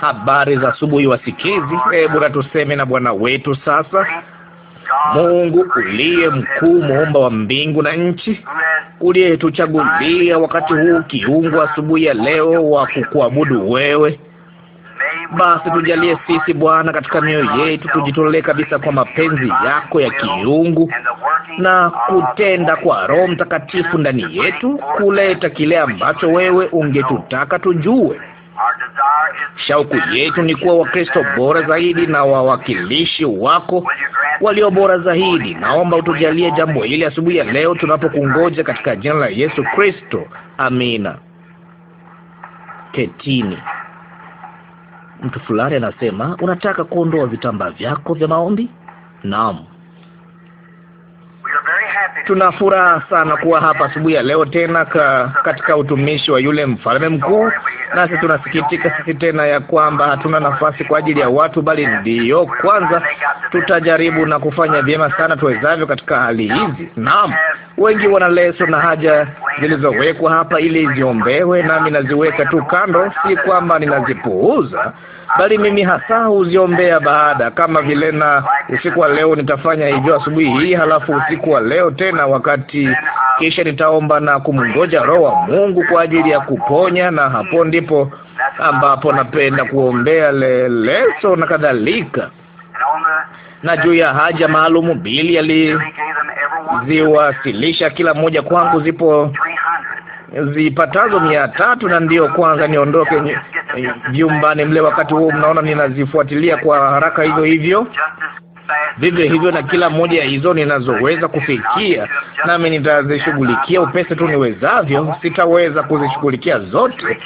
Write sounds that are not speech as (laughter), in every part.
habari za asubuhi wasikizi. Hebu na tuseme na Bwana wetu sasa. Mungu uliye mkuu, muumba wa mbingu na nchi, uliyetuchagulia wakati huu kiungu asubuhi ya leo wa kukuabudu wewe, basi tujalie sisi Bwana, katika mioyo yetu tujitolee kabisa kwa mapenzi yako ya kiungu na kutenda kwa Roho Mtakatifu ndani yetu kuleta kile ambacho wewe ungetutaka tujue Shauku yetu ni kuwa Wakristo bora zaidi na wawakilishi wako walio bora zaidi. Naomba utujalie jambo hili asubuhi ya leo tunapokungoja, katika jina la Yesu Kristo, amina. Ketini. Mtu fulani anasema, unataka kuondoa vitambaa vyako vya maombi? Naam. Tuna furaha sana kuwa hapa asubuhi ya leo tena ka, katika utumishi wa yule mfalme mkuu, nasi tunasikitika sisi tena ya kwamba hatuna nafasi kwa ajili ya watu, bali ndiyo kwanza tutajaribu na kufanya vyema sana tuwezavyo katika hali hizi. Naam, wengi wana leso na haja zilizowekwa hapa ili ziombewe, nami naziweka tu kando, si kwamba ninazipuuza bali mimi hasa huziombea baada, kama vile na usiku wa leo nitafanya hivyo asubuhi hii, halafu usiku wa leo tena wakati, kisha nitaomba na kumngoja Roho wa Mungu kwa ajili ya kuponya, na hapo ndipo ambapo napenda kuombea leleso na kadhalika na juu ya haja maalumu Bili aliziwasilisha kila mmoja kwangu, zipo zipatazo mia tatu na ndio kwanza niondoke vyumbani eh, mle. Wakati huu mnaona ninazifuatilia kwa haraka hivyo hivyo vivyo hivyo na kila moja ya hizo ninazoweza kufikia, nami nitazishughulikia upesi tu niwezavyo. Sitaweza kuzishughulikia zote.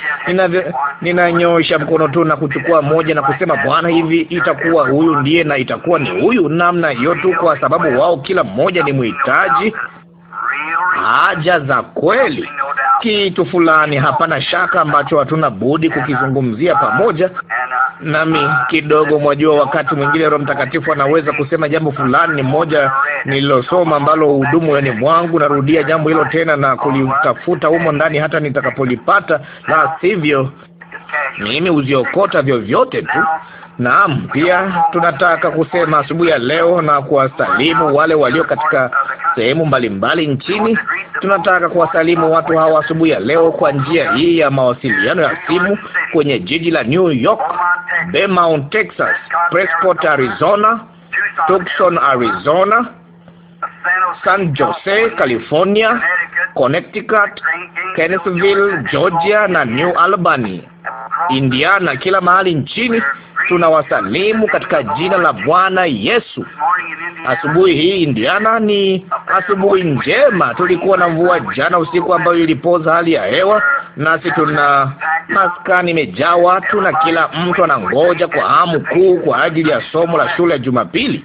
ninanyosha mkono tu na kuchukua moja na kusema, Bwana, hivi itakuwa huyu ndiye, na itakuwa ni huyu, namna hiyo tu, kwa sababu wao kila mmoja ni mhitaji haja za kweli, kitu fulani, hapana shaka, ambacho hatuna budi kukizungumzia pamoja nami kidogo. Mwajua, wakati mwingine Roho Mtakatifu anaweza kusema jambo fulani. Ni moja nililosoma ambalo hudumu yani mwangu, narudia jambo hilo tena na kulitafuta humo ndani hata nitakapolipata, la sivyo mimi huziokota vyovyote tu. Naam, pia tunataka kusema asubuhi ya leo na kuwasalimu wale walio katika sehemu mbalimbali nchini. Tunataka kuwasalimu watu hawa asubuhi ya leo kwa njia hii ya mawasiliano ya simu kwenye jiji la New York, Beaumont, Texas, Prescott, Arizona, Tucson, Arizona, San Jose, California, Connecticut, Kennesville, Georgia na New Albany, Indiana, kila mahali nchini tunawasalimu katika jina la Bwana Yesu. Asubuhi hii Indiana ni asubuhi njema. Tulikuwa na mvua jana usiku ambayo ilipoza hali ya hewa, nasi tuna maskani imejaa watu na kila mtu anangoja kwa hamu kuu kwa ajili ya somo la shule ya Jumapili,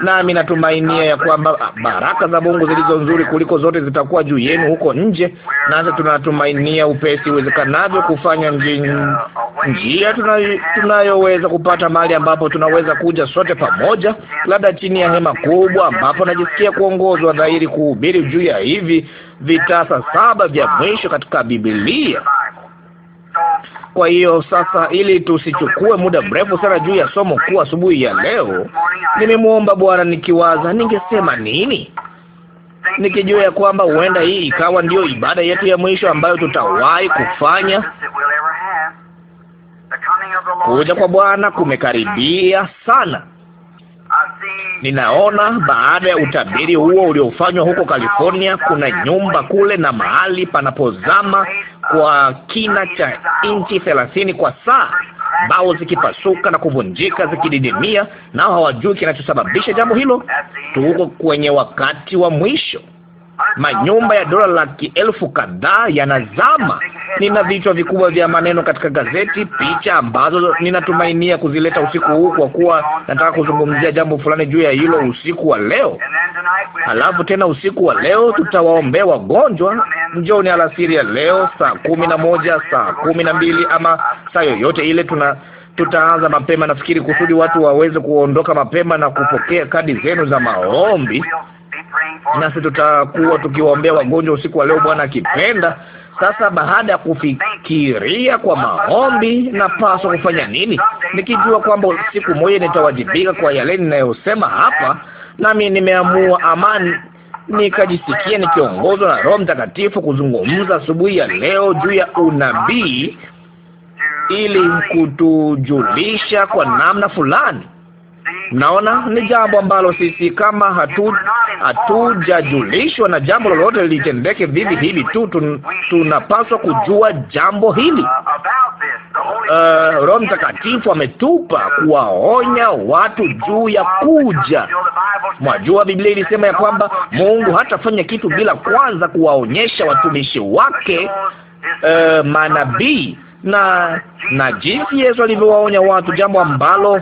nami natumainia ya kwamba baraka za Mungu zilizo nzuri kuliko zote zitakuwa juu yenu huko nje, nasi tunatumainia upesi uwezekanavyo kufanya njia tunayoweza tunaweza kupata mahali ambapo tunaweza kuja sote pamoja, labda chini ya hema kubwa, ambapo najisikia kuongozwa dhahiri kuhubiri juu ya hivi vitasa saba vya mwisho katika Biblia. Kwa hiyo sasa, ili tusichukue muda mrefu sana juu ya somo kuu asubuhi ya leo, nimemwomba Bwana nikiwaza ningesema nini, nikijua ya kwamba huenda hii ikawa ndiyo ibada yetu ya mwisho ambayo tutawahi kufanya kuja kwa Bwana kumekaribia sana. Ninaona baada ya utabiri huo uliofanywa huko California, kuna nyumba kule na mahali panapozama kwa kina cha inchi thelathini kwa saa, mbao zikipasuka na kuvunjika zikididimia, nao hawajui kinachosababisha jambo hilo. Tuko kwenye wakati wa mwisho manyumba ya dola laki elfu kadhaa yanazama. Nina vichwa vikubwa vya maneno katika gazeti, picha ambazo ninatumainia kuzileta usiku huu, kwa kuwa nataka kuzungumzia jambo fulani juu ya hilo usiku wa leo. Alafu tena usiku wa leo tutawaombea wagonjwa. Njoni alasiri ya leo saa kumi na moja, saa kumi na mbili, ama saa yoyote ile tuna tutaanza mapema nafikiri, kusudi watu waweze kuondoka mapema na kupokea kadi zenu za maombi nasi tutakuwa tukiwaombea wagonjwa usiku wa leo, Bwana akipenda. Sasa baada ya kufikiria kwa maombi, napaswa kufanya nini? Nikijua kwamba siku moja nitawajibika kwa yale ninayosema hapa, nami nimeamua amani nikajisikia nikiongozwa na Roho Mtakatifu kuzungumza asubuhi ya leo juu ya unabii ili kutujulisha kwa namna fulani Mnaona, ni jambo ambalo sisi kama hatu hatujajulishwa na jambo lolote litendeke vivi hivi tu, tun, tunapaswa kujua jambo hili. Uh, uh, Roho Mtakatifu ametupa kuwaonya watu juu ya kuja. Mwajua Biblia ilisema ya kwamba Mungu hatafanya kitu bila kwanza kuwaonyesha watumishi wake uh, manabii na na jinsi Yesu alivyowaonya watu, jambo ambalo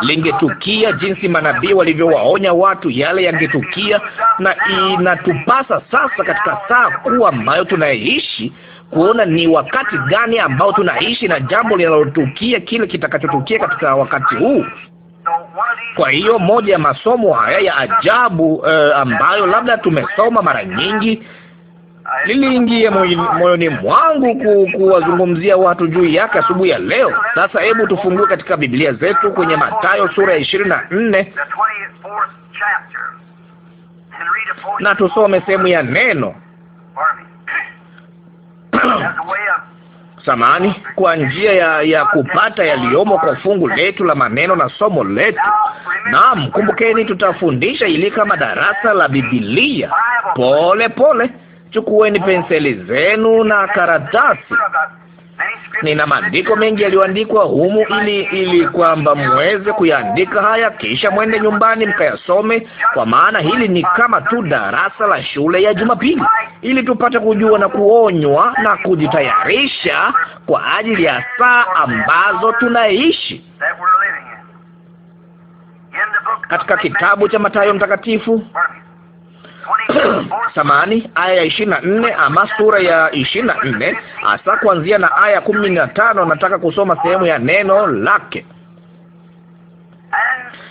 lingetukia, jinsi manabii walivyowaonya watu, yale yangetukia, na inatupasa sasa katika saa kuu ambayo tunaishi kuona ni wakati gani ambao tunaishi na jambo linalotukia kile kitakachotukia katika wakati huu. Kwa hiyo moja ya masomo haya ya ajabu uh, ambayo labda tumesoma mara nyingi liliingia moyoni mwangu kuwazungumzia watu juu yake asubuhi ya leo. Sasa hebu tufungue katika Biblia zetu kwenye Mathayo sura ya ishirini na nne na tusome sehemu ya neno samani kwa njia ya, ya kupata yaliyomo kwa fungu letu la maneno na somo letu. Naam, kumbukeni, tutafundisha ili kama darasa la Biblia pole pole chukueni penseli zenu na karatasi. Nina maandiko mengi yaliyoandikwa humu, ili ili kwamba mweze kuyaandika haya, kisha mwende nyumbani mkayasome, kwa maana hili ni kama tu darasa la shule ya Jumapili, ili tupate kujua na kuonywa na kujitayarisha kwa ajili ya saa ambazo tunaishi. Katika kitabu cha Mathayo Mtakatifu (coughs) samani aya ya ishirini na nne ama sura ya ishirini na nne hasa kuanzia na aya kumi na tano nataka kusoma sehemu ya neno lake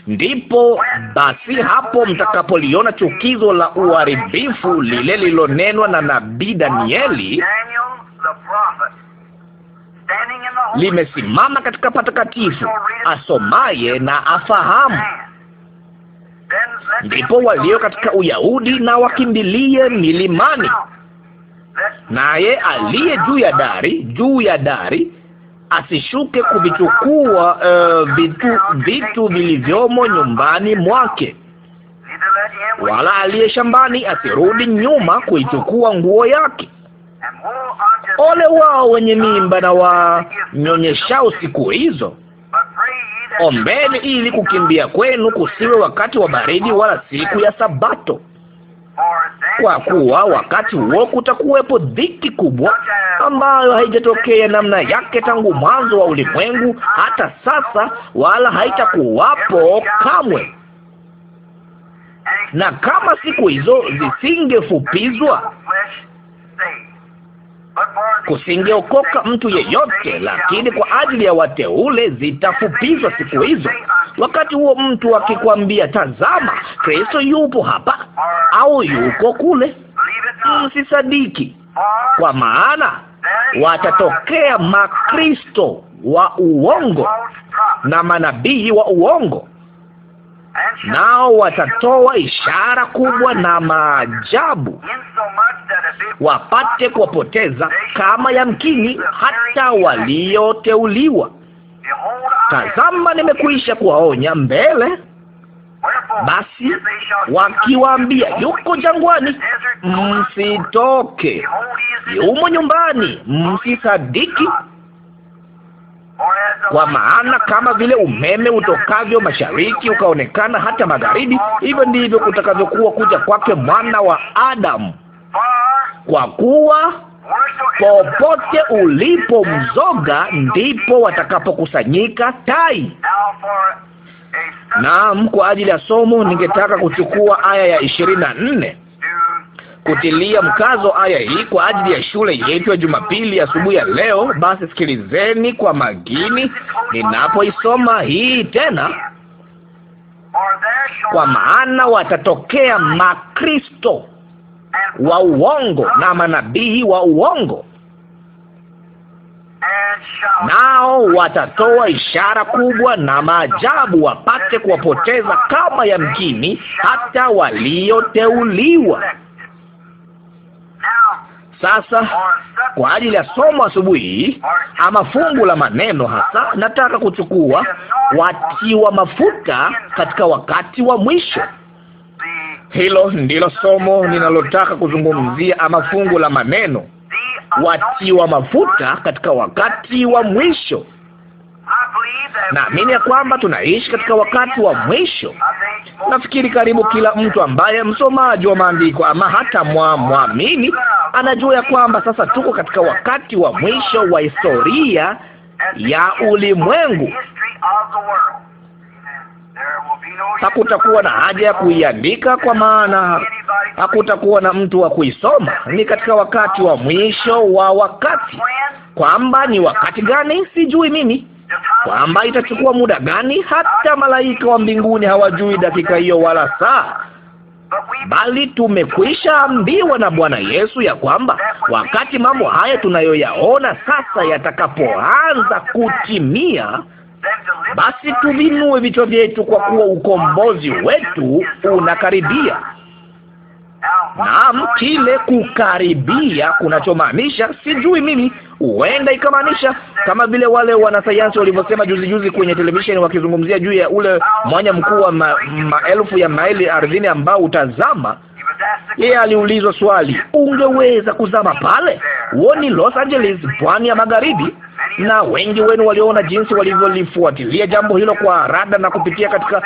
Ndipo basi hapo mtakapoliona chukizo la uharibifu lile lilonenwa na nabii Danieli limesimama katika patakatifu, asomaye na afahamu ndipo walio katika Uyahudi na wakimbilie milimani, naye aliye juu ya dari, juu ya dari asishuke kuvichukua uh, vitu vitu vilivyomo nyumbani mwake, wala aliye shambani asirudi nyuma kuichukua nguo yake. Ole wao wenye mimba na wanyonyeshao siku hizo, Ombeni ili kukimbia kwenu kusiwe wakati wa baridi, wala siku ya Sabato, kwa kuwa wakati huo kutakuwepo dhiki kubwa, ambayo haijatokea namna yake tangu mwanzo wa ulimwengu hata sasa, wala haitakuwapo kamwe. Na kama siku hizo zisingefupizwa kusingeokoka mtu yeyote, lakini kwa ajili ya wateule zitafupizwa siku hizo. Wakati huo mtu akikwambia, tazama, Kristo yupo hapa au yuko kule, msisadiki, kwa maana watatokea makristo wa uongo na manabii wa uongo nao watatoa ishara kubwa na maajabu wapate kuwapoteza, kama yamkini hata walioteuliwa. Tazama, nimekuisha kuwaonya mbele. Basi wakiwaambia yuko jangwani, msitoke; yumo nyumbani, msisadiki. Kwa maana kama vile umeme utokavyo mashariki ukaonekana hata magharibi, hivyo ndivyo kutakavyokuwa kuja kwake mwana wa Adamu. Kwa kuwa popote ulipo mzoga, ndipo watakapokusanyika tai. Naam, kwa ajili ya somo ningetaka kuchukua aya ya ishirini na nne kutilia mkazo aya hii kwa ajili ya shule yetu ya Jumapili asubuhi ya leo, basi sikilizeni kwa makini ninapoisoma hii tena, kwa maana watatokea makristo wa uongo na manabii wa uongo nao watatoa ishara kubwa na maajabu, wapate kuwapoteza kama ya mkini hata walioteuliwa sasa kwa ajili ya somo asubuhi, ama fungu la maneno hasa, nataka kuchukua watiwa mafuta katika wakati wa mwisho. Hilo ndilo somo ninalotaka kuzungumzia, ama fungu la maneno, watiwa mafuta katika wakati wa mwisho naamini ya kwamba tunaishi katika wakati wa mwisho. Nafikiri karibu kila mtu ambaye msomaji wa maandiko ama hata mwamini anajua ya kwamba sasa tuko katika wakati wa mwisho wa historia ya ulimwengu. Hakutakuwa na haja ya kuiandika, kwa maana hakutakuwa na mtu wa kuisoma. Ni katika wakati wa mwisho wa wakati. Kwamba ni wakati gani sijui mimi kwamba itachukua muda gani. Hata malaika wa mbinguni hawajui dakika hiyo wala saa, bali tumekwisha ambiwa na Bwana Yesu ya kwamba wakati mambo haya tunayoyaona sasa yatakapoanza kutimia basi tuvinue vichwa vyetu kwa kuwa ukombozi wetu unakaribia. Naam, kile kukaribia kunachomaanisha sijui mimi, Huenda ikamaanisha kama vile wale wanasayansi walivyosema juzi juzi kwenye televisheni wakizungumzia juu ya ule mwanya mkuu wa ma, maelfu ya maili ardhini ambao utazama. Yeye aliulizwa swali, ungeweza kuzama pale? Woni Los Angeles, pwani ya magharibi na wengi wenu waliona jinsi walivyolifuatilia jambo hilo kwa rada na kupitia katika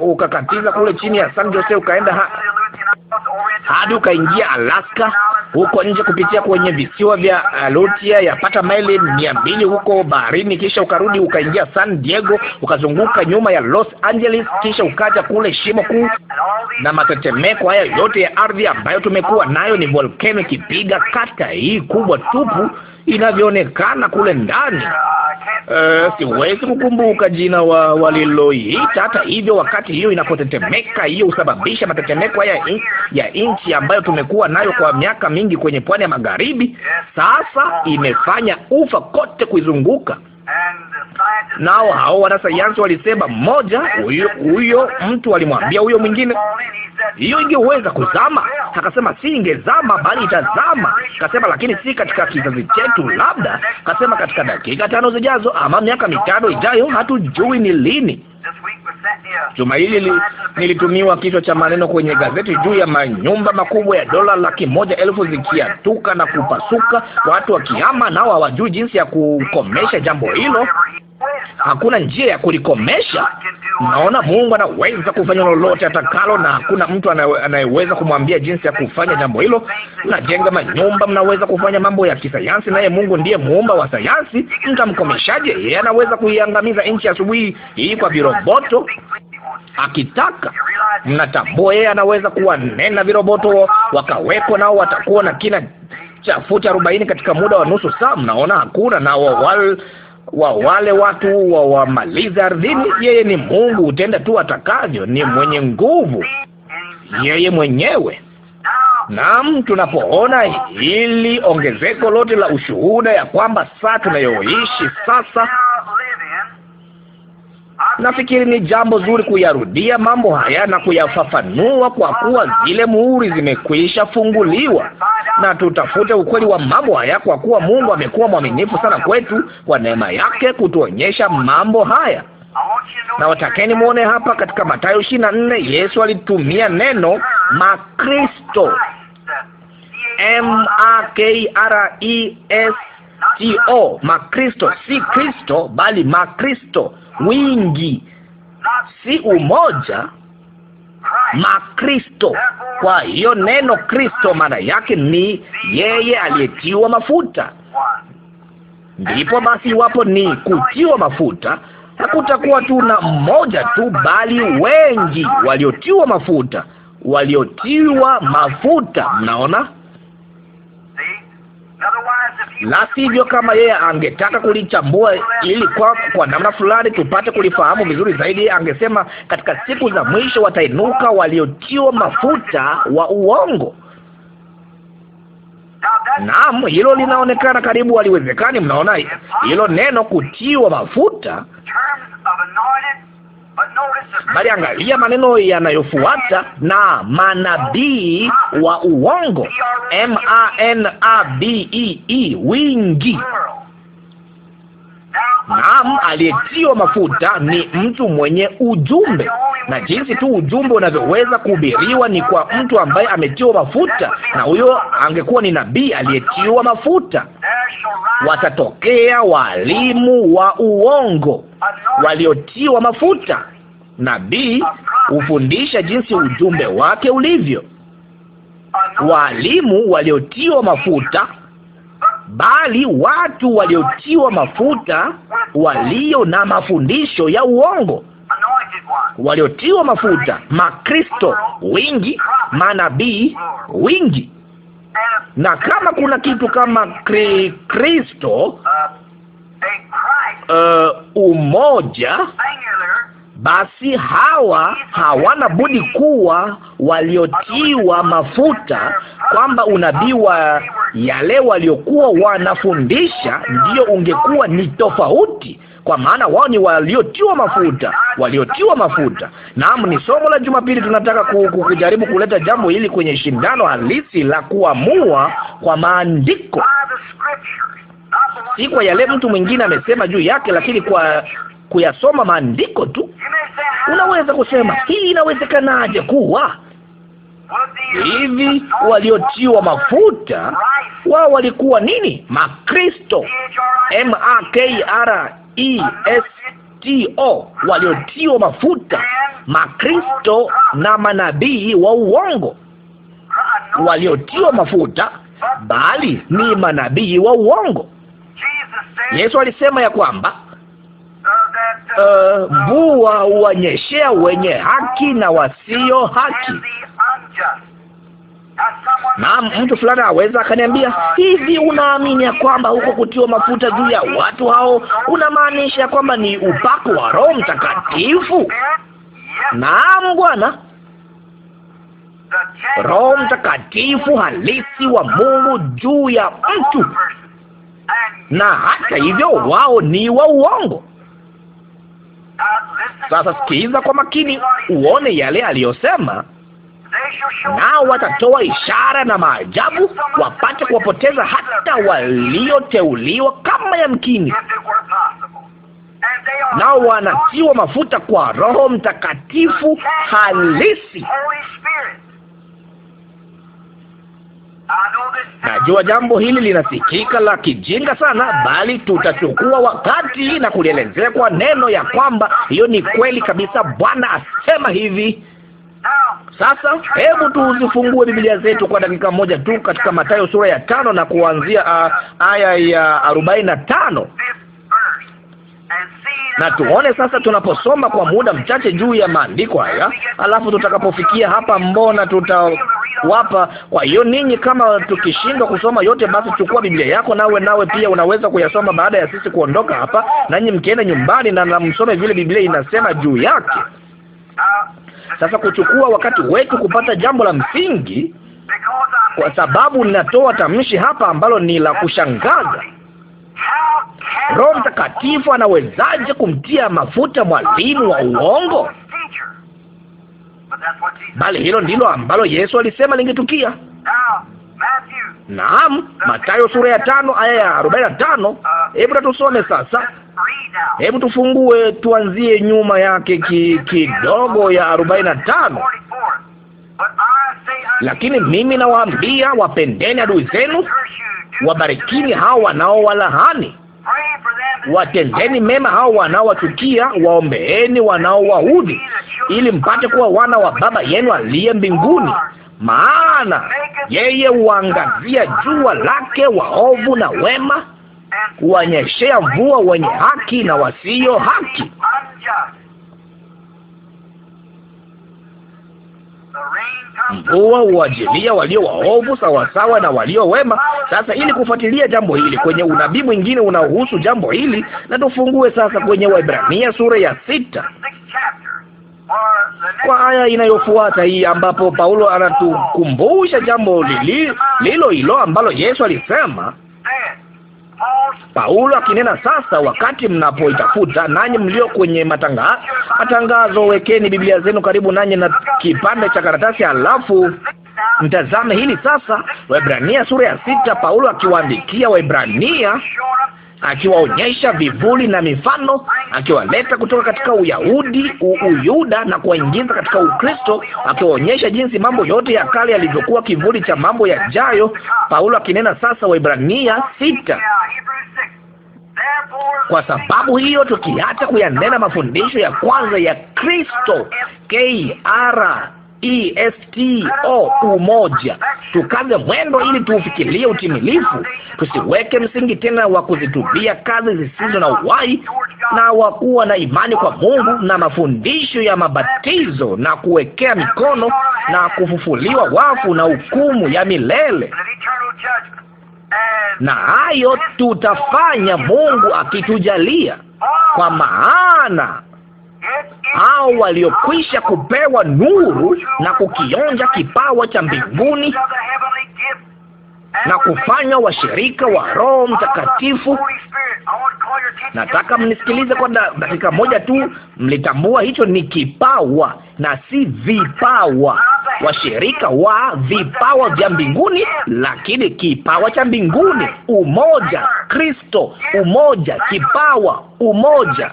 ukakatiza uka kule chini ya San Jose ukaenda ha hadi ukaingia Alaska huko nje kupitia kwenye visiwa vya uh, Lutia yapata maili mia mbili huko baharini, kisha ukarudi ukaingia San Diego ukazunguka nyuma ya Los Angeles, kisha ukaja kule shimo kuu. Na matetemeko haya yote ya ardhi ambayo tumekuwa nayo ni volcano ikipiga kata hii kubwa tupu inavyoonekana kule ndani. Uh, siwezi kukumbuka jina wa waliloiita. Hata hivyo, wakati hiyo inapotetemeka hiyo husababisha matetemeko ya, in, ya nchi ambayo tumekuwa nayo kwa miaka mingi kwenye pwani ya magharibi. Sasa imefanya ufa kote kuizunguka. Nao hao wanasayansi walisema, mmoja huyo huyo mtu alimwambia huyo mwingine, hiyo ingeweza kuzama. Akasema, si ingezama, bali itazama. Akasema, lakini si katika kizazi chetu, labda. Akasema, katika dakika tano zijazo, ama miaka mitano ijayo, hatujui ni lini. Juma hili nilitumiwa kichwa cha maneno kwenye gazeti juu ya manyumba makubwa ya dola laki moja elfu zikiatuka na kupasuka, watu wakihama, nao hawajui jinsi ya kukomesha jambo hilo. Hakuna njia ya kulikomesha. Naona Mungu anaweza kufanya lolote atakalo, na hakuna mtu anayeweza kumwambia jinsi ya kufanya jambo hilo. Mnajenga manyumba, mnaweza kufanya mambo ya kisayansi, naye Mungu ndiye muumba wa sayansi. Mtamkomeshaje yeye? Anaweza kuiangamiza nchi asubuhi hii kwa viroboto akitaka. Mnatambua yeye anaweza kuwanena viroboto wakawekwa, nao watakuwa na kina cha futi arobaini katika muda wa nusu saa. Mnaona hakuna nao wal wa wale watu wa wamaliza ardhini. Yeye ni Mungu, hutenda tu atakavyo, ni mwenye nguvu yeye mwenyewe. Naam, tunapoona hili ongezeko lote la ushuhuda ya kwamba saa tunayoishi sasa Nafikiri ni jambo zuri kuyarudia mambo haya na kuyafafanua, kwa kuwa zile muhuri zimekwisha funguliwa, na tutafute ukweli wa mambo haya, kwa kuwa Mungu amekuwa mwaminifu sana kwetu kwa neema yake kutuonyesha mambo haya. Na watakeni muone hapa katika Mathayo 24 Yesu alitumia neno Makristo, M A K R I S T O, Makristo, si Kristo bali Makristo wingi, si umoja Makristo. Kwa hiyo neno Kristo maana yake ni yeye aliyetiwa mafuta. Ndipo basi, iwapo ni kutiwa mafuta, hakutakuwa tu na mmoja tu, bali wengi waliotiwa mafuta, waliotiwa mafuta. Mnaona? la sivyo, kama yeye angetaka kulichambua ili kwa, kwa namna fulani tupate kulifahamu vizuri zaidi, angesema katika siku za mwisho watainuka waliotiwa mafuta wa uongo. Naam, hilo linaonekana karibu haliwezekani. Mnaona hilo neno kutiwa mafuta bali angalia maneno yanayofuata na manabii wa uongo, M A N A B E E, wingi. Naam, aliyetiwa mafuta ni mtu mwenye ujumbe, na jinsi tu ujumbe unavyoweza kuhubiriwa ni kwa mtu ambaye ametiwa mafuta, na huyo angekuwa ni nabii aliyetiwa mafuta. Watatokea walimu wa uongo waliotiwa mafuta nabii hufundisha jinsi ujumbe wake ulivyo. Walimu waliotiwa mafuta, bali watu waliotiwa mafuta walio na mafundisho ya uongo waliotiwa mafuta, Makristo wingi, manabii wingi. Na kama kuna kitu kama kri, Kristo uh, umoja basi hawa hawana budi kuwa waliotiwa mafuta, kwamba unabii wa yale waliokuwa wanafundisha ndio ungekuwa ni tofauti, kwa maana wao ni waliotiwa mafuta, waliotiwa mafuta. Naam, ni somo la Jumapili. Tunataka kujaribu kuleta jambo hili kwenye shindano halisi la kuamua kwa maandiko, si kwa yale mtu mwingine amesema juu yake, lakini kwa kuyasoma maandiko tu. Unaweza kusema hii inawezekanaje kuwa hivi? Waliotiwa mafuta wao walikuwa nini? Makristo, M A K R E S T O, waliotiwa mafuta, Makristo na manabii wa uongo waliotiwa mafuta, bali ni manabii wa uongo. Yesu alisema ya kwamba uh, uwanyeshea wenye haki na wasio haki. Na mtu fulani aweza akaniambia hivi, unaamini ya kwamba huko kutiwa mafuta juu ya watu hao unamaanisha ya kwamba ni upako wa Roho Mtakatifu? Naam, Bwana. Roho Mtakatifu halisi wa Mungu juu ya mtu, na hata hivyo wao ni wa uongo. Sasa sikiliza kwa makini, uone yale aliyosema nao watatoa ishara na maajabu wapate kuwapoteza hata walioteuliwa kama yamkini. Nao wanatiwa mafuta kwa Roho Mtakatifu halisi, Najua jambo hili linasikika la kijinga sana, bali tutachukua wakati na kulielezea kwa neno ya kwamba hiyo ni kweli kabisa. Bwana asema hivi. Sasa hebu tuzifungue Biblia zetu kwa dakika moja tu katika Mathayo sura ya tano na kuanzia ah, aya ya arobaini na tano na tuone sasa, tunaposoma kwa muda mchache juu ya maandiko haya, alafu tutakapofikia hapa, mbona tutawapa. Kwa hiyo ninyi, kama tukishindwa kusoma yote, basi chukua Biblia yako, nawe nawe pia unaweza kuyasoma baada ya sisi kuondoka hapa, nanyi mkienda nyumbani na namsome vile Biblia inasema juu yake. Sasa kuchukua wakati wetu kupata jambo la msingi, kwa sababu ninatoa tamshi hapa ambalo ni la kushangaza. Mtakatifu anawezaje kumtia mafuta mwalimu wa uongo? Bali hilo ndilo ambalo Yesu alisema lingetukia. Naam, Mathayo sura ya tano aya ya arobaini na tano. Hebu tatusome sasa, hebu tufungue, tuanzie nyuma yake kidogo ki ya arobaini na tano. Lakini mimi nawaambia, wapendeni adui zenu, wabarikini hao wanaowalaani watendeni mema hao wanaowachukia, waombeeni wanaowaudhi, ili mpate kuwa wana wa Baba yenu aliye mbinguni, maana yeye huangazia jua lake waovu na wema, huwanyeshea mvua wenye haki na wasio haki mvua uajilia walio waovu sawasawa na walio wema. Sasa, ili kufuatilia jambo hili kwenye unabii mwingine unaohusu jambo hili, na tufungue sasa kwenye Waebrania sura ya sita kwa aya inayofuata hii, ambapo Paulo anatukumbusha jambo lili lilo hilo ambalo Yesu alisema Paulo akinena sasa, wakati mnapoitafuta nanyi mlio kwenye matanga, matangazo, wekeni Biblia zenu karibu nanyi na kipande cha karatasi, alafu mtazame hili sasa. Waebrania sura ya sita, Paulo akiwaandikia Waebrania akiwaonyesha vivuli na mifano, akiwaleta kutoka katika Uyahudi u, Uyuda na kuwaingiza katika Ukristo, akiwaonyesha jinsi mambo yote ya kale yalivyokuwa kivuli cha mambo yajayo. Paulo akinena sasa Waibrania sita kwa sababu hiyo tukiacha kuyanena mafundisho ya kwanza ya Kristo, K R E S T O umoja, tukaze mwendo ili tuufikilie utimilifu, tusiweke msingi tena wa kuzitubia kazi zisizo na uhai na wa kuwa na imani kwa Mungu na mafundisho ya mabatizo na kuwekea mikono na kufufuliwa wafu na hukumu ya milele na hayo tutafanya Mungu akitujalia, kwa maana au waliokwisha kupewa nuru na kukionja kipawa cha mbinguni na kufanya washirika wa, wa Roho Mtakatifu. Nataka mnisikilize kwa dakika moja tu. Mlitambua hicho ni kipawa na si vipawa, washirika wa vipawa vya mbinguni, lakini kipawa cha mbinguni. Umoja, Kristo, umoja, kipawa, umoja,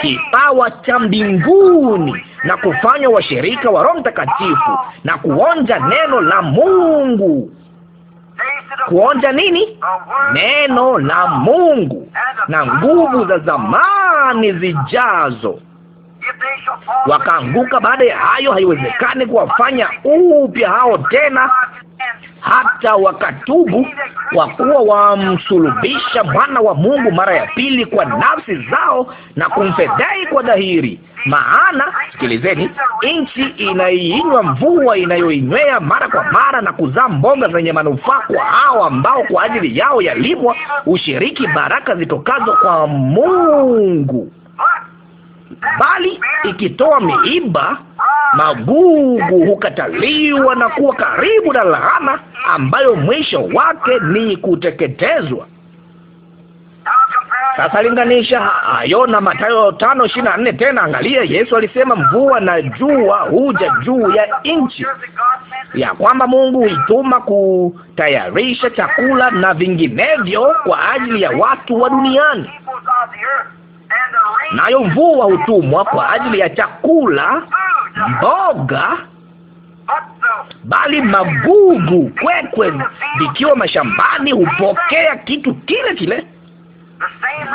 kipawa cha mbinguni, na kufanywa washirika wa Roho Mtakatifu na kuonja neno la Mungu kuonja nini? Neno la Mungu na nguvu za zamani zijazo. Wakaanguka baada ya hayo, haiwezekani kuwafanya upya hao tena, hata wakatubu, kwa kuwa wamsulubisha mwana wa Mungu mara ya pili kwa nafsi zao na kumfedhai kwa dhahiri. Maana sikilizeni, nchi inaiinywa mvua inayoinywea mara kwa mara na kuzaa mboga zenye manufaa kwa hao ambao kwa ajili yao yalimwa, ushiriki baraka zitokazo kwa Mungu bali ikitoa miiba, magugu hukataliwa na kuwa karibu na lahana ambayo mwisho wake ni kuteketezwa. Sasa linganisha hayo na Mathayo tano ishirini na nne. Tena angalia, Yesu alisema mvua na jua huja juu ya nchi, ya kwamba Mungu huituma kutayarisha chakula na vinginevyo kwa ajili ya watu wa duniani nayo mvua hutumwa kwa ajili ya chakula, mboga, bali magugu, kwekwe vikiwa mashambani hupokea kitu kile kile.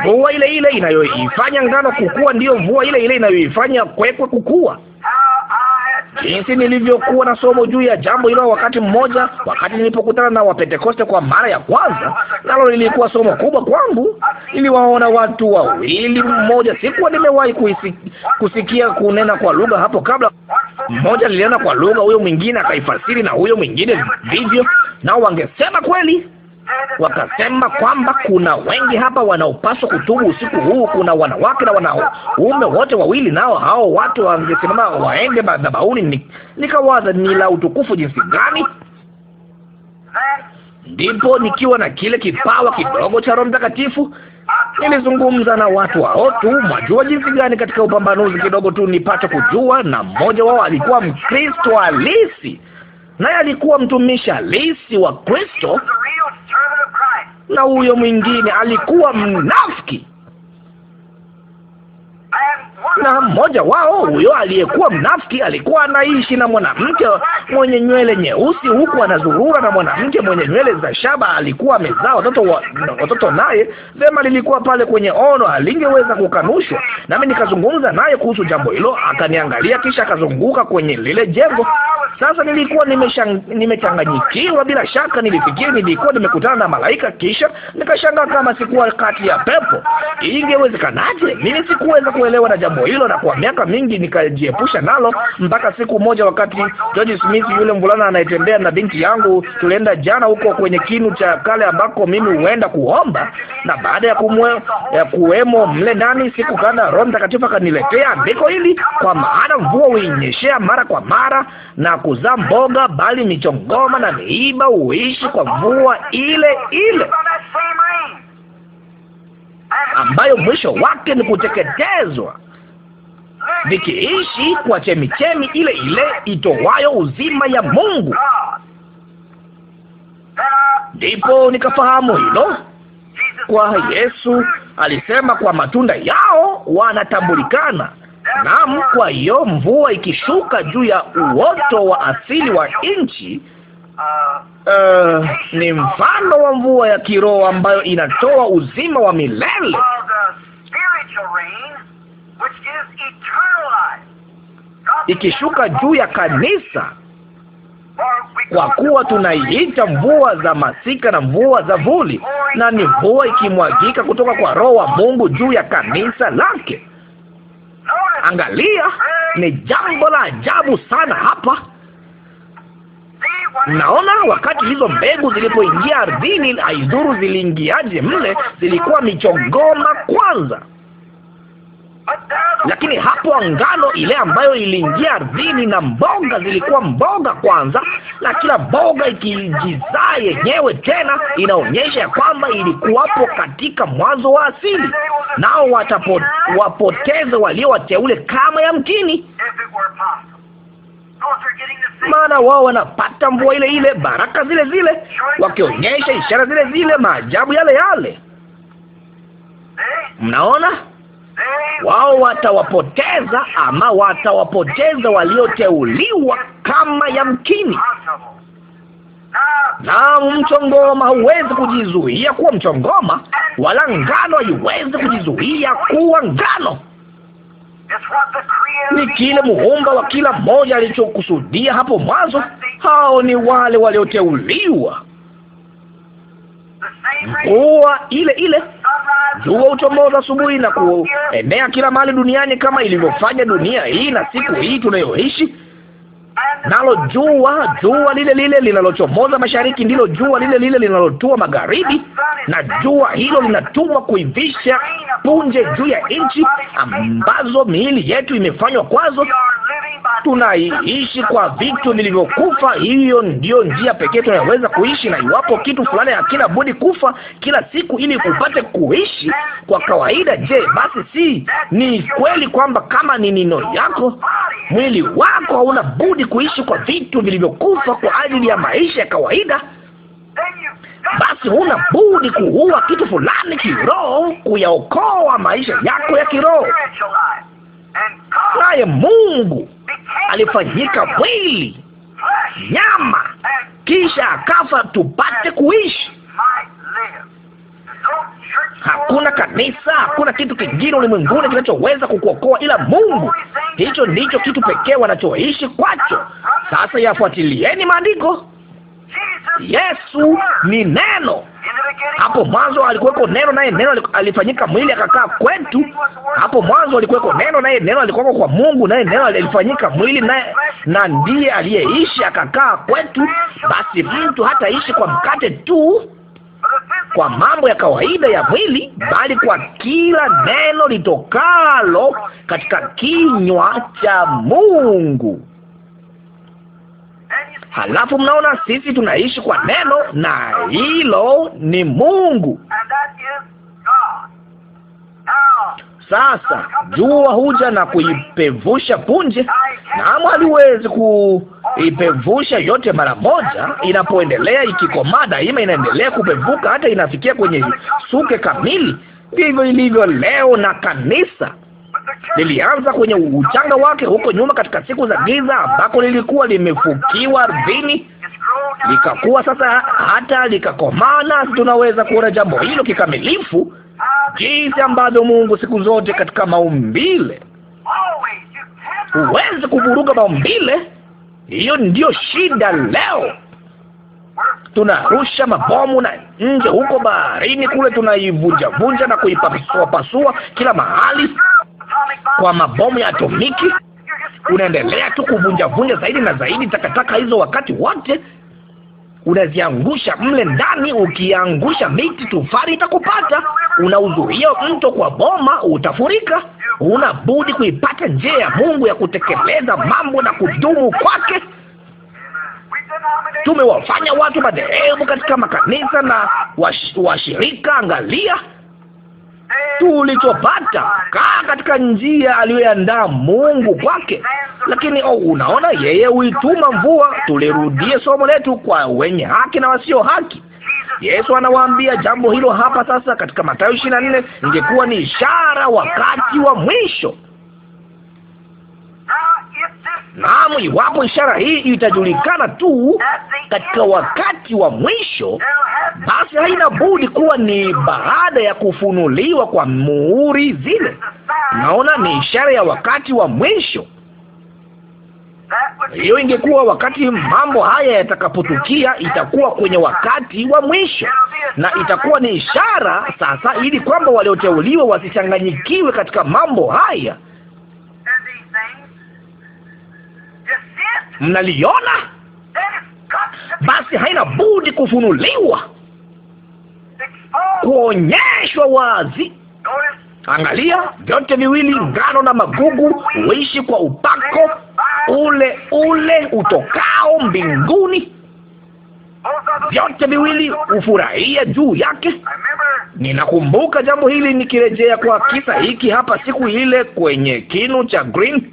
Mvua ile ile inayoifanya ngano kukua ndiyo mvua ile ile inayoifanya kwekwe kukua jinsi nilivyokuwa na somo juu ya jambo hilo wakati mmoja, wakati nilipokutana na Wapentekoste kwa mara ya kwanza, nalo lilikuwa somo kubwa kwangu. Niliwaona watu wawili, mmoja sikuwa nimewahi kusikia kunena kwa lugha hapo kabla. Mmoja lilinena kwa lugha, huyo mwingine akaifasiri, na huyo mwingine vivyo, nao wangesema kweli wakasema kwamba kuna wengi hapa wanaopaswa kutubu usiku huu. Kuna wanawake na wanaume wote wawili, nao hao watu wangesimama waende madhabahuni. Nikawaza ni la utukufu jinsi gani! Ndipo nikiwa na kile kipawa kidogo cha Roho Mtakatifu nilizungumza na watu hao tu, mwajua jinsi gani, katika upambanuzi kidogo tu nipate kujua. Na mmoja wao alikuwa Mkristo halisi, naye alikuwa mtumishi halisi wa Kristo na huyo mwingine alikuwa mnafiki na mmoja wao huyo aliyekuwa mnafiki alikuwa anaishi na mwanamke mwenye nywele nyeusi, huku anazurura na mwanamke mwenye nywele za shaba. Alikuwa amezaa watoto wa, watoto naye. Vema, lilikuwa pale kwenye ono, alingeweza kukanushwa. Nami nikazungumza naye kuhusu jambo hilo, akaniangalia, kisha akazunguka kwenye lile jengo. Sasa nilikuwa nimechanganyikiwa, bila shaka nilifikiri nilikuwa nimekutana na malaika, kisha nikashangaa kama sikuwa kati ya pepo. Ingewezekanaje? Mimi sikuweza kuelewa na jambo jambo hilo, na kwa miaka mingi nikajiepusha nalo, mpaka siku moja, wakati George Smith, yule mvulana anayetembea na binti yangu, tulienda jana huko kwenye kinu cha kale ambako mimi huenda kuomba, na baada ya kumwe, ya kuwemo mle ndani siku kadha, Roho Mtakatifu akaniletea andiko hili, kwa maana mvua huinyeshea mara kwa mara na kuzaa mboga, bali michongoma na miiba huishi kwa mvua ile ile ambayo mwisho wake ni kuteketezwa vikiishi kwa chemichemi ile ile itowayo uzima ya Mungu. Ndipo nikafahamu hilo, kwa Yesu alisema, kwa matunda yao wanatambulikana. Naam, kwa hiyo mvua ikishuka juu ya uoto wa asili wa nchi Uh, ni mfano wa mvua ya kiroho ambayo inatoa uzima wa milele. ikishuka juu ya kanisa, kwa kuwa tunaiita mvua za masika na mvua za vuli, na ni mvua ikimwagika kutoka kwa Roho wa Mungu juu ya kanisa lake. Angalia, ni jambo la ajabu sana hapa. Naona wakati hizo mbegu zilipoingia ardhini, aidhuru ziliingiaje mle, zilikuwa michongoma kwanza lakini hapo angano ile ambayo iliingia ardhini na mboga zilikuwa mboga kwanza, na kila mboga ikijizaa yenyewe tena, inaonyesha ya kwamba ilikuwapo katika mwanzo wa asili. Nao watapoteza walio wateule kama yamkini maana wao wanapata mvua ile ile, baraka zile zile, wakionyesha ishara zile zile, maajabu yale yale. Mnaona? wao watawapoteza, ama watawapoteza walioteuliwa kama yamkini. Na mchongoma huwezi kujizuia kuwa mchongoma, wala ngano haiwezi kujizuia kuwa ngano. Ni kile muumba wa kila mmoja alichokusudia hapo mwanzo. Hao ni wale walioteuliwa, mvua ile ile jua uchomoza asubuhi na kuenea kila mahali duniani kama ilivyofanya dunia hii na siku hii tunayoishi. Nalo jua jua lile lile linalochomoza mashariki ndilo jua lile lile linalotua magharibi, na jua hilo linatumwa kuivisha punje juu ya nchi ambazo miili yetu imefanywa kwazo, tunaishi kwa vitu vilivyokufa. Hiyo ndiyo njia pekee tunayoweza kuishi, na iwapo kitu fulani hakina budi kufa kila siku ili kupate kuishi kwa kawaida, je, basi si ni kweli kwamba kama ni nino yako, mwili wako hauna budi kuishi kwa vitu vilivyokufa kwa ajili ya maisha ya kawaida? Basi huna budi kuua kitu fulani kiroho, kuyaokoa maisha yako ya kiroho. Naye Mungu alifanyika mwili nyama, kisha akafa tupate kuishi. Hakuna kanisa, hakuna kitu kingine ulimwenguni kinachoweza kukuokoa ila Mungu. Hicho ndicho kitu pekee wanachoishi kwacho. Sasa yafuatilieni maandiko. Yesu ni neno hapo mwanzo alikuweko neno, naye neno alifanyika mwili akakaa kwetu. Hapo mwanzo alikuweko neno, naye neno alikuweko kwa Mungu, naye neno alifanyika mwili, naye na ndiye aliyeishi akakaa kwetu. Basi mtu hataishi kwa mkate tu, kwa mambo ya kawaida ya mwili, bali kwa kila neno litokalo katika kinywa cha Mungu. Halafu mnaona sisi tunaishi kwa neno, na hilo ni Mungu. Sasa jua huja na kuipevusha punje, naam, haliwezi kuipevusha oh, yote mara moja. Inapoendelea ikikomaa, daima inaendelea kupevuka hata inafikia kwenye suke kamili. Ndivyo ilivyo leo na kanisa lilianza kwenye uchanga wake huko nyuma katika siku za giza, ambako lilikuwa limefukiwa ardhini, likakuwa sasa hata likakomaa. Nasi tunaweza kuona jambo hilo kikamilifu, jinsi ambavyo Mungu siku zote katika maumbile. Huwezi kuvuruga maumbile. Hiyo ndiyo shida leo. Tunarusha mabomu na nje huko baharini kule, tunaivunjavunja na kuipasuapasua kila mahali kwa mabomu ya atomiki. Unaendelea tu kuvunjavunja zaidi na zaidi takataka hizo, wakati wote unaziangusha mle ndani. Ukiangusha miti, tufari itakupata. Unauzuia mto kwa boma, utafurika. Una budi kuipata njia ya Mungu ya kutekeleza mambo na kudumu kwake. Tumewafanya watu madhehebu katika makanisa na washirika. Angalia tulichopata, kaa katika njia aliyoandaa Mungu kwake. Lakini oh, unaona, yeye huituma mvua. Tulirudie somo letu kwa wenye haki na wasio haki. Yesu anawaambia jambo hilo hapa sasa katika Mathayo 24, ingekuwa ni ishara wakati wa mwisho. Naam, iwapo ishara hii itajulikana tu katika wakati wa mwisho, basi haina budi kuwa ni baada ya kufunuliwa kwa muhuri zile. Naona ni ishara ya wakati wa mwisho. Hiyo ingekuwa wakati mambo haya yatakapotukia, itakuwa kwenye wakati wa mwisho, na itakuwa ni ishara sasa, ili kwamba walioteuliwa wasichanganyikiwe katika mambo haya. mnaliona? Basi haina budi kufunuliwa, kuonyeshwa wazi. Angalia, vyote viwili, ngano na magugu, huishi kwa upako ule ule utokao mbinguni. Vyote viwili hufurahia juu yake. Ninakumbuka jambo hili nikirejea kwa kisa hiki hapa siku ile kwenye kinu cha Green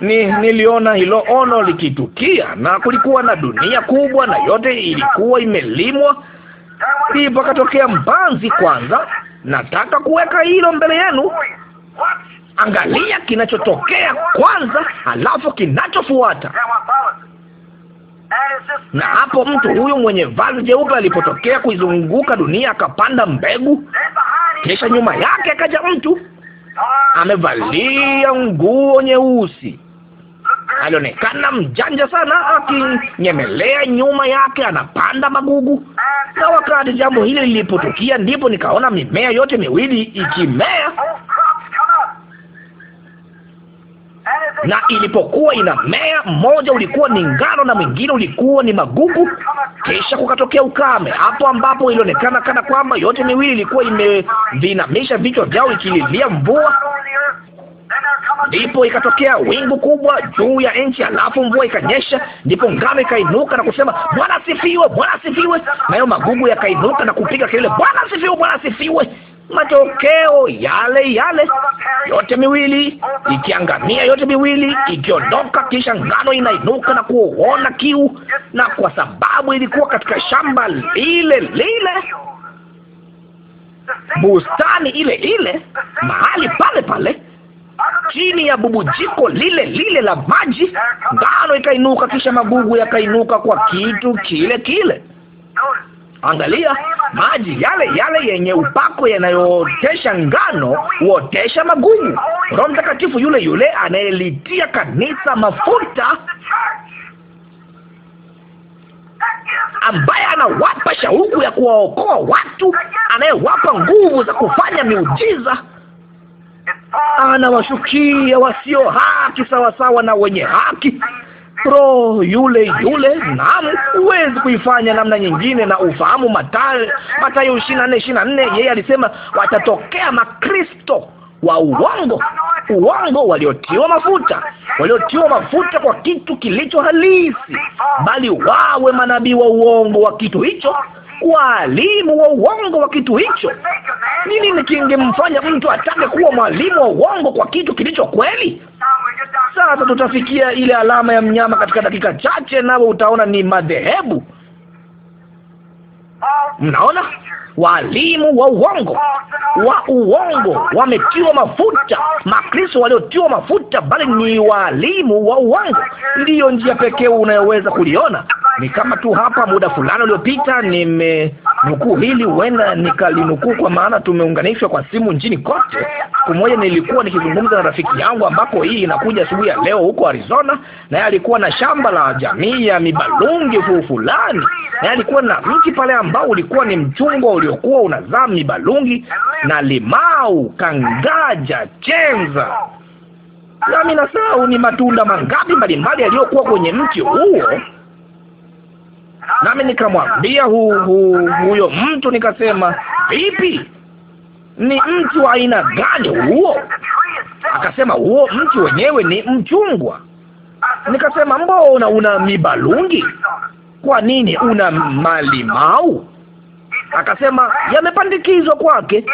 ni niliona hilo ono likitukia, na kulikuwa na dunia kubwa, na yote ilikuwa imelimwa. Ndipo akatokea mpanzi kwanza. Nataka kuweka hilo mbele yenu. Angalia kinachotokea kwanza, halafu kinachofuata. Na hapo mtu huyu mwenye vazi jeupe alipotokea kuizunguka dunia, akapanda mbegu, kisha nyuma yake akaja mtu amevalia nguo nyeusi. Alionekana mjanja sana, akinyemelea nyuma yake, anapanda magugu. Na wakati jambo hili lilipotukia, ndipo nikaona mimea yote miwili ikimea na ilipokuwa inamea, mmoja ulikuwa ni ngano na mwingine ulikuwa ni magugu. Kisha kukatokea ukame, hapo ambapo ilionekana kana kwamba yote miwili ilikuwa imevinamisha vichwa vyao ikililia mvua. Ndipo ikatokea wingu kubwa juu ya nchi, alafu mvua ikanyesha. Ndipo ngano ikainuka na kusema, Bwana asifiwe, Bwana asifiwe, nayo magugu yakainuka na kupiga kelele, Bwana asifiwe, Bwana asifiwe matokeo yale yale, yote miwili ikiangamia, yote miwili ikiondoka. Kisha ngano inainuka na kuona kiu, na kwa sababu ilikuwa katika shamba lile lile, bustani ile ile, mahali pale pale chini ya bubujiko lile lile la maji, ngano ikainuka, kisha magugu yakainuka kwa kitu kile kile. Angalia, maji yale yale yenye upako yanayootesha ngano huotesha magugu. Roho Mtakatifu yule yule anayelitia kanisa mafuta ambaye anawapa shauku ya kuwaokoa watu, anayewapa nguvu za kufanya miujiza, anawashukia wasio haki sawasawa na wenye haki, roho yule yule, naam, huwezi kuifanya namna nyingine. Na ufahamu Mathayo, Mathayo ishirini na nne ishirini na nne yeye alisema watatokea makristo wa uongo, uongo waliotiwa mafuta, waliotiwa mafuta kwa kitu kilicho halisi, bali wawe manabii wa uongo wa kitu hicho, waalimu wa uongo wa kitu hicho. Nini kingemfanya mtu atake kuwa mwalimu wa uongo kwa kitu kilicho kweli? Sasa tutafikia ile alama ya mnyama katika dakika chache, nawe utaona ni madhehebu. Mnaona, walimu wa uongo wa uongo wametiwa mafuta, Makristo waliotiwa mafuta, bali ni walimu wa uongo. Ndiyo njia pekee unayoweza kuliona. Ni kama tu hapa muda fulani uliopita nime nukuu hili huenda nikalinukuu kwa maana tumeunganishwa kwa simu nchini kote. Kumoja nilikuwa nikizungumza na rafiki yangu ambako hii inakuja asubuhi ya leo huko Arizona, naye alikuwa na shamba la jamii ya mibalungi fuu fulani, naye alikuwa na mti pale ambao ulikuwa ni mchungwa uliokuwa unazaa mibalungi na limau, kangaja, chenza nami nasahau ni matunda mangapi mbalimbali yaliyokuwa kwenye mti huo nami nikamwambia hu, hu, huyo mtu nikasema, vipi, ni mti wa aina gani huo? Akasema, huo mti wenyewe ni mchungwa. Nikasema, mbona una mibalungi? Kwa nini una malimau? Akasema, yamepandikizwa kwake.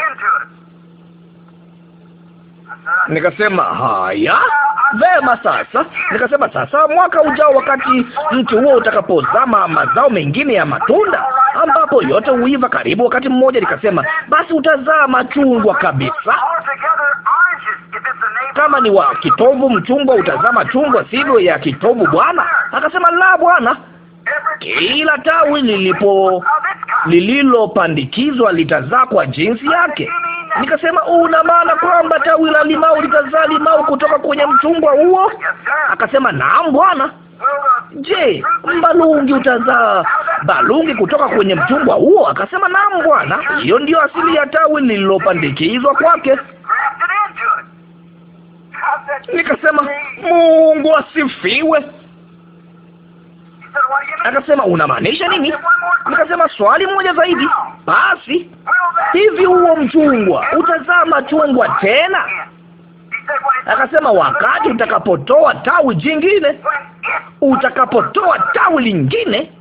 Nikasema haya vema. Sasa nikasema sasa, mwaka ujao, wakati mti huo utakapozama mazao mengine ya matunda, ambapo yote huiva karibu wakati mmoja, nikasema basi utazaa machungwa kabisa. Kama ni wa kitovu mchungwa utazaa machungwa, sivyo ya kitovu bwana. Akasema la bwana kila tawi lilipo lililopandikizwa litazaa kwa jinsi yake. Nikasema, una maana kwamba tawi la limau litazaa limau kutoka kwenye mchungwa huo? Akasema, naam bwana. Je, mbalungi utazaa balungi kutoka kwenye mchungwa huo? Akasema, naam bwana. Hiyo ndiyo asili ya tawi lililopandikizwa kwake. Nikasema, Mungu asifiwe. Akasema, unamaanisha nini? Nikasema, swali moja zaidi basi, hivi huo mchungwa utazaa machungwa tena? Akasema, wakati utakapotoa tawi jingine, utakapotoa tawi lingine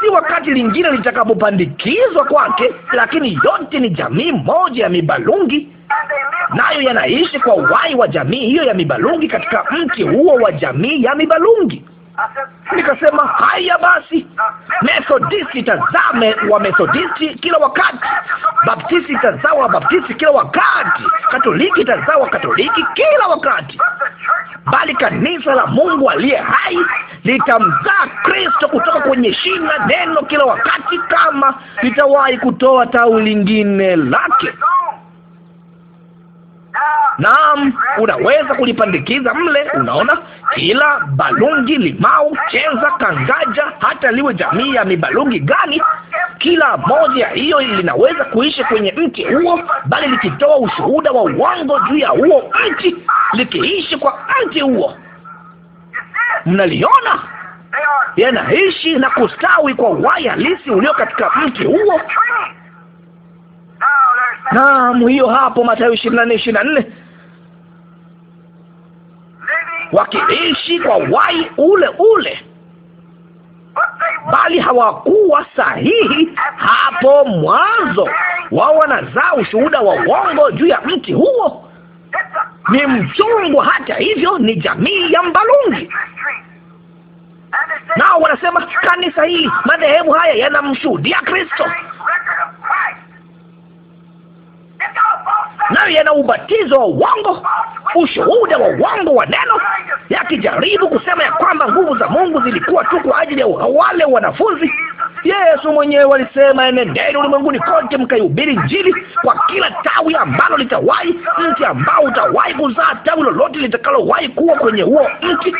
si wakati lingine litakapopandikizwa kwake, lakini yote ni jamii moja ya mibalungi, nayo yanaishi kwa uhai wa jamii hiyo ya mibalungi katika mti huo wa jamii ya mibalungi. Nikasema haya basi, Methodisti tazame wa Methodisti kila wakati, Baptisti tazaa wa Baptisti kila wakati, Katoliki tazaa wa Katoliki kila wakati, bali kanisa la Mungu aliye hai litamzaa Kristo kutoka kwenye shina neno kila wakati, kama litawahi kutoa tawi lingine lake. Naam, unaweza kulipandikiza mle. Unaona, kila balungi, limau, chenza, kangaja, hata liwe jamii ya mibalungi gani, kila moja hiyo linaweza kuishi kwenye mti huo, bali likitoa ushuhuda wa uongo juu ya huo mti, likiishi kwa mti huo. Mnaliona, yanaishi na kustawi kwa uhai halisi ulio katika mti huo. Naam, hiyo hapo Mathayo 24 24 wakiishi kwa wai ule ule, bali hawakuwa sahihi hapo mwanzo. Wao wanazaa ushuhuda wa uongo juu ya mti huo. Ni mchungwa, hata hivyo ni jamii ya mbalungi. Nao wanasema kanisa hili, madhehebu haya yanamshuhudia Kristo. nayo yana ubatizo wa uongo, ushuhuda wa uongo wa neno, yakijaribu kusema ya kwamba nguvu za Mungu zilikuwa tu kwa ajili ya wale wanafunzi. Yesu mwenyewe alisema, enendeni ulimwenguni kote mkaihubiri Injili kwa kila tawi ambalo litawahi, mti ambao utawahi kuzaa tawi lolote litakalowahi kuwa kwenye huo mti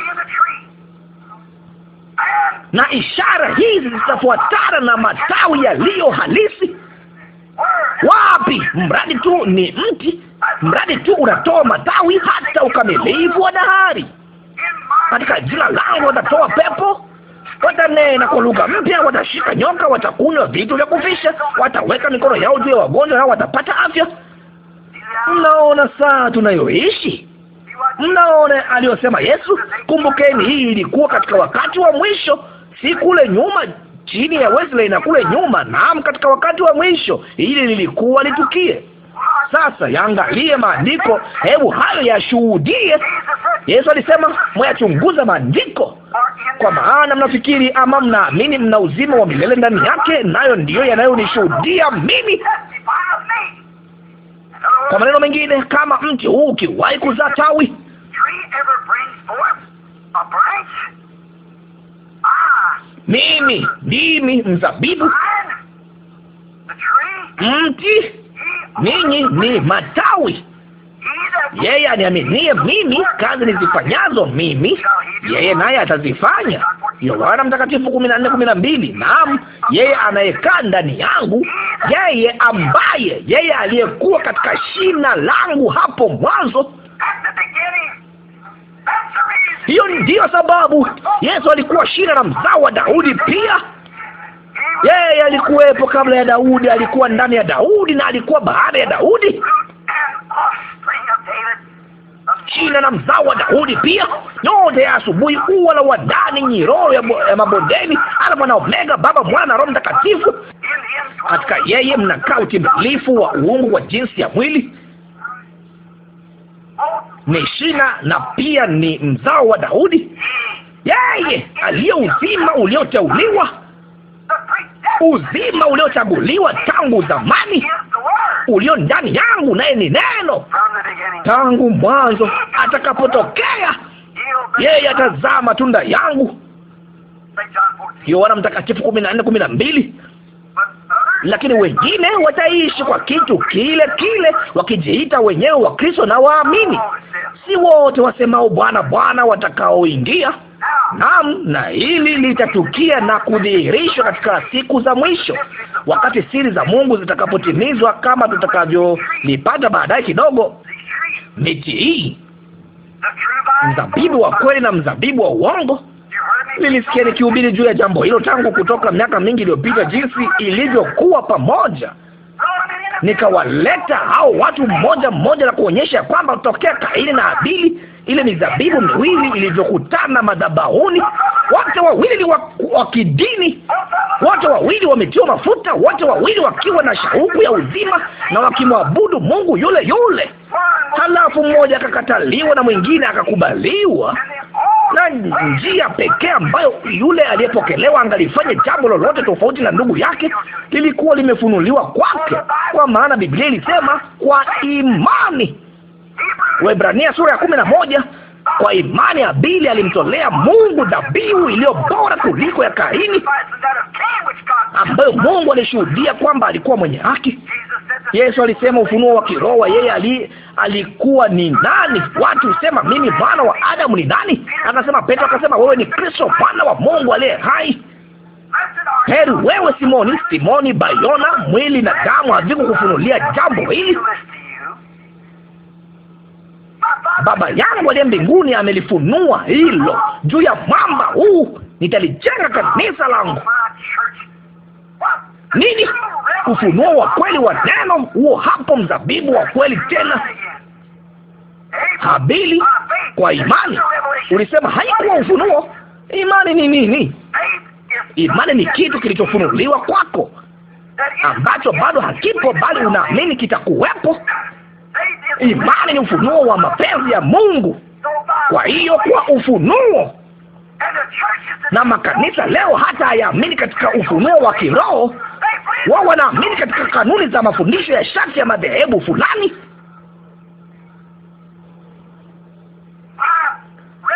na ishara hizi zitafuatana na matawi yaliyo halisi wapi, mradi tu ni mti, mradi tu unatoa matawi hata ukamilifu wa dahari. Katika jina langu watatoa pepo, watanena kwa lugha mpya, watashika nyoka, watakunywa vitu vya kufisha, wataweka mikono yao juu ya wagonjwa, nao watapata afya. Mnaona saa tunayoishi? Mnaona aliyosema Yesu? Kumbukeni, hii ilikuwa katika wakati wa mwisho, si kule nyuma chini ya Wesley na kule nyuma, naam, katika wakati wa mwisho, ili lilikuwa litukie. Sasa yaangalie maandiko, hebu hayo yashuhudie. Yesu alisema, mwayachunguza maandiko kwa maana mnafikiri ama mnaamini mna uzima wa milele ndani yake, nayo ndiyo yanayonishuhudia mimi. Kwa maneno mengine, kama mti huu ukiwahi kuzaa tawi mimi ndimi mzabibu, mti ninyi ni matawi. Yeye aniaminie mimi, kazi nizifanyazo mimi, yeye naye atazifanya. Yohana Mtakatifu kumi na nne kumi na mbili. Naam, yeye anayekaa ndani yangu, yeye ambaye, yeye aliyekuwa katika shina langu hapo mwanzo hiyo ndiyo sababu Yesu alikuwa shina na mzao wa Daudi pia. Yeye alikuwepo kabla ya Daudi, alikuwa ndani ya Daudi na alikuwa baada ya Daudi, shina na mzao wa Daudi pia. Nyota ya asubuhi, ua la wadani, nyiro ya mabondeni, Alfa na Omega, Baba, Mwana na Roho Mtakatifu. Katika yeye mnakaa utimilifu wa uungu wa jinsi ya mwili ni shina na pia ni mzao wa Daudi, yeye aliye uzima ulioteuliwa, uzima uliochaguliwa tangu zamani, ulio ndani yangu, naye ni neno tangu mwanzo. Atakapotokea yeye atazaa matunda yangu. Yohana Mtakatifu kumi na nne kumi na mbili lakini wengine wataishi kwa kitu kile kile, wakijiita wenyewe wa Kristo na waamini. Si wote wasemao Bwana, Bwana watakaoingia. Naam, na hili litatukia na kudhihirishwa katika siku za mwisho, wakati siri za Mungu zitakapotimizwa, kama tutakavyolipata baadaye kidogo. Miti hii, mzabibu wa kweli na mzabibu wa uongo nilisikia nikihubiri juu ya jambo hilo tangu kutoka miaka mingi iliyopita, jinsi ilivyokuwa pamoja nikawaleta hao watu mmoja mmoja na kuonyesha kwamba tokea Kaini na Abili, ile mizabibu miwili ilivyokutana madhabahuni, wote wawili ni wa kidini, wote wawili wametiwa mafuta, wote wawili wakiwa na shauku ya uzima na wakimwabudu Mungu yule yule. Halafu mmoja akakataliwa na mwingine akakubaliwa na yaani njia pekee ambayo yule aliyepokelewa angalifanye jambo lolote tofauti na ndugu yake lilikuwa limefunuliwa kwake, kwa maana Biblia ilisema kwa imani, Waebrania sura ya kumi na moja kwa imani Abili alimtolea Mungu dhabihu iliyo bora kuliko ya Kaini, ambayo Mungu alishuhudia kwamba alikuwa mwenye haki. Yesu alisema ufunuo wa kiroho, yeye ali, alikuwa ni nani? Watu husema mimi mwana wa Adamu ni nani? Akasema Petro, akasema wewe ni Kristo mwana wa Mungu aliye hai. Heri wewe Simoni, Simoni Bayona, mwili na damu havikukufunulia jambo hili, Baba yangu aliye mbinguni amelifunua hilo. Juu ya mwamba huu nitalijenga kanisa langu nini? Ufunuo wa kweli wa neno huo, hapo mzabibu wa kweli tena Habili kwa imani ulisema haikuwa ufunuo. Imani ni nini? Imani ni kitu kilichofunuliwa kwako ambacho bado hakipo, bali unaamini kitakuwepo. Imani ni ufunuo wa mapenzi ya Mungu. Kwa hiyo kwa ufunuo, na makanisa leo hata hayaamini katika ufunuo wa kiroho wao wanaamini katika kanuni za mafundisho ya sharti ya madhehebu fulani.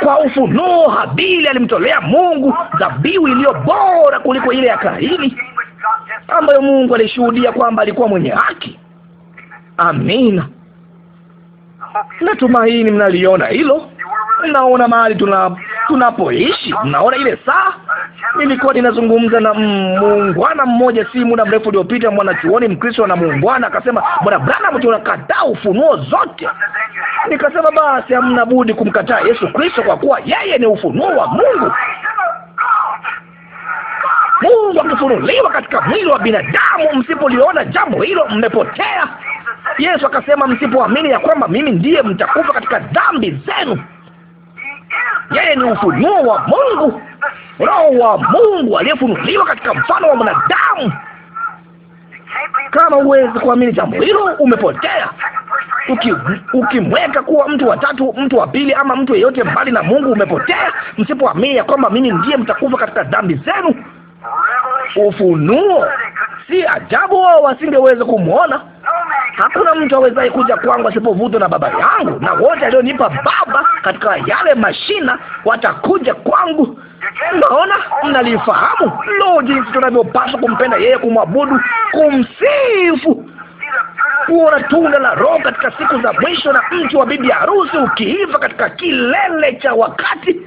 Kwa ufunuo, Habili alimtolea Mungu dhabihu iliyo bora kuliko ile ya Kaini, ambayo Mungu alishuhudia kwamba alikuwa mwenye haki. Amina. Natumaini mnaliona hilo. Naona mahali tuna tunapoishi. Mnaona ile saa, nilikuwa ninazungumza na muungwana mmoja si muda mrefu uliopita, mwanachuoni Mkristo na muungwana, akasema bwana Branham, tunakataa ufunuo zote. Nikasema basi, hamna budi kumkataa Yesu Kristo kwa kuwa yeye ni ufunuo wa Mungu. Mungu akifunuliwa katika mwili wa binadamu, msipoliona jambo hilo mmepotea. Yesu akasema, msipoamini ya kwamba mimi ndiye, mtakufa katika dhambi zenu. Yeye ni ufunuo wa Mungu, Roho wa Mungu aliyefunuliwa katika mfano wa mwanadamu. Kama huwezi kuamini jambo hilo, umepotea. Uki, ukimweka kuwa mtu wa tatu, mtu wa pili, ama mtu yeyote mbali na Mungu, umepotea. Msipoamini ya kwamba mimi ndiye, mtakufa katika dhambi zenu. Ufunuo. Si ajabu wao wasingeweza kumwona hakuna mtu awezaye kuja kwangu asipovutwa na Baba yangu, na wote alionipa Baba katika yale mashina watakuja kwangu. Mnaona, mnalifahamu lo, jinsi tunavyopaswa kumpenda yeye, kumwabudu, kumsifu kuona tunda la Roho katika siku za mwisho na mtu wa bibi harusi ukiiva katika kilele cha wakati,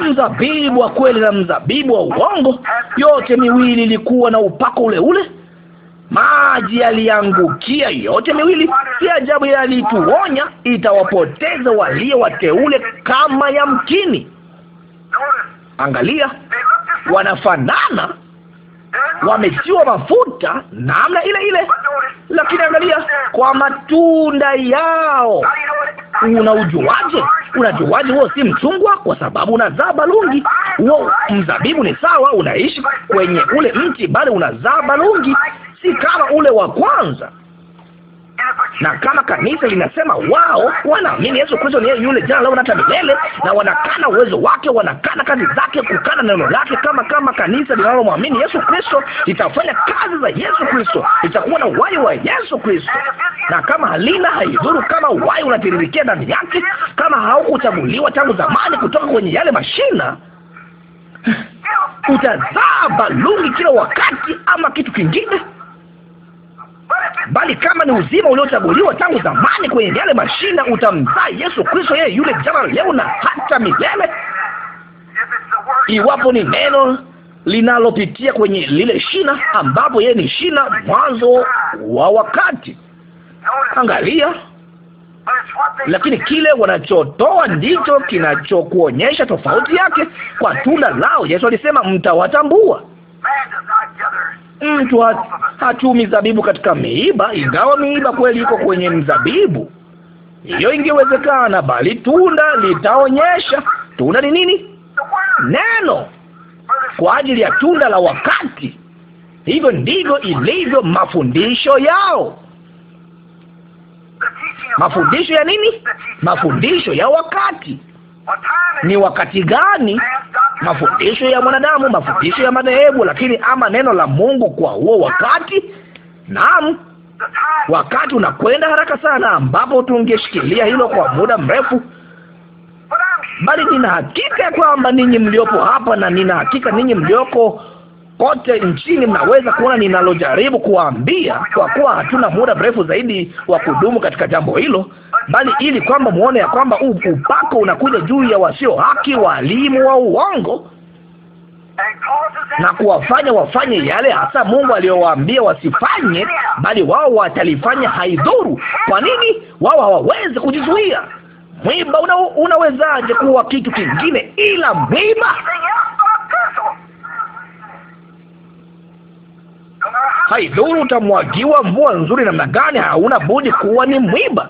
mzabibu wa kweli na mzabibu wa uongo, yote miwili ilikuwa na upako ule ule maji yaliangukia yote miwili. Si ajabu yalituonya, itawapoteza walio wateule kama yamkini. Angalia, wanafanana, wamesiwa mafuta namna ile ile, lakini angalia kwa matunda yao. Unaujuaje? Unajuaje huo si mchungwa? Kwa sababu unazaa balungi. Huo mzabibu ni sawa, unaishi kwenye ule mti, bali unazaa balungi si kama ule wa kwanza. Na kama kanisa linasema wao wanaamini Yesu Kristo ni yule jana leo hata milele, na wanakana uwezo wake, wanakana kazi zake, kukana neno lake, kama kama kanisa linalomwamini Yesu Kristo litafanya kazi za Yesu Kristo, litakuwa na uhai wa Yesu Kristo. Na kama halina, haidhuru kama uhai unatiririkia ndani yake, kama haukuchaguliwa tangu zamani kutoka kwenye yale mashina utazaa balungi kila wakati ama kitu kingine bali kama ni uzima uliochaguliwa tangu zamani kwenye yale mashina, utamzaa Yesu Kristo, yeye yule jana, leo na hata milele. Iwapo ni neno linalopitia kwenye lile shina, ambapo yeye ni shina, mwanzo wa wakati. Angalia, lakini kile wanachotoa ndicho kinachokuonyesha tofauti yake. Kwa tunda lao Yesu alisema mtawatambua mtu hachumi zabibu katika miiba, ingawa miiba kweli iko kwenye mzabibu. Hiyo ingewezekana, bali tunda litaonyesha. Tunda ni nini? Neno kwa ajili ya tunda la wakati. Hivyo ndivyo ilivyo mafundisho yao. Mafundisho ya nini? Mafundisho ya wakati. Ni wakati gani mafundisho ya mwanadamu, mafundisho ya madhehebu, lakini ama neno la Mungu kwa huo wakati. Naam, wakati unakwenda haraka sana, ambapo tungeshikilia hilo kwa muda mrefu bali nina hakika ya kwamba ninyi mliopo hapa na nina hakika ninyi mlioko kote nchini mnaweza kuona ninalojaribu kuwaambia, kwa kuwa hatuna muda mrefu zaidi wa kudumu katika jambo hilo, bali ili kwamba muone ya kwamba upako unakuja juu ya wasio haki, walimu wa uongo na kuwafanya wafanye yale hasa Mungu aliyowaambia wasifanye, bali wao watalifanya. Haidhuru. Kwa nini? Wao hawawezi kujizuia. Mwiba una, unawezaje kuwa kitu kingine ila mwiba? haidhuru utamwagiwa mvua nzuri namna gani, hauna budi kuwa ni mwiba.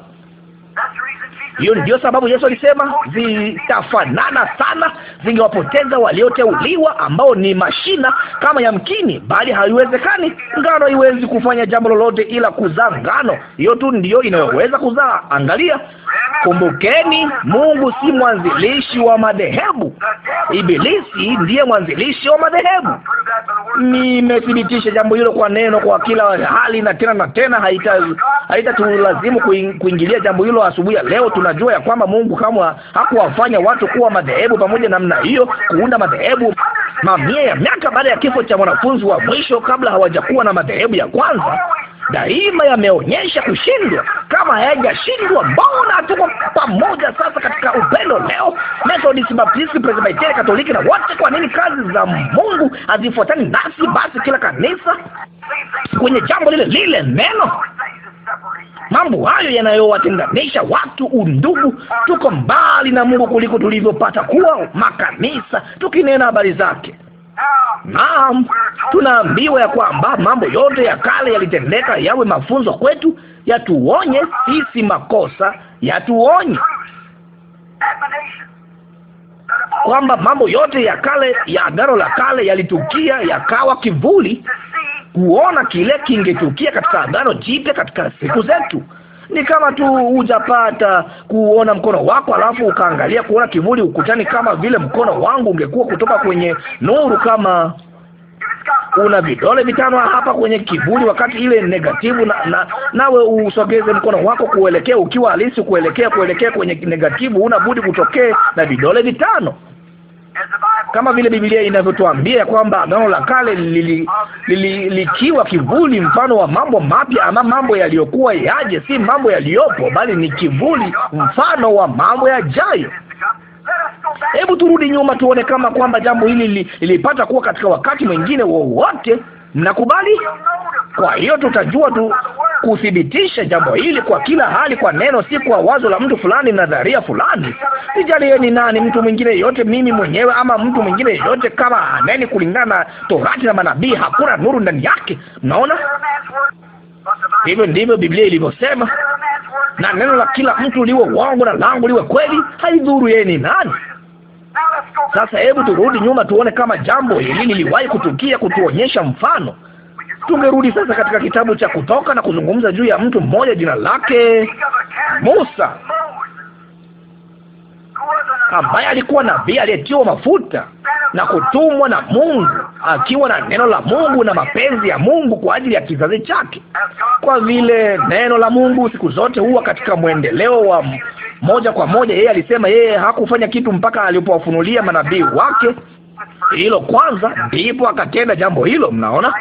Hiyo ndiyo sababu Yesu alisema zitafanana sana, zingewapoteza walioteuliwa ambao ni mashina kama yamkini, bali haiwezekani. Ngano iwezi kufanya jambo lolote ila kuzaa ngano, hiyo tu ndiyo inayoweza kuzaa. Angalia Kumbukeni, Mungu si mwanzilishi wa madhehebu. Ibilisi ndiye mwanzilishi wa madhehebu. Nimethibitisha jambo hilo kwa neno, kwa kila hali na tena na tena. Haitatulazimu haita kuingilia jambo hilo asubuhi ya leo. Tunajua ya kwamba Mungu kama hakuwafanya watu kuwa madhehebu pamoja namna hiyo, kuunda madhehebu mamia ya miaka baada ya kifo cha mwanafunzi wa mwisho, kabla hawajakuwa na madhehebu ya kwanza daima yameonyesha kushindwa. Kama hayajashindwa, mbona tuko pamoja sasa katika upendo leo? Methodisti, Baptisti, Presbiteri, Katoliki na wote. Kwa nini kazi za Mungu hazifuatani nasi? Basi kila kanisa kwenye jambo lile lile neno mambo hayo yanayowatenganisha watu, undugu. Tuko mbali na Mungu kuliko tulivyopata kuwa makanisa tukinena habari zake. Naam, tunaambiwa ya kwamba mambo yote ya kale yalitendeka yawe mafunzo kwetu, yatuonye sisi makosa, yatuonye kwamba mambo yote ya kale ya Agano la Kale yalitukia yakawa kivuli, kuona kile kingetukia katika Agano Jipya katika siku zetu. Ni kama tu hujapata kuona mkono wako, alafu ukaangalia kuona kivuli ukutani, kama vile mkono wangu ungekuwa kutoka kwenye nuru. Kama una vidole vitano hapa kwenye kivuli, wakati ile negativu, na nawe usogeze mkono wako kuelekea, ukiwa halisi, kuelekea kuelekea kwenye negativu, una budi kutokee na vidole vitano kama vile Biblia inavyotuambia kwamba Agano la Kale lilikiwa li, li, kivuli mfano wa mambo mapya ama mambo yaliyokuwa yaje, si mambo yaliyopo, bali ni kivuli mfano wa mambo yajayo. Hebu turudi nyuma tuone kama kwamba jambo hili lilipata kuwa katika wakati mwingine wowote wa Mnakubali? Kwa hiyo tutajua tu kuthibitisha jambo hili kwa kila hali, kwa neno, si kwa wazo la mtu fulani, nadharia fulani. Sijalie ni nani, mtu mwingine yeyote, mimi mwenyewe ama mtu mwingine yeyote, kama aneni kulingana na Torati na manabii, hakuna nuru ndani yake. Mnaona, hivyo ndivyo Biblia ilivyosema, na neno la kila mtu liwe uongo na langu liwe kweli, haidhuru yeye ni nani. Sasa hebu turudi nyuma tuone kama jambo hili liliwahi kutukia, kutuonyesha mfano. Tungerudi sasa katika kitabu cha Kutoka na kuzungumza juu ya mtu mmoja jina lake Musa, ambaye alikuwa nabii aliyetiwa mafuta na kutumwa na Mungu akiwa na neno la Mungu na mapenzi ya Mungu kwa ajili ya kizazi chake, kwa vile neno la Mungu siku zote huwa katika mwendeleo wa moja kwa moja. Yeye alisema yeye hakufanya kitu mpaka alipowafunulia manabii wake hilo kwanza, ndipo akatenda jambo hilo. Mnaona,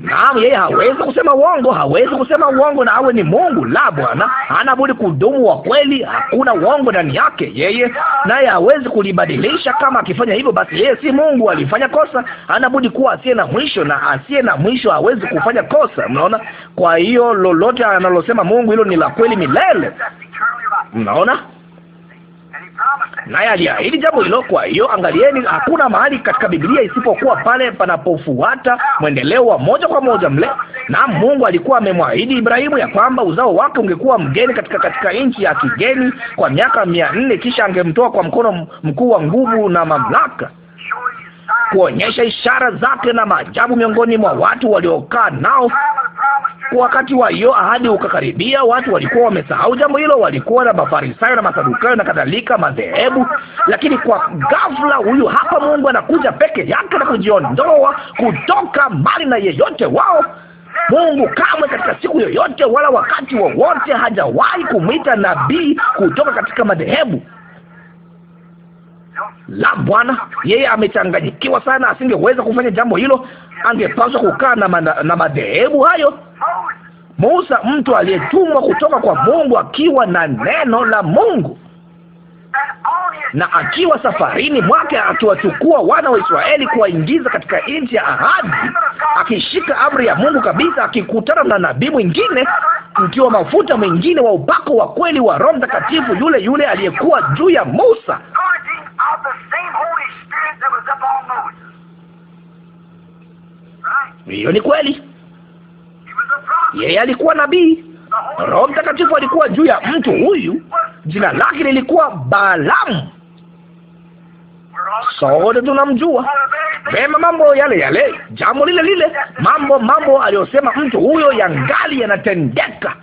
Naam, yeye hawezi kusema uongo, hawezi kusema uongo na awe ni Mungu. La, Bwana hana budi kudumu wa kweli, hakuna uongo ndani yake. Yeye naye hawezi kulibadilisha. Kama akifanya hivyo, basi yeye si Mungu, alifanya kosa. Hana budi kuwa asiye na mwisho, na asiye na mwisho hawezi kufanya kosa. Mnaona? Kwa hiyo lolote analosema Mungu, hilo ni la kweli milele. Mnaona? naye aliahidi jambo hilo. Kwa hiyo angalieni, hakuna mahali katika Biblia isipokuwa pale panapofuata mwendeleo wa moja kwa moja mle. Na Mungu alikuwa amemwahidi Ibrahimu ya kwamba uzao wake ungekuwa mgeni katika katika nchi ya kigeni kwa miaka mia nne, kisha angemtoa kwa mkono mkuu wa nguvu na mamlaka kuonyesha ishara zake na maajabu miongoni mwa watu waliokaa nao. Wakati wa hiyo ahadi ukakaribia, watu walikuwa wamesahau jambo hilo. Walikuwa na Mafarisayo na Masadukayo na kadhalika, madhehebu. Lakini kwa ghafla, huyu hapa Mungu anakuja peke yake na kujiondoa kutoka mbali na yeyote wao. Mungu kamwe katika siku yoyote wala wakati wowote wa hajawahi kumwita nabii kutoka katika madhehebu la Bwana. Yeye amechanganyikiwa sana, asingeweza kufanya jambo hilo, angepaswa kukaa na madhehebu hayo. Musa, mtu aliyetumwa kutoka kwa Mungu, akiwa na neno la Mungu na akiwa safarini mwake akiwachukua wana wa Israeli kuwaingiza katika nchi ya ahadi, akishika amri ya Mungu kabisa, akikutana na nabii mwingine, mtiwa mafuta mwingine wa upako wa kweli wa Roho Mtakatifu, yule yule aliyekuwa juu ya Musa. Hiyo ni kweli. Yeye alikuwa nabii. Roho Mtakatifu alikuwa juu ya mtu huyu. Jina lake lilikuwa Balaamu. Sote tunamjua vema, mambo yale yale, jambo lile lile, mambo mambo aliyosema mtu huyo yangali yanatendeka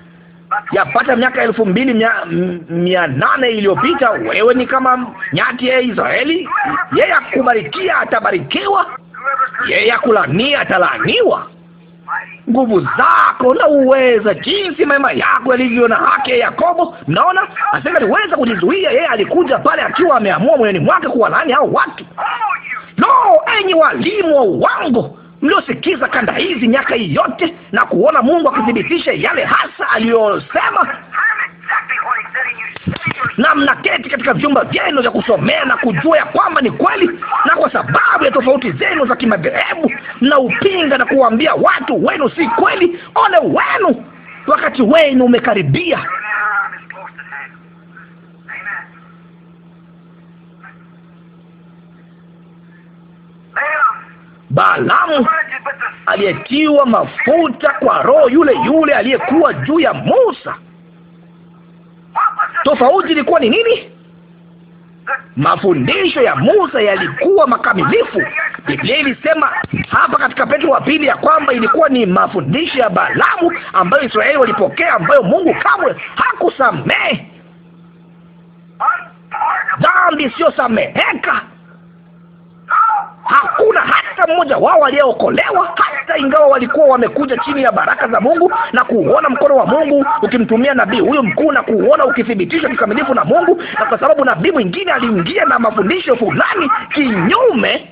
yapata miaka elfu mbili mia, mia nane iliyopita. Wewe ni kama nyati ya Israeli. Yeye akubarikia atabarikiwa, yeye akulania atalaaniwa. Nguvu zako na uweza, jinsi mema yako yalivyo na haki ya Yakobo. Mnaona, asingaliweza kujizuia. Yeye alikuja pale akiwa ameamua moyoni mwake kuwalaani hao watu. Lo, enyi walimu wa uwango mliosikiza kanda hizi miaka hii yote na kuona Mungu akithibitisha yale hasa aliyosema, na mnaketi katika vyumba vyenu vya kusomea na kujua ya kwamba ni kweli, na kwa sababu ya tofauti zenu za kimadhehebu mnaupinga na kuwaambia watu wenu si kweli. Ole wenu, wakati wenu umekaribia. Balaamu aliyetiwa mafuta kwa roho yule yule aliyekuwa juu ya Musa. Tofauti ilikuwa ni nini? Mafundisho ya Musa yalikuwa makamilifu. Biblia ilisema hapa katika Petro wa pili ya kwamba ilikuwa ni mafundisho ya Balaamu ambayo Israeli walipokea, ambayo Mungu kamwe hakusamehe. Dhambi sio sameheka hakuna hata mmoja wao aliyeokolewa, hata ingawa walikuwa wamekuja chini ya baraka za Mungu na kuuona mkono wa Mungu ukimtumia nabii huyu mkuu na kuuona ukithibitishwa kikamilifu na Mungu, na kwa sababu nabii mwingine aliingia na mafundisho fulani kinyume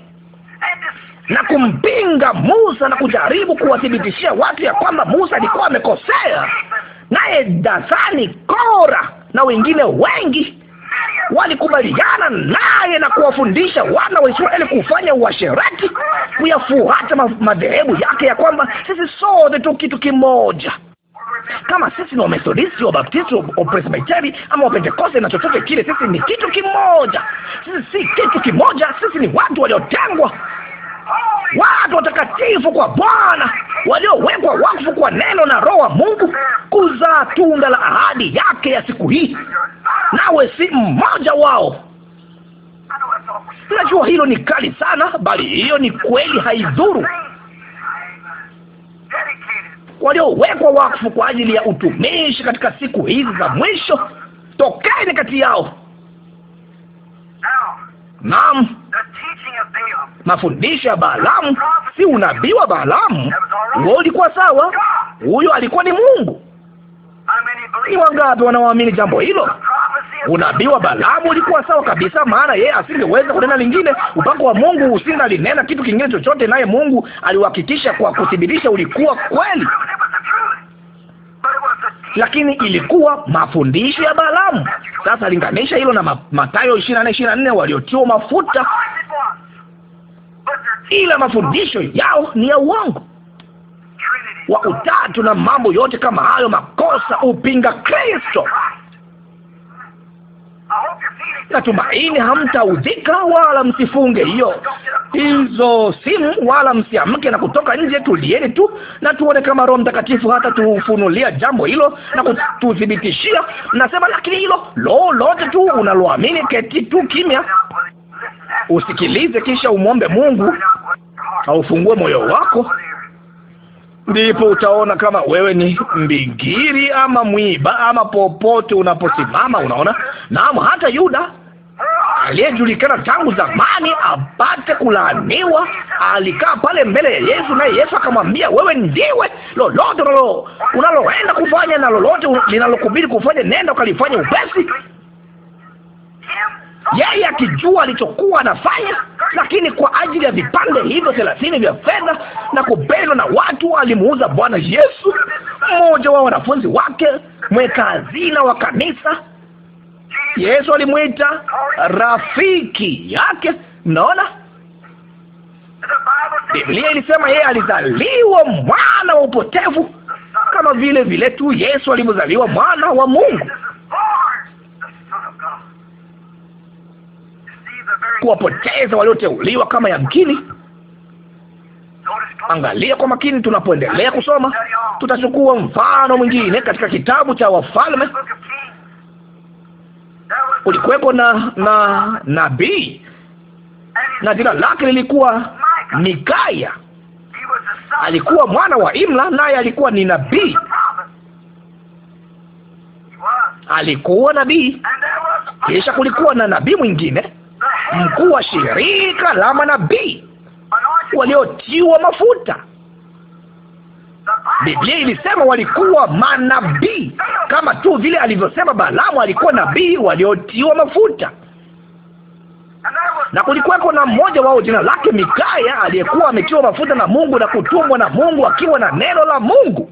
na kumpinga Musa na kujaribu kuwathibitishia watu ya kwamba Musa alikuwa amekosea, naye Dasani, Kora na wengine wengi walikubaliana naye na kuwafundisha wana wa Israeli kufanya uasherati, kuyafuata madhehebu yake, ya kwamba sisi sote tu kitu kimoja kama sisi ni Wamethodisti, Wabaptisti, Wapresbiteri ama Wapentekoste na chochote kile, sisi ni kitu kimoja. Sisi si kitu kimoja, sisi ni watu waliotengwa watu watakatifu kwa Bwana, waliowekwa wakfu kwa neno na roho wa Mungu, kuzaa tunda la ahadi yake ya siku hii, nawe si mmoja wao. Najua hilo ni kali sana, bali hiyo ni kweli, haidhuru waliowekwa wakfu kwa ajili ya utumishi katika siku hizi za mwisho. Tokeni kati yao. Naam, mafundisho ya Balaamu, si unabii wa Balaamu. Huo ulikuwa sawa, huyo alikuwa ni Mungu. Ni wangapi wanaoamini jambo hilo? Unabii wa Balaamu ulikuwa sawa kabisa, maana yeye asingeweza kunena lingine. Upako wa Mungu usinga linena kitu kingine chochote, naye Mungu aliuhakikisha kwa kuthibitisha ulikuwa kweli, lakini ilikuwa mafundisho ya Balaamu. Sasa linganisha hilo na Mathayo 24:24 waliotiwa mafuta ila mafundisho yao ni ya uongo wa utatu na mambo yote kama hayo makosa, upinga Kristo. Natumaini hamtaudhika wala msifunge hiyo hizo simu wala msiamke na kutoka nje. Tulieni tu na tuone kama Roho Mtakatifu hata tufunulia jambo hilo na kututhibitishia. Nasema lakini hilo lolote tu unaloamini, keti tu kimya, usikilize, kisha umwombe Mungu aufungue moyo wako, ndipo utaona kama wewe ni mbigiri ama mwiba ama popote unaposimama. Unaona, naam, hata Yuda aliyejulikana tangu zamani apate kulaaniwa, alikaa pale mbele ya Yesu, naye Yesu akamwambia, wewe ndiwe lolote unaloenda kufanya na lolote linalokubidi kufanya, nenda ukalifanya upesi yeye akijua alichokuwa anafanya, lakini kwa ajili ya vipande hivyo thelathini vya fedha na kupendwa na watu, alimuuza Bwana Yesu. Mmoja wa wanafunzi wake, mweka hazina wa kanisa, Yesu alimwita rafiki yake. Mnaona, Biblia ilisema yeye alizaliwa mwana wa upotevu, kama vile vile tu Yesu alivyozaliwa mwana wa Mungu. kuwapoteza walioteuliwa kama yamkini. Angalia kwa makini tunapoendelea kusoma, tutachukua mfano mwingine katika kitabu cha Wafalme. Kulikuwepo na na nabii na jina lake lilikuwa Mikaya. Alikuwa mwana wa Imla, naye alikuwa ni nabii. Alikuwa nabii. Kisha kulikuwa na nabii mwingine mkuu wa shirika la manabii waliotiwa mafuta. Biblia ilisema walikuwa manabii kama tu vile alivyosema Balaamu alikuwa nabii waliotiwa mafuta, na kulikuwako na mmoja wao jina lake Mikaya aliyekuwa ametiwa mafuta na Mungu na kutumwa na Mungu akiwa na neno la Mungu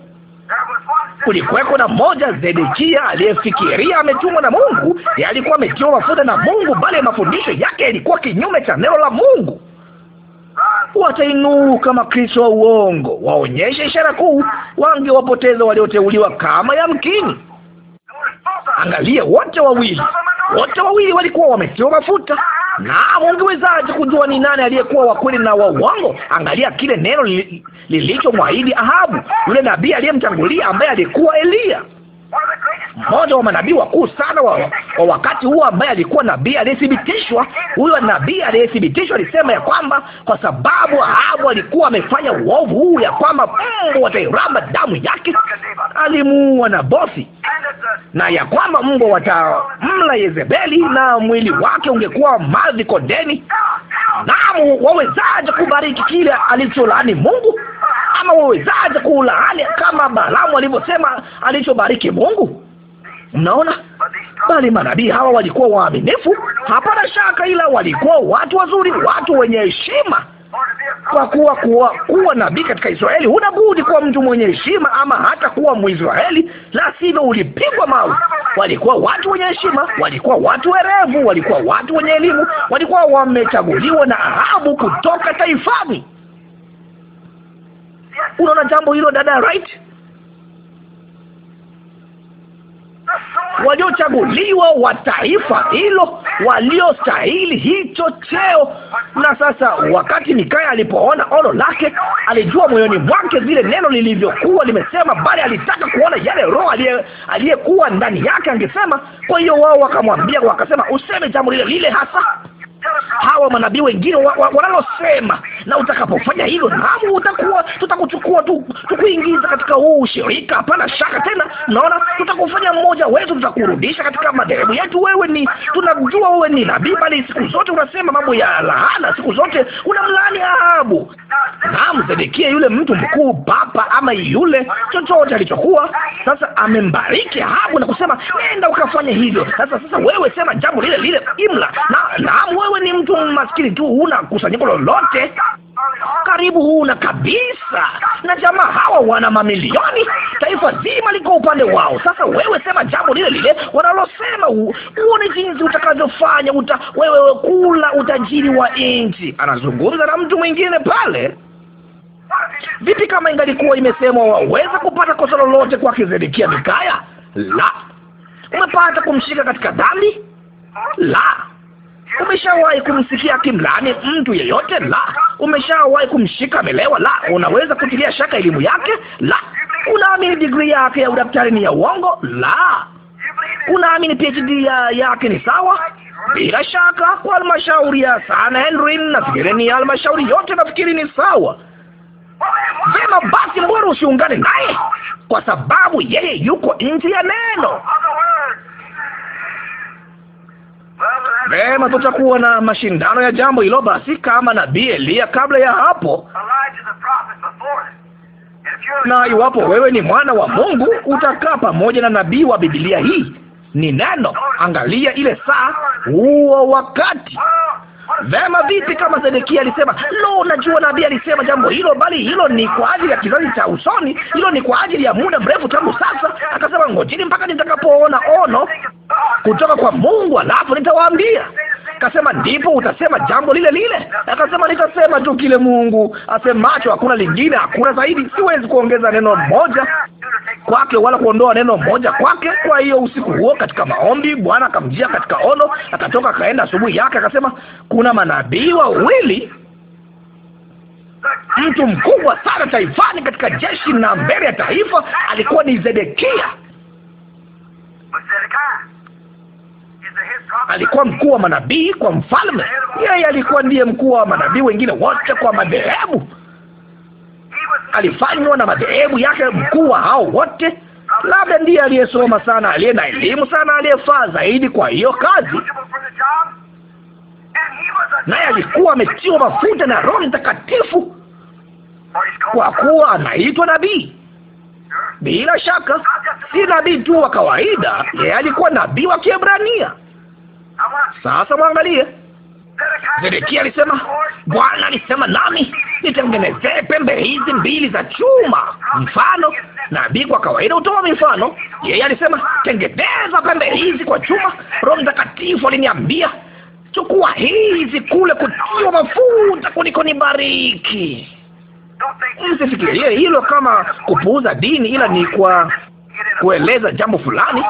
kulikuweko na mmoja Zedekia aliyefikiria ametumwa na Mungu. Alikuwa ametiwa mafuta na Mungu, bali mafundisho yake yalikuwa kinyume cha neno la Mungu. Watainuka makristo wa uongo, waonyeshe ishara kuu, wangewapoteza walioteuliwa kama yamkini. Angalia, wote wawili wote wawili walikuwa wametiwa mafuta na wangewezaje kujua ni nani aliyekuwa wa kweli na wa uongo? Angalia kile neno lilichomwahidi Ahabu, yule nabii aliyemtangulia ambaye alikuwa Eliya mmoja wa manabii wakuu sana wa, wa wakati huo ambaye alikuwa nabii aliyethibitishwa. Huyo nabii aliyethibitishwa alisema ya kwamba kwa sababu Ahabu alikuwa amefanya uovu huu, ya kwamba Mungu watairamba damu yake, alimuua bosi, na ya kwamba mbwa watamla Yezebeli na mwili wake ungekuwa mavi kondeni. Naam, wawezaje kubariki kile alicholaani Mungu? Ama wawezaje kulaani kama Balaamu alivyosema alichobariki Mungu? Mnaona, bali manabii hawa walikuwa waaminifu, hapana shaka, ila walikuwa watu wazuri, watu wenye heshima. Kwa kuwa kuwa, kuwa nabii katika Israeli huna budi kuwa mtu mwenye heshima, ama hata kuwa Mwisraeli, la sivyo ulipigwa mawe. Walikuwa watu wenye heshima, walikuwa watu werevu, walikuwa watu wenye elimu, walikuwa wamechaguliwa na Ahabu kutoka taifani. Unaona jambo hilo, dada, right? waliochaguliwa wa taifa hilo, waliostahili hicho cheo. Na sasa, wakati Mikaya alipoona ono lake, alijua moyoni mwake vile neno lilivyokuwa limesema, bali alitaka kuona yale Roho aliyekuwa ndani yake angesema. Kwa hiyo wao wakamwambia, wakasema, useme jambo lile lile hasa hawa manabii wengine wanalosema wa, na utakapofanya hivyo, naam, utakuwa tutakuchukua tu tukuingiza katika huu ushirika, hapana shaka tena. Naona tutakufanya mmoja wetu, tutakurudisha katika madhehebu yetu. Wewe ni tunajua wewe ni nabii, bali siku zote unasema mambo ya lahana, siku zote unamlaani Ahabu. Naam, Zedekia yule mtu mkuu, papa ama yule chochote alichokuwa sasa, amembariki Ahabu na kusema nenda ukafanya hivyo. Sasa sasa wewe sema jambo lile lile, imla na naam, wewe ni mtu maskini tu, huna kusanyiko lolote karibu huna kabisa, na jamaa hawa wana mamilioni, taifa zima liko upande wao. Sasa wewe sema jambo lile lile wanalosema, uone jinsi utakavyofanya. Uta wewe kula utajiri wa nchi. Anazungumza na mtu mwingine pale. Vipi kama ingalikuwa imesemwa waweza kupata kosa lolote kwa Zedekia Mikaya? La, umepata kumshika katika dhambi? La. Umeshawahi kumsikia kimlani mtu yeyote? La. Umeshawahi kumshika amelewa? La. Unaweza kutilia shaka elimu yake? La. Unaamini degree yake ya udaktari ni ya uongo? La. Unaamini PhD ya yake ni sawa? Bila shaka. Kwa halmashauri ya San Henry, nafikiri ni halmashauri yote, nafikiri ni sawa. Vyema basi, mbora usiungane naye, kwa sababu yeye yuko nje ya neno Vema, tutakuwa na mashindano ya jambo hilo basi, kama nabii Eliya kabla ya hapo. Na iwapo wewe ni mwana wa Mungu, utakaa pamoja na nabii wa Biblia. Hii ni neno. Angalia ile saa, huo wakati Vema vipi kama zedekia alisema lo, najua nabii alisema jambo hilo, bali hilo ni kwa ajili ya kizazi cha usoni, hilo ni kwa ajili ya muda mrefu tangu sasa. Akasema ngojini mpaka nitakapoona ono kutoka kwa Mungu, alafu nitawaambia. Kasema ndipo utasema jambo lile lile. Akasema nitasema tu kile Mungu asemacho, hakuna lingine, hakuna zaidi. Siwezi kuongeza neno moja kwake wala kuondoa neno moja kwake. Kwa hiyo usiku huo katika maombi, Bwana akamjia katika ono, akatoka akaenda asubuhi yake, akasema kuna manabii wawili mtu mkubwa sana taifani katika jeshi na mbele ya taifa alikuwa ni Zedekia alikuwa mkuu wa manabii kwa mfalme. Yeye alikuwa ndiye mkuu wa manabii wengine wote kwa madhehebu. Alifanywa na madhehebu yake mkuu wa hao wote. Labda ndiye aliyesoma sana, aliye na elimu sana, aliyefaa zaidi kwa hiyo kazi naye alikuwa ametiwa mafuta na Roho Mtakatifu kwa kuwa anaitwa nabii. Bila shaka si nabii tu wa kawaida, yeye alikuwa nabii wa Kiebrania. Sasa mwangalie, Zedekia alisema, Bwana alisema nami, nitengenezee pembe hizi mbili za chuma mfano. Nabii kwa kawaida hutoa mifano. Yeye alisema, tengeneza pembe hizi kwa chuma. Roho Mtakatifu aliniambia, chukua hizi kule kutiwa mafuta kuliko nibariki. Msifikirie hilo kama kupuuza dini, ila ni kwa kueleza jambo fulani.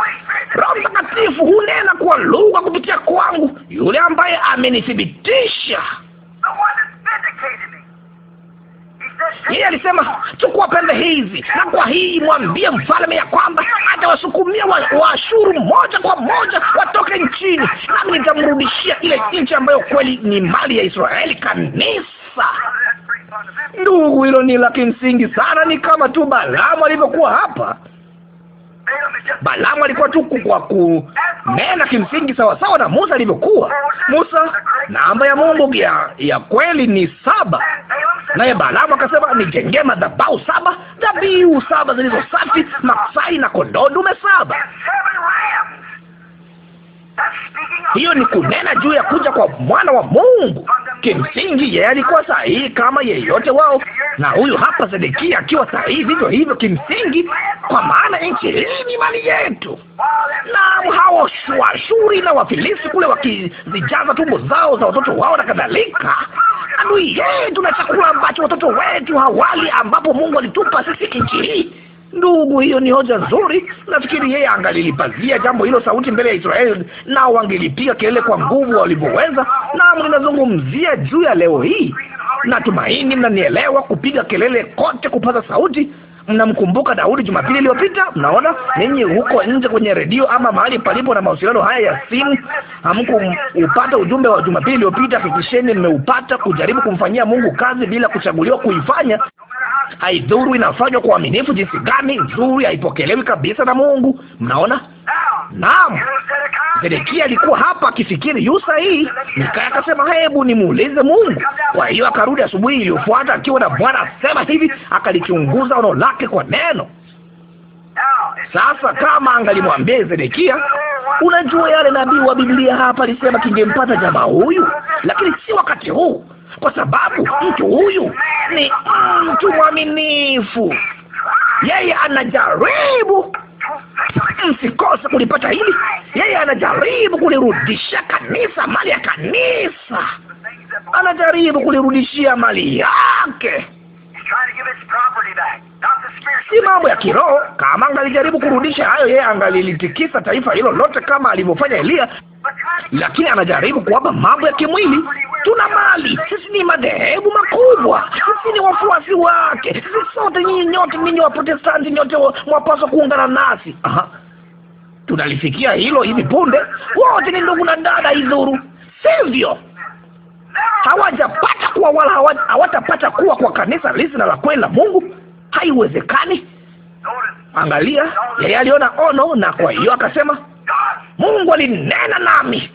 Roho Mtakatifu hunena kwa lugha kupitia kwangu, yule ambaye amenithibitisha yeye alisema chukua pembe hizi na kwa hii mwambie mfalme ya kwamba atawasukumia Waashuru wa moja kwa moja watoke nchini, nami nitamrudishia ile nchi ambayo kweli ni mali ya Israeli. Kanisa, ndugu, hilo ni la kimsingi sana. Ni kama tu Balaamu alivyokuwa hapa Balaamu alikuwa tu kwa kunena kimsingi sawasawa na Musa alivyokuwa. Musa, namba ya Mungu ya, ya kweli ni saba, naye Balaamu akasema nijengee madhabahu saba, dhabihu saba zilizo safi, maksai na kondoo dume saba hiyo ni kunena juu ya kuja kwa mwana wa Mungu. Kimsingi yeye alikuwa sahihi kama yeyote wao, na huyu hapa Sedekia akiwa sahihi vivyo hivyo, kimsingi, kwa maana nchi hii ni mali yetu. Na hao Waashuri na Wafilisti kule wakizijaza tumbo zao za watoto wao na kadhalika, adui yetu na chakula ambacho watoto wetu hawali, ambapo Mungu alitupa sisi nchi hii Ndugu, hiyo ni hoja nzuri. Nafikiri yeye angalilipazia jambo hilo sauti mbele ya Israeli, nao wangelipiga kelele kwa nguvu walivyoweza. Naam, ninazungumzia juu ya leo hii. Natumaini mnanielewa, kupiga kelele kote, kupaza sauti. Mnamkumbuka Daudi Jumapili iliyopita? Mnaona ninyi huko nje kwenye redio ama mahali palipo na mawasiliano haya ya simu, hamkuupata ujumbe wa Jumapili iliyopita? Hakikisheni mmeupata, kujaribu kumfanyia Mungu kazi bila kuchaguliwa kuifanya haidhuru inafanywa kwa uaminifu jinsi gani, nzuri haipokelewi kabisa na Mungu. Mnaona? Naam, Zedekia alikuwa hapa akifikiri yu sahihi. Mikaya akasema hebu nimuulize Mungu. Kwa hiyo akarudi asubuhi iliyofuata akiwa na Bwana asema hivi, akalichunguza ono lake kwa neno. Sasa kama angalimwambia Zedekia, unajua yale nabii wa Biblia hapa alisema kingempata jamaa huyu, lakini si wakati huu kwa sababu mtu huyu ni mtu mwaminifu. Yeye anajaribu, msikose kulipata hili. Yeye anajaribu kulirudisha kanisa mali ya kanisa, anajaribu kulirudishia mali yake si mambo ya kiroho. Kama angalijaribu kurudisha hayo, yeye angalilitikisa taifa hilo lote kama alivyofanya elia lakini anajaribu kuwapa mambo ya kimwili. Tuna mali, sisi ni madhehebu makubwa, sisi ni wafuasi wake, sisi sote, nyinyi nyote, ninyi Waprotestanti nyote mwapaswa kuungana nasi. Aha, tunalifikia hilo hivi punde. Wote ni ndugu na dada, idhuru sivyo? hawajapata kuwa wala hawatapata kuwa kwa kanisa lisi na la kweli la Mungu. Haiwezekani. Angalia, yeye aliona ono, na kwa hiyo akasema, Mungu alinena nami.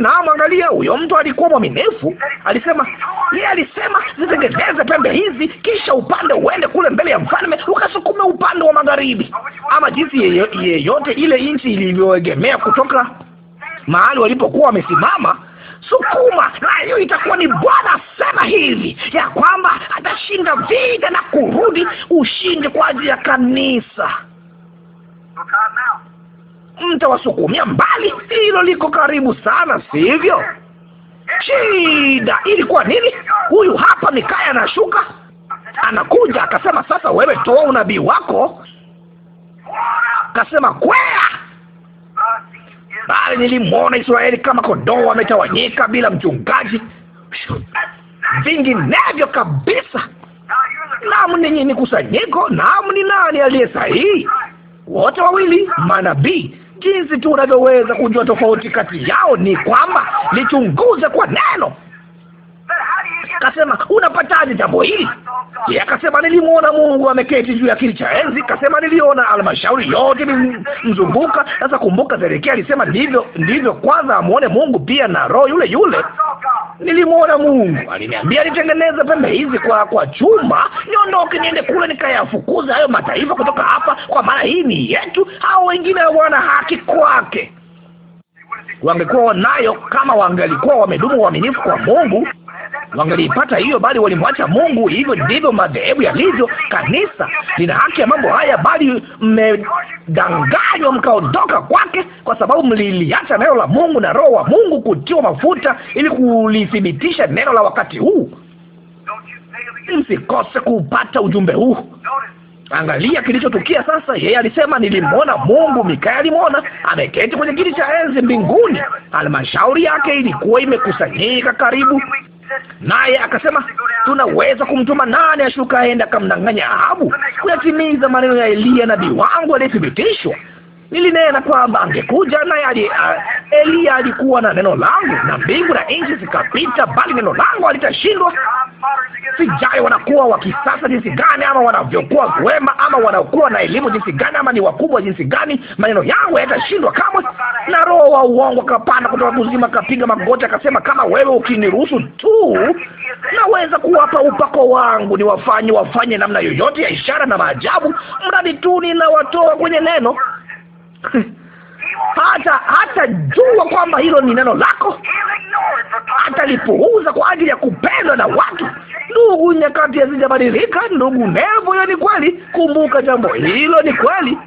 Na mwangalia, huyo mtu alikuwa mwaminifu. Alisema, yeye alisema, zitengeneze pembe hizi, kisha upande uende kule mbele ya mfalme, ukasukume upande wa magharibi, ama jinsi yeyote ile nchi ilivyoegemea kutoka mahali walipokuwa wamesimama sukuma, na hiyo itakuwa ni Bwana sema hivi ya kwamba atashinda vita na kurudi ushindi kwa ajili ya kanisa. Mtawasukumia mbali, hilo liko karibu sana, sivyo? Shida ilikuwa nini? Huyu hapa Mikaya anashuka, anakuja akasema, sasa wewe toa unabii wako. Akasema kwea bali nilimwona Israeli kama kondoo ametawanyika bila mchungaji, vinginevyo kabisa. Naam, ninyi ni kusanyiko. Naam, ni nani aliye sahihi? Wote wawili manabii. Jinsi tu unavyoweza kujua tofauti kati yao ni kwamba lichunguze kwa neno Kasema, unapataje jambo hili? Yeye akasema, nilimwona Mungu ameketi juu ya kiti cha enzi. Kasema, niliona almashauri yote mzunguka. Sasa kumbuka, Zedekia alisema ndivyo ndivyo, kwanza amwone Mungu pia na roho yule yule. Nilimwona Mungu aliniambia nitengeneze pembe hizi kwa kwa chuma, niondoke niende kule nikayafukuza hayo mataifa kutoka hapa, kwa maana hii ni yetu, hao wengine wana haki kwake. Wangekuwa nayo kama wangalikuwa wamedumu waaminifu kwa Mungu wangalipata hiyo, bali walimwacha Mungu. Hivyo ndivyo madhehebu yalivyo. Kanisa lina haki ya mambo haya, bali mmedanganywa mkaondoka kwake, kwa sababu mliliacha neno la Mungu na Roho wa Mungu kutiwa mafuta ili kulithibitisha neno la wakati huu. Msikose kupata ujumbe huu. Angalia kilichotukia sasa. Yeye alisema nilimwona Mungu, Mikaeli alimwona ameketi kwenye kiti cha enzi mbinguni. Halmashauri yake ilikuwa imekusanyika karibu naye akasema, tunaweza kumtuma nani ashuka aenda akamdanganya Ahabu kuyatimiza maneno ya Eliya nabii wangu aliyethibitishwa. Nilinena kwamba angekuja naye. ali Eliya alikuwa na neno langu, na mbingu na nchi zikapita, bali neno langu halitashindwa sijali wanakuwa wa kisasa jinsi gani, ama wanavyokuwa wema, ama wanakuwa na elimu jinsi gani, ama ni wakubwa jinsi gani, maneno yangu yatashindwa kamwe. Na roho wa uongo akapanda kutoka kuzima, akapiga magoti, akasema, kama wewe ukiniruhusu tu, naweza kuwapa upako wangu niwafanye wafanye namna yoyote ya ishara na maajabu, mradi tu ninawatoa kwenye neno (laughs) hata jua kwamba hilo ni neno lako, atalipuuza kwa ajili ya kupendwa na watu. Ndugu, nyakati hazijabadilika ndugu Nevo, hiyo ni kweli. Kumbuka jambo hilo, ni kweli.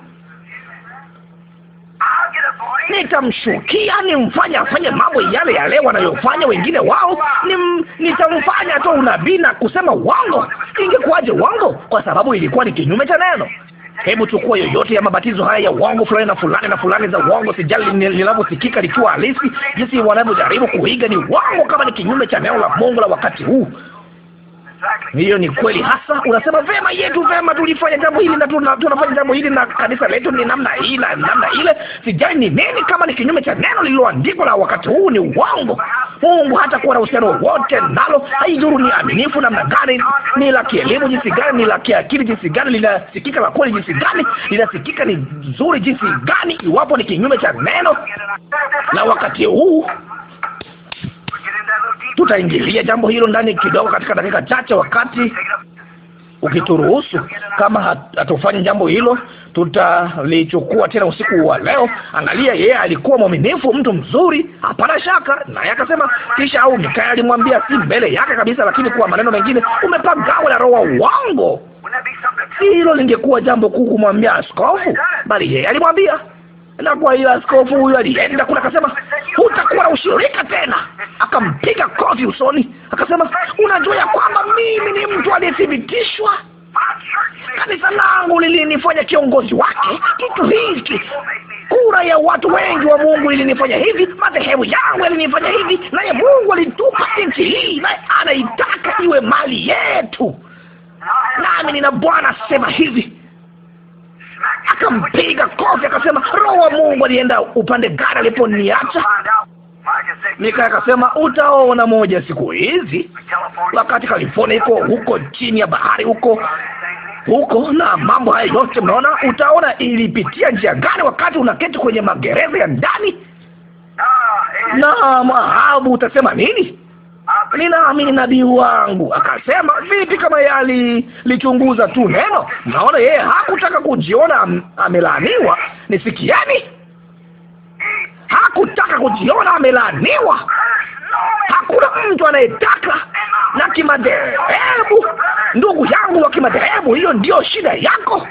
Nitamshukia, nimfanya afanye mambo yale yale wanayofanya wengine wao. Nim, nitamfanya tu unabii na kusema uongo. Ingekuwaje uongo? Kwa sababu ilikuwa ni kinyume cha neno. Hebu chukua yoyote ya mabatizo haya ya uongo fulani na fulani na fulani za uongo, sijali linavyosikika likiwa halisi, jinsi wanavyojaribu kuiga ni uongo, kama ni kinyume cha neno la Mungu la wakati huu hiyo ni kweli hasa. Unasema vema, yetu vema, tulifanya jambo hili na tunafanya jambo hili na kanisa letu ni namna hii na namna ile. Sijali ni nini, kama ni kinyume cha neno lililoandikwa la wakati huu ni uongo. Mungu hata kuwa na uhusiano wote nalo, haidhuru ni aminifu namna gani, ni la kielimu jinsi gani, ni la kiakili jinsi gani, linasikika la kweli jinsi gani, linasikika ni nzuri jinsi gani, iwapo ni kinyume cha neno la wakati huu Tutaingilia jambo hilo ndani kidogo katika dakika chache, wakati ukituruhusu. Kama hatufanyi jambo hilo, tutalichukua tena usiku wa leo. Angalia, yeye alikuwa mwaminifu, mtu mzuri, hapana shaka. Naye akasema kisha, au Mikaya alimwambia, si mbele yake kabisa, lakini kwa maneno mengine, umepagawa na roho wangu. Hilo lingekuwa jambo kuu kumwambia askofu, bali yeye alimwambia na kwa hiyo askofu huyu alienda kule, akasema hutakuwa na ushirika tena, akampiga kofi usoni, akasema unajua ya kwamba mimi ni mtu aliyethibitishwa kanisa langu lilinifanya kiongozi wake. Kitu hiki, kura ya watu wengi wa Mungu ilinifanya hivi, madhehebu yangu yalinifanya hivi, naye Mungu alitupa nchi hii, naye anaitaka iwe mali yetu. Nami nina Bwana sema hivi akampiga kofi, akasema, roho wa Mungu alienda upande gari aliponiacha? Mika akasema utaona moja siku hizi, wakati California iko huko chini ya bahari huko huko na mambo haya yote mnaona, utaona ilipitia njia gani wakati unaketi kwenye magereza ya ndani. Na Ahabu utasema nini? ninaamini nabii wangu akasema vipi? Kama yeye alilichunguza tu neno, naona yeye hakutaka kujiona am, amelaaniwa. Nisikieni, hakutaka kujiona amelaaniwa. Hakuna mtu anayetaka na kimadhehebu. Ndugu yangu wa kimadhehebu, hiyo ndiyo shida yako.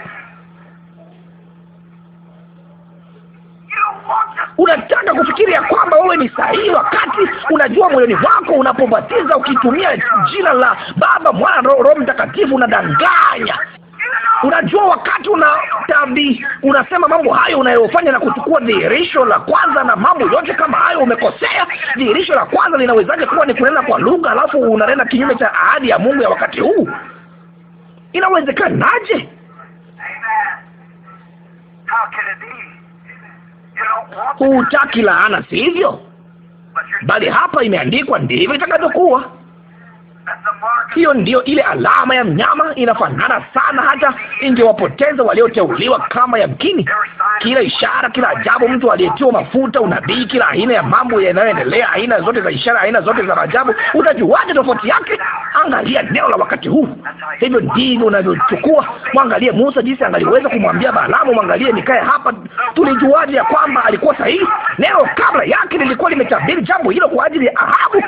Unataka kufikiria kwamba wewe ni sahihi, wakati unajua moyoni mwako unapobatiza ukitumia jina la Baba, Mwana, Roho Mtakatifu, unadanganya. Unajua, wakati unatabi unasema mambo hayo unayofanya na kuchukua dhihirisho la kwanza na mambo yote kama hayo, umekosea. Dhihirisho la kwanza linawezaje kuwa ni kunena kwa lugha, alafu unanena kinyume cha ahadi ya Mungu ya wakati huu? Inawezekanaje? Hutaki laana, sivyo? Bali hapa imeandikwa ndivyo itakavyokuwa. Hiyo ndiyo ile alama ya mnyama, inafanana sana, hata ingewapoteza walioteuliwa kama yamkini. Kila ishara, kila ajabu, mtu aliyetiwa mafuta, unabii, kila aina ya mambo yanayoendelea, aina zote za ishara, aina zote za maajabu. Utajuaje tofauti yake? Angalia neno la wakati huu. Hivyo ndivyo unavyochukua. Mwangalie Musa, jinsi angaliweza kumwambia Balaamu, mwangalie nikae hapa, tulijuaje ya kwamba alikuwa sahihi? Neno kabla yake lilikuwa limetabiri jambo hilo kwa ajili ya Ahabu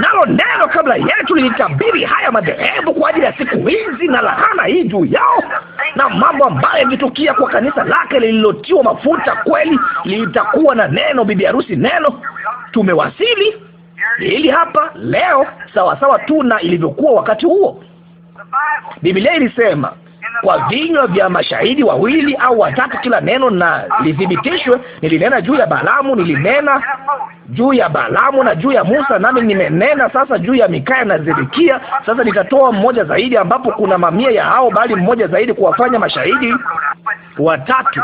nalo neno kabla yetu lilitabiri haya madhehebu kwa ajili ya siku hizi na lahana hii juu yao na mambo ambayo yakitukia kwa kanisa lake lililotiwa mafuta kweli, litakuwa na neno, bibi harusi neno. Tumewasili hili hapa leo, sawasawa tu na ilivyokuwa wakati huo. Biblia ilisema kwa vinywa vya mashahidi wawili au watatu, kila neno na lithibitishwe. Nilinena juu ya Balaamu, nilinena juu ya Balaamu na juu ya Musa, nami nimenena sasa juu ya Mikaya na Zedekia. Sasa nitatoa mmoja zaidi, ambapo kuna mamia ya hao, bali mmoja zaidi kuwafanya mashahidi watatu.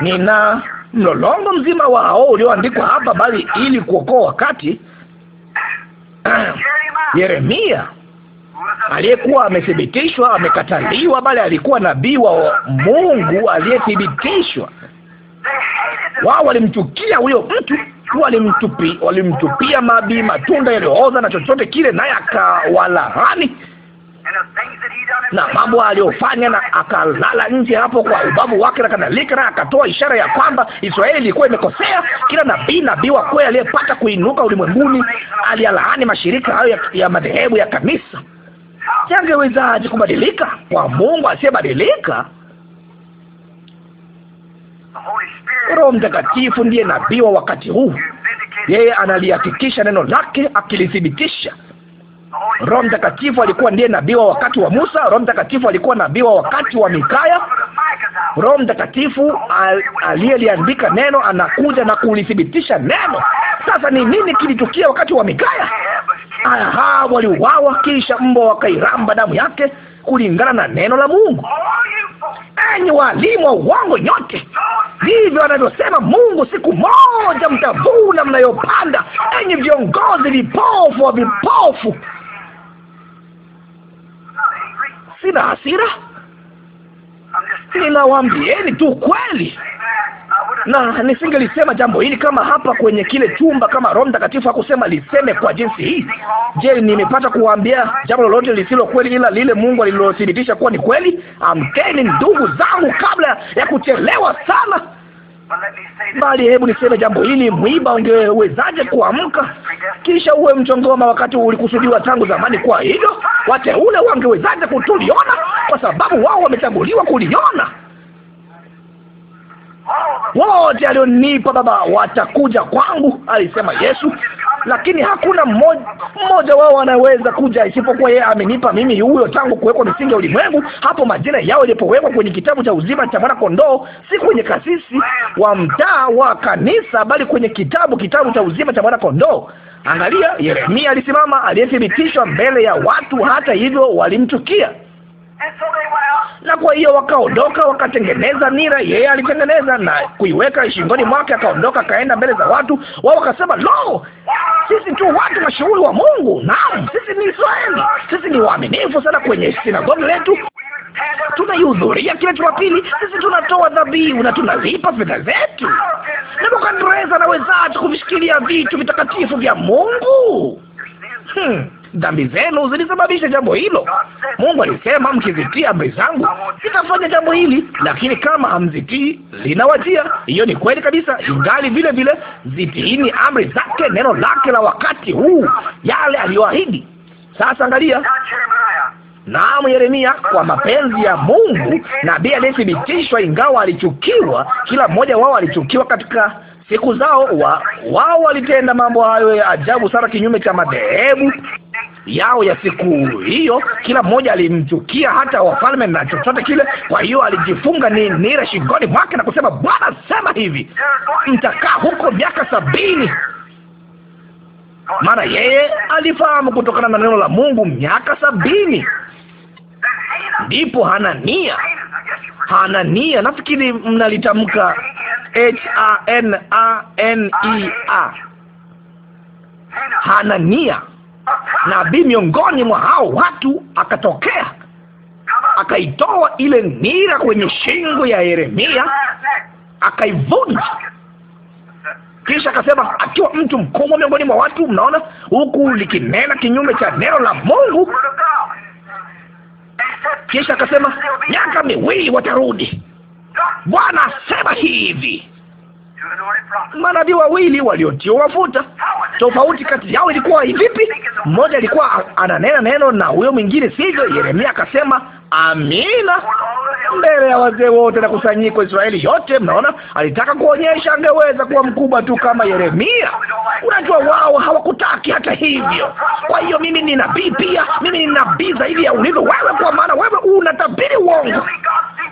Nina mlolongo mzima wa hao ulioandikwa hapa, bali ili kuokoa wakati (clears throat) Yeremia aliyekuwa amethibitishwa, amekataliwa, bali alikuwa nabii wa Mungu aliyethibitishwa. Wao walimchukia huyo mtu, walimtupi walimtupia mabii, matunda yaliyooza na chochote kile, naye akawalahani na mambo aliyofanya, na akalala nje hapo kwa ubavu wake na kadhalika, na akatoa ishara ya kwamba Israeli ilikuwa imekosea. Kila nabii nabii wa kweli aliyepata kuinuka ulimwenguni alialaani mashirika hayo ya, ya madhehebu ya kanisa yangewezaje kubadilika kwa Mungu asiyebadilika? Roho Mtakatifu ndiye nabii wa wakati huu. Yeye analihakikisha neno lake akilithibitisha. Roho Mtakatifu alikuwa ndiye nabii wa wakati wa Musa. Roho Mtakatifu alikuwa nabii wa wakati wa Mikaya. Roho Mtakatifu al, aliyeliandika neno anakuja na kulithibitisha neno. Sasa ni nini kilitukia wakati wa Mikaya? aha, waliuawa, kisha mbwa wakairamba damu yake kulingana na neno la Mungu. Enyi walimu wa uongo nyote, ndivyo anavyosema Mungu, siku moja mtavuna mnayopanda. Enyi viongozi vipofu wa vipofu, sina hasira, ninawaambieni tu kweli na nisingelisema jambo hili kama hapa kwenye kile chumba, kama Roho Mtakatifu hakusema liseme kwa jinsi hii. Je, nimepata kuambia jambo lolote lisilo kweli ila lile Mungu alilothibitisha kuwa ni kweli? Amkeni ndugu zangu, kabla ya kuchelewa sana. Bali hebu niseme jambo hili, mwiba ungewezaje kuamka kisha uwe mchongoma wakati ulikusudiwa tangu zamani? Kwa hivyo wateule wangewezaje kutuliona? Kwa sababu wao wametanguliwa kuliona wote alionipa Baba watakuja kwangu, alisema Yesu, lakini hakuna mmoja wao anaweza kuja isipokuwa yeye amenipa mimi, huyo tangu kuwekwa misingi ya ulimwengu, hapo majina yao yalipowekwa kwenye kitabu cha uzima cha mwana kondoo, si kwenye kasisi wa mtaa wa kanisa, bali kwenye kitabu kitabu cha uzima cha mwana kondoo. Angalia, Yeremia alisimama, aliyethibitishwa mbele ya watu, hata hivyo walimchukia na kwa hiyo wakaondoka, wakatengeneza nira, yeye alitengeneza na kuiweka shingoni mwake, akaondoka akaenda mbele za watu wao. Wakasema, lo, sisi tu watu mashuhuri wa Mungu. Naam, sisi ni Israeli, sisi ni waaminifu sana kwenye sinagogi letu, tunaihudhuria kila Jumapili, sisi tunatoa dhabihu na tunalipa fedha zetu. Nebukadreza, nawezaje kuvishikilia vitu vitakatifu vya Mungu? hmm dhambi zenu zilisababisha jambo hilo. Mungu alisema, mkizitii amri zangu sitafanya jambo hili, lakini kama hamzitii linawajia. Hiyo ni kweli kabisa, ingali vile vile zitiini amri zake, neno lake la wakati huu, yale aliyoahidi. Sasa angalia Naam, Yeremia kwa mapenzi ya Mungu nabii aliyethibitishwa, ingawa alichukiwa. Kila mmoja wao alichukiwa katika siku zao wa, wao walitenda mambo hayo ya ajabu sana, kinyume cha madhehebu yao ya siku hiyo. Kila mmoja alimchukia hata wafalme na chochote kile. Kwa hiyo alijifunga ni nira shingoni mwake na kusema, Bwana sema hivi, mtakaa huko miaka sabini. Maana yeye alifahamu kutokana na neno la Mungu miaka sabini. Ndipo Hanania, Hanania, nafikiri mnalitamka H A N A N I e A, Hanania, nabii miongoni mwa hao watu, akatokea akaitoa ile nira kwenye shingo ya Yeremia akaivunja. Kisha akasema akiwa mtu mkubwa miongoni mwa watu, mnaona, huku likinena kinyume cha neno la Mungu, kisha akasema miaka miwili watarudi. Bwana asema hivi. Manabii wawili waliotiwa mafuta, tofauti kati yao ilikuwa ivipi Mmoja alikuwa ananena neno na huyo mwingine sivyo. Yeremia akasema Amina, mbele ya wazee wote na kusanyiko Israeli yote. Mnaona, alitaka kuonyesha angeweza kuwa mkubwa tu kama Yeremia. Unajua, wao hawakutaki hata hivyo. Kwa hiyo mimi ni nabii pia, mimi ni nabii zaidi ya ulivyo wewe, kwa maana wewe unatabiri uongo.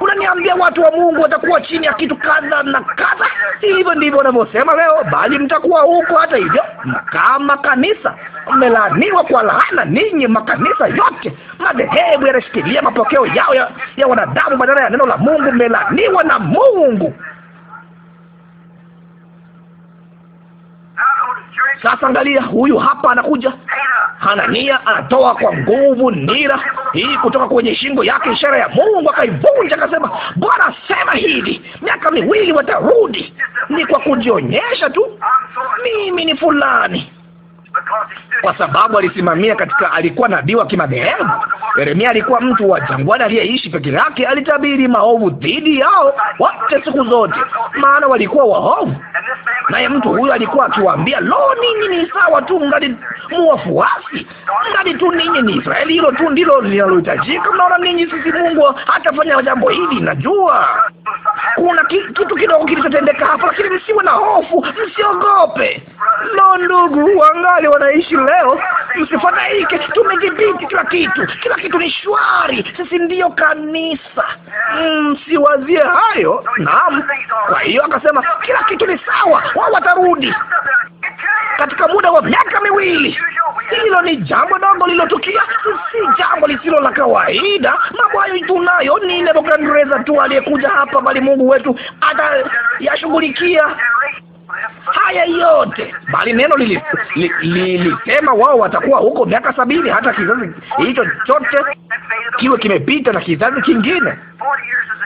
Unaniambia watu wa Mungu watakuwa chini ya kitu kadha na kadha? Hivyo ndivyo wanavyosema leo, bali mtakuwa huko hata hivyo, kama kanisa. Mmelaaniwa kwa laana ninyi, makanisa yote, madhehebu yanashikilia mapokeo yao ya, ya wanadamu badala ya neno la Mungu. Mmelaaniwa na Mungu. Sasa angalia, huyu hapa anakuja. Hanania anatoa kwa nguvu nira hii kutoka kwenye shingo yake, ishara ya Mungu, akaivunja akasema, Bwana sema hivi, miaka miwili watarudi. Ni kwa kujionyesha tu, mimi ni fulani kwa sababu alisimamia katika, alikuwa nabii wa kimadhehebu. Yeremia alikuwa mtu wa jangwani aliyeishi peke yake, alitabiri maovu dhidi yao wote siku zote, maana walikuwa waovu. Naye mtu huyo alikuwa akiwaambia, lo, ninyi ni sawa tu, mgadi muwafuasi, mgadi tu ninyi ni Israeli. Hilo tu ndilo linalohitajika. Mnaona ninyi, sisi Mungu hatafanya jambo hili. Najua kuna ki, kitu kidogo kilichotendeka hapa, lakini msiwe na hofu, msiogope. Lo, ndugu wangali wanaishi leo. Msifadhaike, tumedhibiti kila kitu, kila kitu ni shwari. Sisi ndiyo kanisa, msiwazie mm, hayo. Naam, kwa hiyo akasema kila kitu ni sawa, wao watarudi katika muda wa miaka miwili. Hilo ni jambo dogo lilotukia, si jambo lisilo la kawaida. Mambo hayo tunayo, ni Nebukadneza tu aliyekuja hapa, bali Mungu wetu atayashughulikia haya yote, bali neno lilisema li, li, wao watakuwa huko miaka sabini, hata kizazi hicho chote kiwe kimepita na kizazi kingine.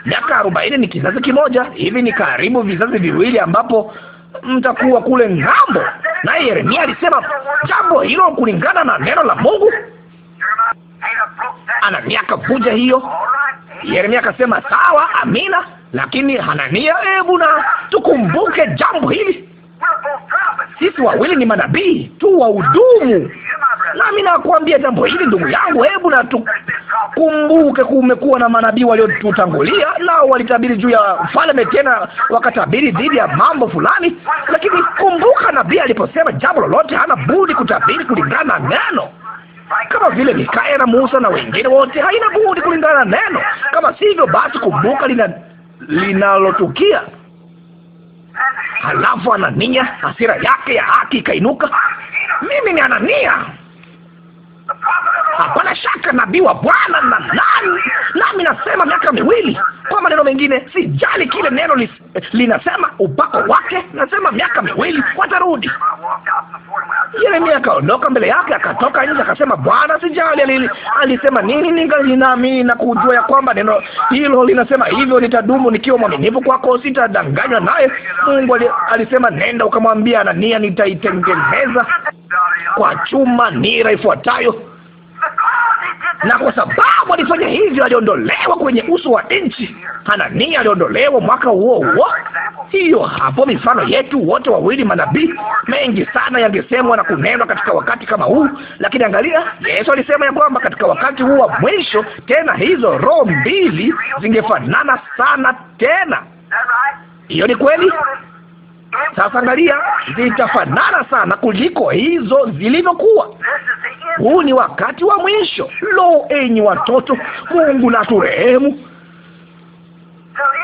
Miaka arobaini ni kizazi kimoja, hivi ni karibu vizazi viwili ambapo mtakuwa kule ng'ambo. Naye Yeremia alisema jambo hilo kulingana na neno la Mungu. ana miaka kuja hiyo. Yeremia akasema sawa, amina. Lakini Hanania, hebu na tukumbuke jambo hili. Sisi wawili ni manabii tu wa wahudumu, nami nakwambia jambo hili ndugu yangu, hebu na tukumbuke, kumekuwa na manabii waliotutangulia, nao walitabiri juu ya mfalme, tena wakatabiri dhidi ya mambo fulani. Lakini kumbuka, nabii aliposema jambo lolote, hana budi kutabiri kulingana na neno kama vile Mikaya na Musa na wengine wote, haina budi kulingana na neno. Kama sivyo, basi kumbuka lina linalotukia. Halafu Anania, hasira yake ya haki ikainuka. Mimi ni Anania, Hapana shaka nabii wa Bwana na nani, nami nasema miaka miwili. Kwa maneno mengine, sijali kile neno li, linasema upako wake, nasema miaka miwili watarudi. Yeremia akaondoka mbele yake, akatoka nje, akasema, Bwana, sijali alisema nini, ninaamini na kujua ya kwamba neno hilo linasema hivyo, nitadumu nikiwa mwaminifu kwako, sitadanganywa naye. Mungu alisema, nenda ukamwambia Anania, nitaitengeneza kwa chuma nira ifuatayo na kwa sababu alifanya hivyo, aliondolewa kwenye uso wa nchi. Hanania aliondolewa mwaka huo huo. Hiyo hapo mifano yetu wote wawili manabii. Mengi sana yangesemwa na kunenwa katika wakati kama huu, lakini angalia, Yesu alisema ya kwamba katika wakati huu wa mwisho, tena hizo roho mbili zingefanana sana tena. Hiyo ni kweli. Sasa angalia, zitafanana sana kuliko hizo zilivyokuwa. Huu ni wakati wa mwisho. Lo, enyi watoto, Mungu na turehemu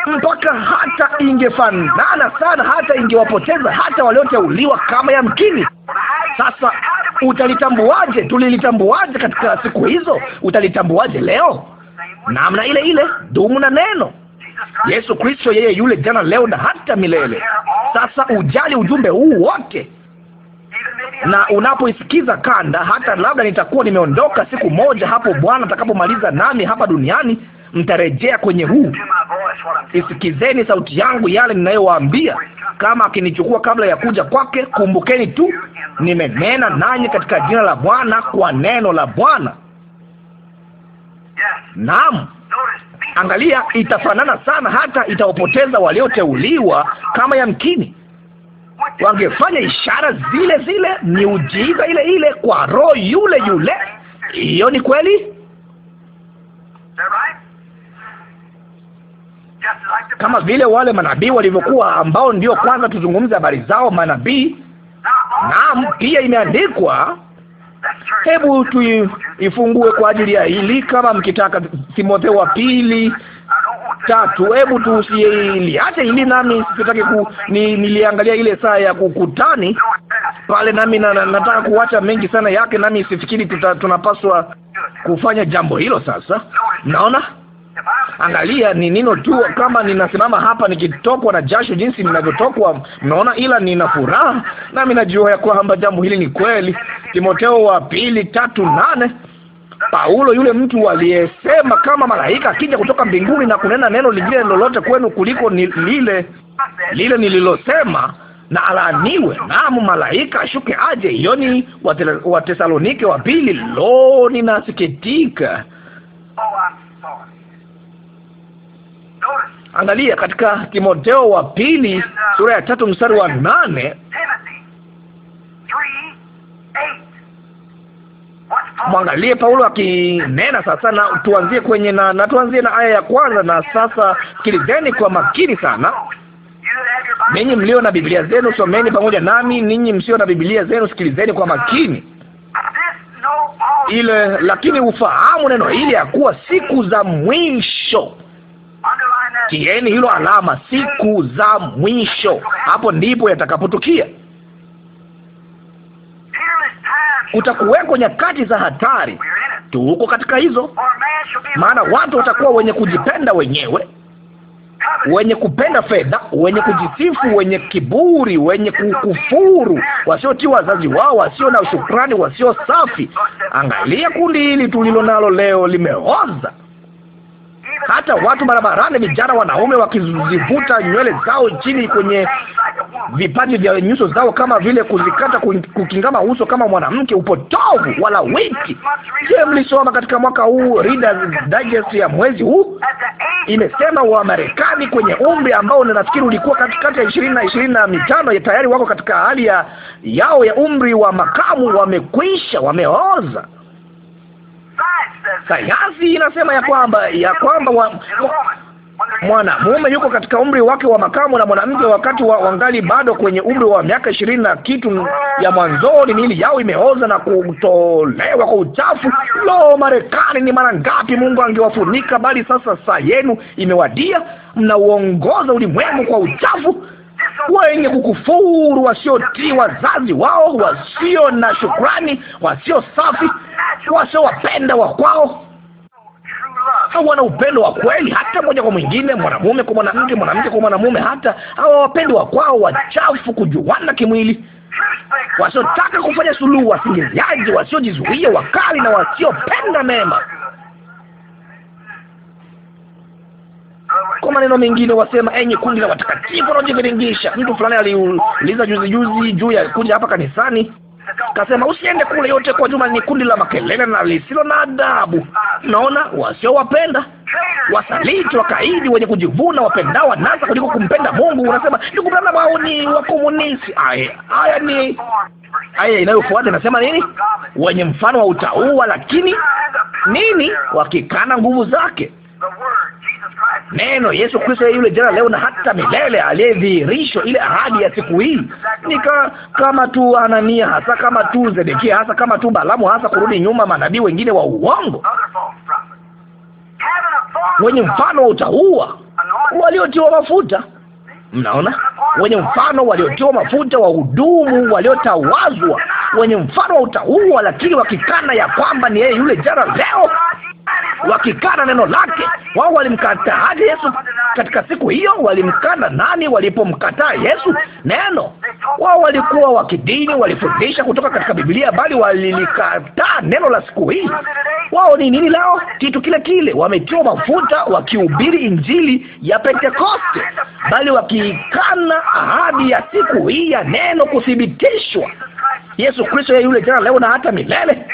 mpaka hata ingefanana sana, hata ingewapoteza hata walioteuliwa kama yamkini. Sasa utalitambuaje? Tulilitambuaje katika siku hizo? Utalitambuaje leo? Namna ile ile. Dumu na neno. Yesu Kristo yeye yule jana, leo na hata milele. Sasa ujali ujumbe huu wote na unapoisikiza kanda, hata labda nitakuwa nimeondoka siku moja, hapo Bwana atakapomaliza nami hapa duniani, mtarejea kwenye huu. Isikizeni sauti yangu, yale ninayowaambia. Kama akinichukua kabla ya kuja kwake, kumbukeni tu nimenena nanyi katika jina la Bwana, kwa neno la Bwana. Naam. Angalia, itafanana sana, hata itawapoteza walioteuliwa. Kama yamkini wangefanya ishara zile zile, miujiza ile ile, kwa roho yule yule. Hiyo ni kweli, kama vile wale manabii walivyokuwa, ambao ndio kwanza tuzungumze habari zao, manabii. Naam, pia imeandikwa Hebu tuifungue kwa ajili ya hili, kama mkitaka, Timotheo wa pili tatu. Hebu tusiiliache hili, nami sitaki ku, ni, niliangalia ile saa ya kukutani pale, nami na, na, nataka kuacha mengi sana yake, nami sifikiri tuta, tunapaswa kufanya jambo hilo sasa. Naona angalia, ni nino tu, kama ninasimama hapa nikitokwa na jasho jinsi ninavyotokwa, mnaona, ila nina furaha, nami najua ya kwamba jambo hili ni kweli, Timotheo wa pili tatu nane Paulo yule mtu aliyesema kama malaika akija kutoka mbinguni na kunena neno lingine lolote kwenu kuliko ni lile lile nililosema na alaaniwe. Naam, malaika ashuke aje. Hiyo ni Watesalonike wa pili. Lo, ninasikitika. Angalia katika Timotheo wa pili sura ya tatu mstari wa nane Mwangalie Paulo akinena sasa, na tuanzie kwenye na, na tuanzie na aya ya kwanza. Na sasa sikilizeni kwa makini sana, ninyi mlio na Biblia zenu someni pamoja nami, ninyi msio na Biblia zenu sikilizeni kwa makini ile lakini ufahamu neno hili ya kuwa siku za mwisho. Tieni hilo alama, siku za mwisho, hapo ndipo yatakapotukia. utakuweko nyakati za hatari, tuko katika hizo. Maana watu watakuwa wenye kujipenda wenyewe, wenye kupenda fedha, wenye kujisifu, wenye kiburi, wenye kukufuru, wasiotii wazazi wao, wasio na shukrani, wasio safi. Angalia kundi hili tulilo nalo leo, limeoza hata watu barabarani, vijana wanaume wakizivuta nywele zao chini kwenye vipaji vya nyuso zao kama vile kuzikata, kukingama uso kama mwanamke, upotovu wala wiki. Je, mlisoma katika mwaka huu Reader's Digest ya mwezi huu? Imesema wa Marekani kwenye umri ambao ninafikiri ulikuwa katikati ya ishirini na ishirini na mitano tayari wako katika hali ya yao ya umri wa makamu, wamekwisha, wameoza. Sayansi inasema ya kwamba ya kwamba wa, wa, mwanamume yuko katika umri wake wa makamo na mwanamke wakati wa wangali bado kwenye umri wa miaka ishirini na kitu ya mwanzoni, miili yao imeoza na kutolewa kwa uchafu. Lo, Marekani! Ni mara ngapi Mungu angewafunika, bali sasa saa yenu imewadia. Mnauongoza ulimwengu kwa uchafu wenye kukufuru, wasiotii wazazi wao, wasio na shukrani, wasio safi, wasiowapenda kwao hawana upendo wa kweli hata moja kwa mwingine, mwanamume kwa mwanamke, mwanamke kwa mwanamume, hata hawa wapendo wa kwao, wachafu, kujuana kimwili, wasiotaka kufanya suluhu, wasingiziaji, wasiojizuia, wakali na wasiopenda mema. Kwa maneno mengine, wasema enyi kundi la watakatifu wanaojiviringisha. Mtu fulani aliuliza juzi juzi juu ya kuja hapa kanisani Kasema usiende kule, yote kwa juma ni kundi la makelele na lisilo na adabu. Naona wasiowapenda wasaliti, wakaidi, wenye kujivuna, wapendao wanasa kuliko kumpenda Mungu. Unasema ndugu Branham, wao ni wakomunisti. Haya ni haya, inayofuata inasema nini? Wenye mfano wa utaua, lakini nini, wakikana nguvu zake neno Yesu Kristo yule jana leo na hata milele, aliyedhihirishwa ile ahadi ya siku hii. Ni kama tu Anania, hasa kama tu Zedekia, hasa kama tu Balamu, hasa kurudi nyuma manabii wengine wa uongo wenye mfano utaua waliotiwa mafuta. Mnaona, wenye mfano waliotiwa mafuta, wahudumu waliotawazwa, wenye mfano wa utaua, lakini wakikana ya kwamba ni yeye yule jana leo wakikana neno lake. Wao walimkataaje Yesu katika siku hiyo? Walimkana nani walipomkataa Yesu? Neno. Wao walikuwa wakidini, walifundisha kutoka katika Biblia, bali walilikataa neno la siku hii. Wao ni nini lao? Kitu kile kile, wametiwa mafuta, wakihubiri injili ya Pentekoste, bali wakikana ahadi ya siku hii ya neno kuthibitishwa. Yesu Kristo yeye yule jana, leo na hata milele.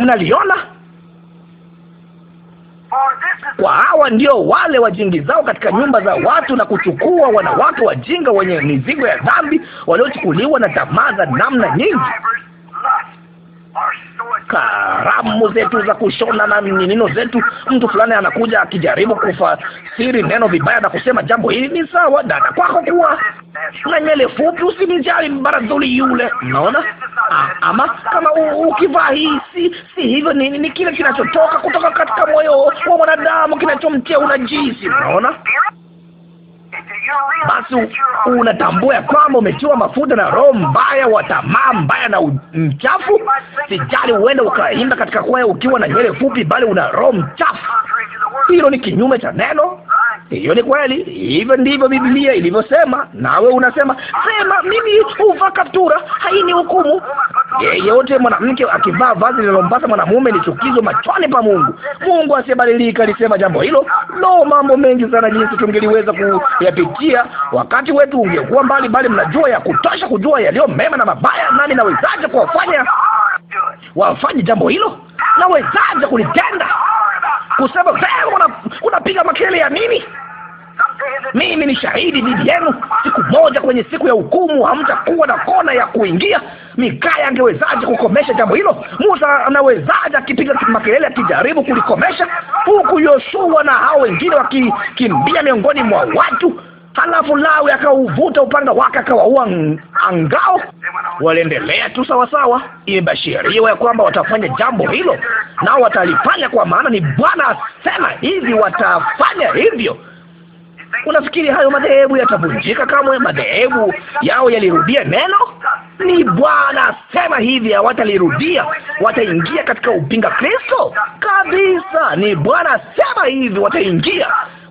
Mnaliona? kwa hawa ndio wale wajiingizao katika nyumba za watu na kuchukua wanawake wajinga wenye mizigo ya dhambi waliochukuliwa na tamaa za namna nyingi karamu zetu za kushona na nino zetu. Mtu fulani anakuja akijaribu kufasiri neno vibaya na kusema jambo hili ni sawa, dada kwako kuwa na nywele fupi, usimjali mbaradhuli yule. Naona ama kama ukivaa hii si, si hivyo. Ni, ni kile kinachotoka kutoka katika moyo wa mwanadamu kinachomtia unajisi. Naona basi unatambua ya kwamba umetiwa mafuta na roho mbaya wa tamaa mbaya na mchafu. Sijali, huenda ukaimba katika kwaya ukiwa na nywele fupi, bali una roho mchafu. Hilo ni kinyume cha neno. Hiyo ni kweli, hivyo ndivyo Biblia ilivyosema. Nawe unasema sema, mimi huvaa kaptura, haini hukumu yeyote. Mwanamke akivaa vazi linalompasa mwanamume ni chukizo machoni pa Mungu. Mungu asiyebadilika alisema jambo hilo. Lo, mambo mengi sana jinsi tungeliweza kuyapitia, wakati wetu ungekuwa mbali, bali mnajua ya kutosha kujua yaliyo mema na mabaya. Nani nawezaje kuwafanya wafanye jambo hilo? Nawezaje kulitenda? kusema sema, unapiga makele ya nini? Mimi ni shahidi dhidi yenu. Siku moja kwenye siku ya hukumu hamtakuwa na kona ya kuingia. Mikaya angewezaje kukomesha jambo hilo? Musa anawezaje akipiga makelele akijaribu kulikomesha, huku Yoshua na hao wengine wakikimbia miongoni mwa watu? Halafu Lawi akauvuta upanga wake akawaua angao. Waliendelea tu sawasawa. Imebashiriwa ya kwamba watafanya jambo hilo, nao watalifanya, kwa maana ni Bwana asema hivi, watafanya hivyo. Unafikiri hayo madhehebu yatavunjika kamwe? Madhehebu yao yalirudia neno, ni Bwana asema hivi, hawatalirudia. Wataingia katika upinga Kristo kabisa, ni Bwana asema hivi, wataingia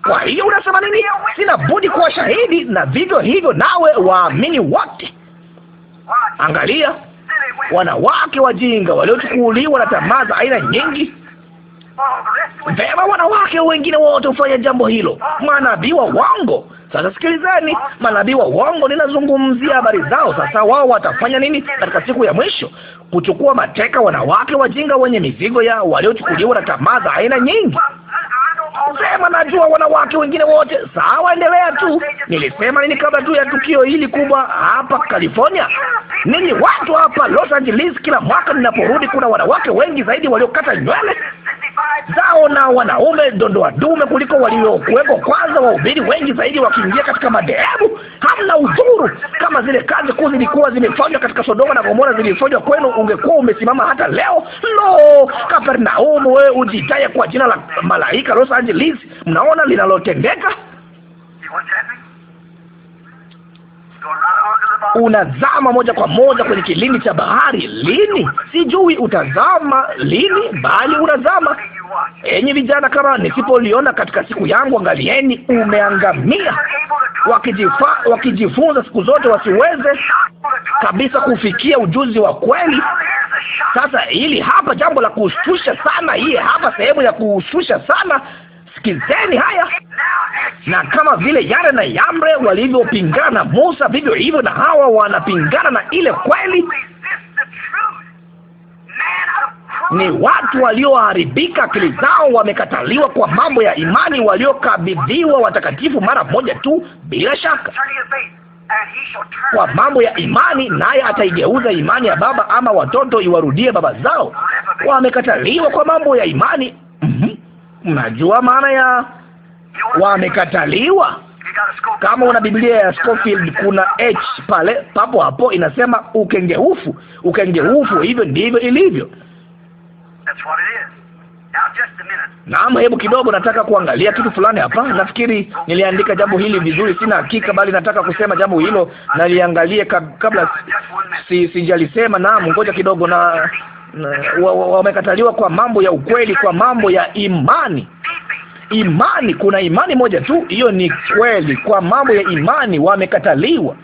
kwa hiyo unasema nini? Sina budi kuwa shahidi, na vivyo hivyo nawe waamini wote. Angalia wanawake wajinga waliochukuliwa na tamaa za aina nyingi. Vema, wanawake wengine wote hufanya jambo hilo, manabii wa uongo. Sasa sikilizeni, manabii wa uongo, ninazungumzia habari zao. Sasa wao watafanya nini katika siku ya mwisho? Kuchukua mateka wanawake wajinga wenye mizigo ya waliochukuliwa na tamaa za aina nyingi sema, najua wanawake wengine wote. Sawa, endelea tu. Nilisema nini kabla tu ya tukio hili kubwa hapa California? Ninyi watu hapa Los Angeles, kila mwaka ninaporudi, kuna wanawake wengi zaidi waliokata nywele zao na wanaume dondoa dume kuliko waliokuweko kwanza. Wahubiri wengi zaidi wakiingia katika madhehebu, hamna udhuru. Kama zile kazi kuu zilikuwa zimefanywa katika Sodoma na Gomora zilifanywa kwenu, ungekuwa umesimama hata leo. Lo, Kapernaumu, wewe ujitaye kwa jina la malaika Los Angeles, mnaona linalotendeka unazama moja kwa moja kwenye kilindi cha bahari. Lini sijui utazama lini, bali unazama. Enyi vijana, kama nisipoliona katika siku yangu, angalieni, umeangamia. Wakijifa, wakijifunza siku zote wasiweze kabisa kufikia ujuzi wa kweli. Sasa hili hapa jambo la kushtusha sana, hii hapa sehemu ya kushtusha sana Sikizeni haya. Na kama vile Yare na Yambre walivyopingana na Musa, vivyo hivyo na hawa wanapingana na ile kweli. Ni watu walioharibika akili zao, wamekataliwa kwa mambo ya imani, waliokabidhiwa watakatifu mara moja tu, bila shaka kwa mambo ya imani, naye ataigeuza imani ya baba ama watoto iwarudie baba zao. Wamekataliwa kwa mambo ya imani Mnajua maana ya wamekataliwa? Kama una Biblia ya Scofield kuna H pale, papo hapo inasema ukengeufu. Ukengeufu, hivyo ndivyo ilivyo. Naam, hebu kidogo, nataka kuangalia kitu fulani hapa. Nafikiri niliandika jambo hili vizuri, sina hakika, bali nataka kusema jambo hilo, naliangalie kabla si sijalisema. Naam, ngoja kidogo na Mm, wamekataliwa kwa mambo ya ukweli, kwa mambo ya imani. Imani, kuna imani moja tu, hiyo ni kweli. Kwa mambo ya imani wamekataliwa.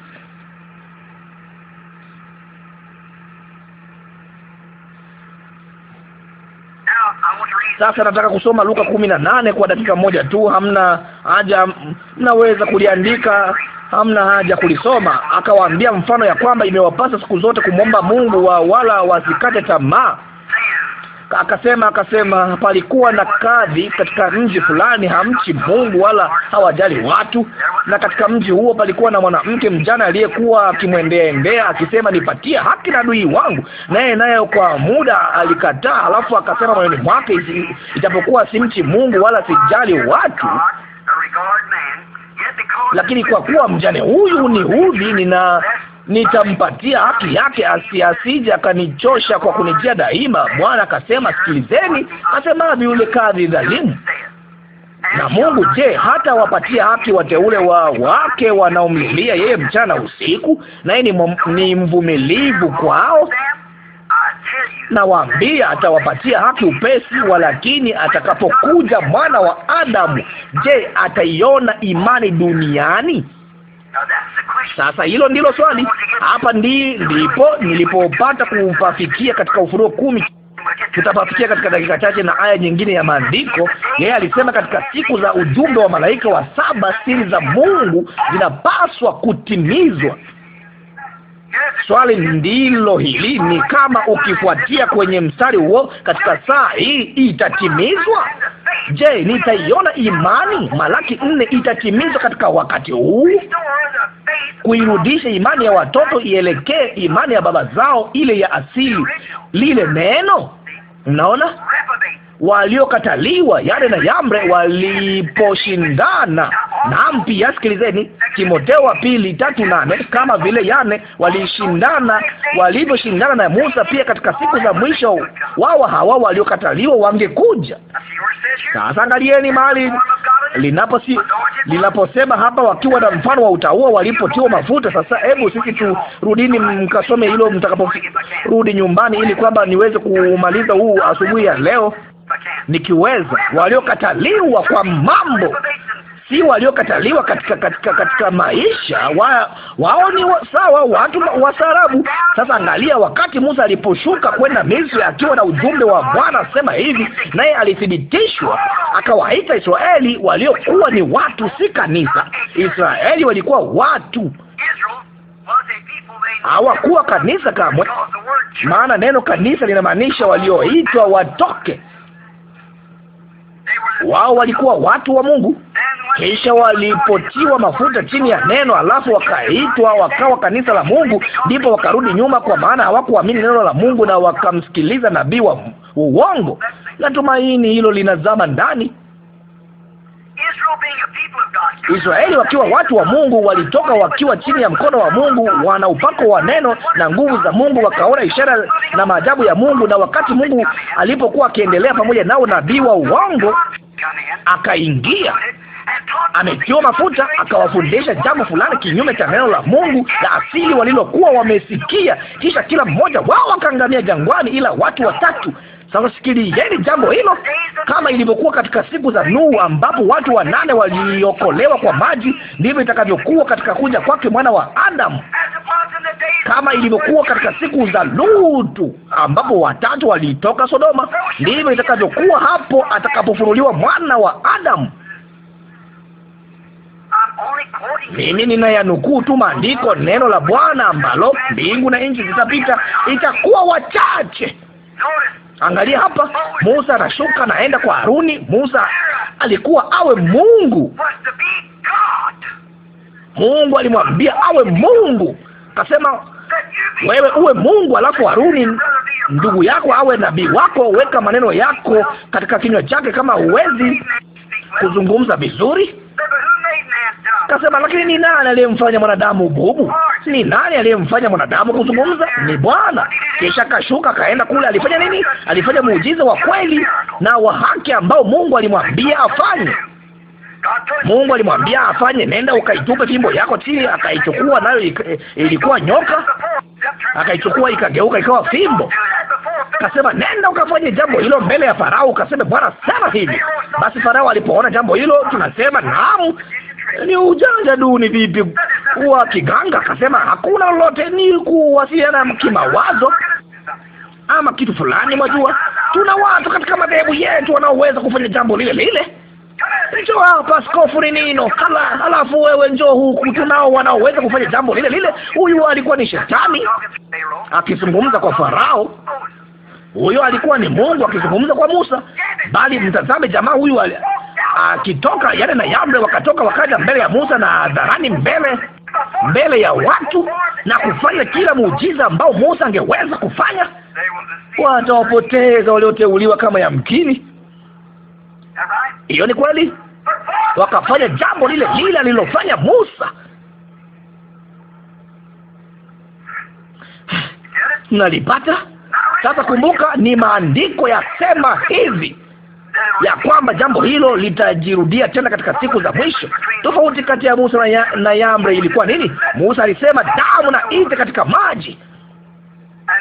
Sasa nataka kusoma Luka kumi na nane kwa dakika moja tu, hamna haja, mnaweza kuliandika hamna haja kulisoma. Akawaambia mfano ya kwamba imewapasa siku zote kumwomba Mungu wa wala wasikate tamaa. Akasema, akasema palikuwa na kadhi katika mji fulani, hamchi Mungu wala hawajali watu, na katika mji huo palikuwa na mwanamke mjana aliyekuwa akimwendea endea akisema, nipatie haki na adui wangu, naye naye kwa muda alikataa. Alafu akasema moyoni mwake, ijapokuwa simchi Mungu wala sijali watu lakini kwa kuwa mjane huyu ni hudhi, nina nitampatia haki yake, asiasije akanichosha kwa kunijia daima. Bwana akasema, sikilizeni asemavyo yule kadhi dhalimu. Na Mungu je, hata wapatia haki wateule wa wake wanaomlilia yeye mchana usiku, naye ni mvumilivu kwao? nawaambia, atawapatia haki upesi. Walakini atakapokuja mwana wa Adamu, je, ataiona imani duniani? Sasa hilo ndilo swali. Hapa ndipo nilipopata kupafikia katika Ufunuo kumi. Tutapafikia katika dakika chache na aya nyingine ya maandiko. Yeye alisema katika siku za ujumbe wa malaika wa saba, siri za Mungu zinapaswa kutimizwa swali ndilo hili, ni kama ukifuatia kwenye mstari huo katika saa hii itatimizwa. Je, nitaiona imani? Malaki nne itatimizwa katika wakati huu, kuirudisha imani ya watoto ielekee imani ya baba zao, ile ya asili, lile neno. Mnaona waliokataliwa Yare na Yambre waliposhindana. Naam, pia sikilizeni, Timotheo wa pili tatu nane kama vile Yane walishindana walivyoshindana na Musa, pia katika siku za mwisho wao hawa waliokataliwa wangekuja. Sasa angalieni mahali linaposi linaposema hapa, wakiwa na mfano wa utaua walipotiwa mafuta. Sasa hebu sisi turudini, mkasome hilo mtakaporudi nyumbani, ili kwamba niweze kumaliza huu asubuhi ya leo nikiweza, waliokataliwa kwa mambo si waliokataliwa katika katika katika maisha wa, wao ni wa, sawa watu wastaarabu. Sasa angalia, wakati Musa aliposhuka kwenda Misri akiwa na ujumbe wa Bwana asema hivi, naye alithibitishwa, akawaita Israeli waliokuwa ni watu, si kanisa. Israeli walikuwa watu, hawakuwa kanisa kamwe, maana neno kanisa linamaanisha walioitwa watoke wao walikuwa watu wa Mungu, kisha walipotiwa mafuta chini ya neno, alafu wakaitwa wakawa kanisa la Mungu, ndipo wakarudi nyuma, kwa maana hawakuamini neno la Mungu na wakamsikiliza nabii wa uongo. Natumaini hilo linazama ndani Israeli wakiwa watu wa Mungu walitoka wakiwa chini ya mkono wa Mungu, wana upako wa neno na nguvu za Mungu, wakaona ishara na maajabu ya Mungu. Na wakati Mungu alipokuwa akiendelea pamoja nao, nabii wa uongo akaingia ametiwa mafuta akawafundisha jambo fulani kinyume cha neno la Mungu la asili walilokuwa wamesikia. Kisha kila mmoja wao akaangamia jangwani, ila watu watatu sasa sikilieni jambo hilo, kama ilivyokuwa katika siku za Nuhu ambapo watu wanane waliokolewa kwa maji, ndivyo itakavyokuwa katika kuja kwake mwana wa Adamu, kama ilivyokuwa katika siku za Lutu ambapo watatu walitoka Sodoma, ndivyo itakavyokuwa hapo atakapofunuliwa mwana wa Adamu. Mimi ninayanukuu tu maandiko, neno la Bwana ambalo mbingu na nchi zitapita, itakuwa wachache Angalia hapa, Musa anashuka anaenda kwa Haruni. Musa alikuwa awe Mungu. Mungu alimwambia awe Mungu, akasema wewe uwe Mungu, alafu Haruni ndugu yako awe nabii wako. Weka maneno yako katika kinywa chake. Kama huwezi kuzungumza vizuri Kasema, lakini ni nani aliyemfanya mwanadamu bubu? Ni nani aliyemfanya mwanadamu kuzungumza? Ni Bwana. Kisha kashuka kaenda kule, alifanya nini? Alifanya muujiza wa kweli na wa haki ambao Mungu alimwambia afanye. Mungu alimwambia afanye, nenda ukaitupe fimbo yako chini. Akaichukua nayo ilikuwa nyoka, akaichukua ikageuka ikawa fimbo. Kasema nenda ukafanye jambo hilo mbele ya Farao, ukasema Bwana sema hivi. Basi Farao alipoona jambo hilo, tunasema naam, ni ujanja duni vipi kuwa kiganga. Akasema hakuna lolote, ni kuwasiliana kimawazo ama kitu fulani. Mwajua, tuna watu katika madhehebu yetu wanaoweza kufanya jambo lile lile. Njoo hapa askofu ni nino kala, halafu wewe njoo huku. Tunao wanaoweza kufanya jambo lile lile. Huyu alikuwa ni shetani akizungumza kwa Farao. Huyo alikuwa ni Mungu akizungumza kwa Musa, bali mtazame jamaa huyu akitoka yale na Yambre, wakatoka wakaja mbele ya Musa na hadharani, mbele mbele ya watu na kufanya kila muujiza ambao Musa angeweza kufanya. Watawapoteza walioteuliwa kama yamkini. Hiyo ni kweli, wakafanya jambo lile lile alilofanya Musa. (sighs) Nalipata sasa kumbuka, ni maandiko yasema hivi ya kwamba jambo hilo litajirudia tena katika siku za mwisho. Tofauti kati ya Musa na, ya, na Yambre ilikuwa nini? Musa alisema damu na ite katika maji,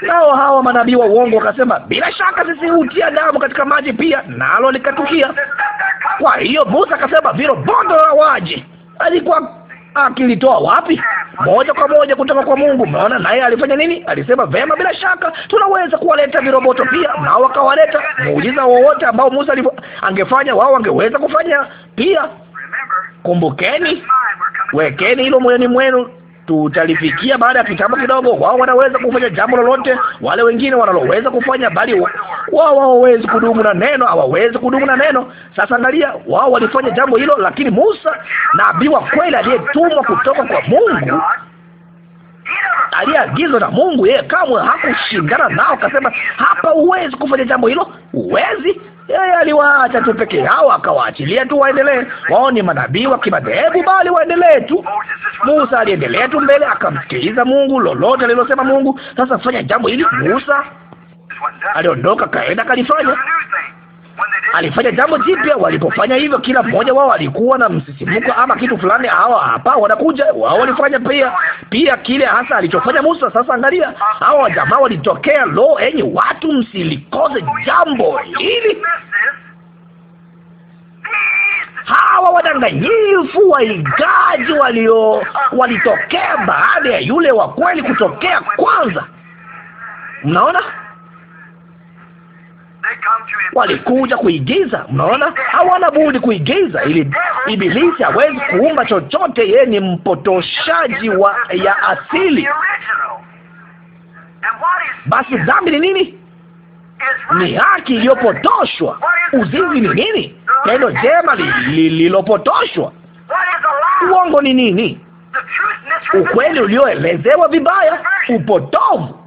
nao hawa manabii wa uongo wakasema bila shaka sisi hutia damu katika maji pia, nalo likatukia. Kwa hiyo Musa akasema viroboto la waje, alikuwa akilitoa wapi? Moja kwa moja kutoka kwa Mungu. Mnaona, naye alifanya nini? Alisema, vema, bila shaka tunaweza kuwaleta viroboto pia, nao wakawaleta. Muujiza wowote ambao Musa alipo, angefanya wao wangeweza kufanya pia. Kumbukeni, wekeni hilo moyoni mwenu tutalifikia baada ya kitambo kidogo. Wao wanaweza kufanya jambo lolote wale wengine wanaloweza kufanya, bali wao hawawezi kudumu na neno, hawawezi kudumu na neno. Sasa angalia, wao walifanya jambo hilo, lakini Musa, nabii wa kweli aliyetumwa kutoka kwa Mungu, aliagizwa na Mungu, yeye kamwe hakushindana nao, akasema hapa huwezi kufanya jambo hilo, huwezi. Yeye aliwaacha tu peke yao, akawaachilia tu waendelee. Wao ni manabii wa kimadhehebu, bali waendelee tu. Musa aliendelea tu mbele, akamsikiliza Mungu, lolote alilosema Mungu. Sasa fanya jambo hili, Musa aliondoka kaenda kalifanya alifanya jambo jipya. Walipofanya hivyo, kila mmoja wao alikuwa na msisimko ama kitu fulani. Hawa hapa wanakuja, wao walifanya pia pia kile hasa alichofanya Musa. Sasa angalia, hawa jamaa walitokea. Lo, enyi watu, msilikoze jambo hili. Hawa wadanganyifu waigaji walio walitokea baada ya yule wa kweli kutokea kwanza. Mnaona? walikuja kuigiza. Mnaona, hawana budi kuigiza. Ili ibilisi hawezi kuumba chochote, yeye ni mpotoshaji wa ya asili. Basi dhambi ni nini? Ni haki iliyopotoshwa. Uzinzi ni nini? Tendo jema lililopotoshwa. Li, uongo ni nini? Ukweli ulioelezewa vibaya, upotovu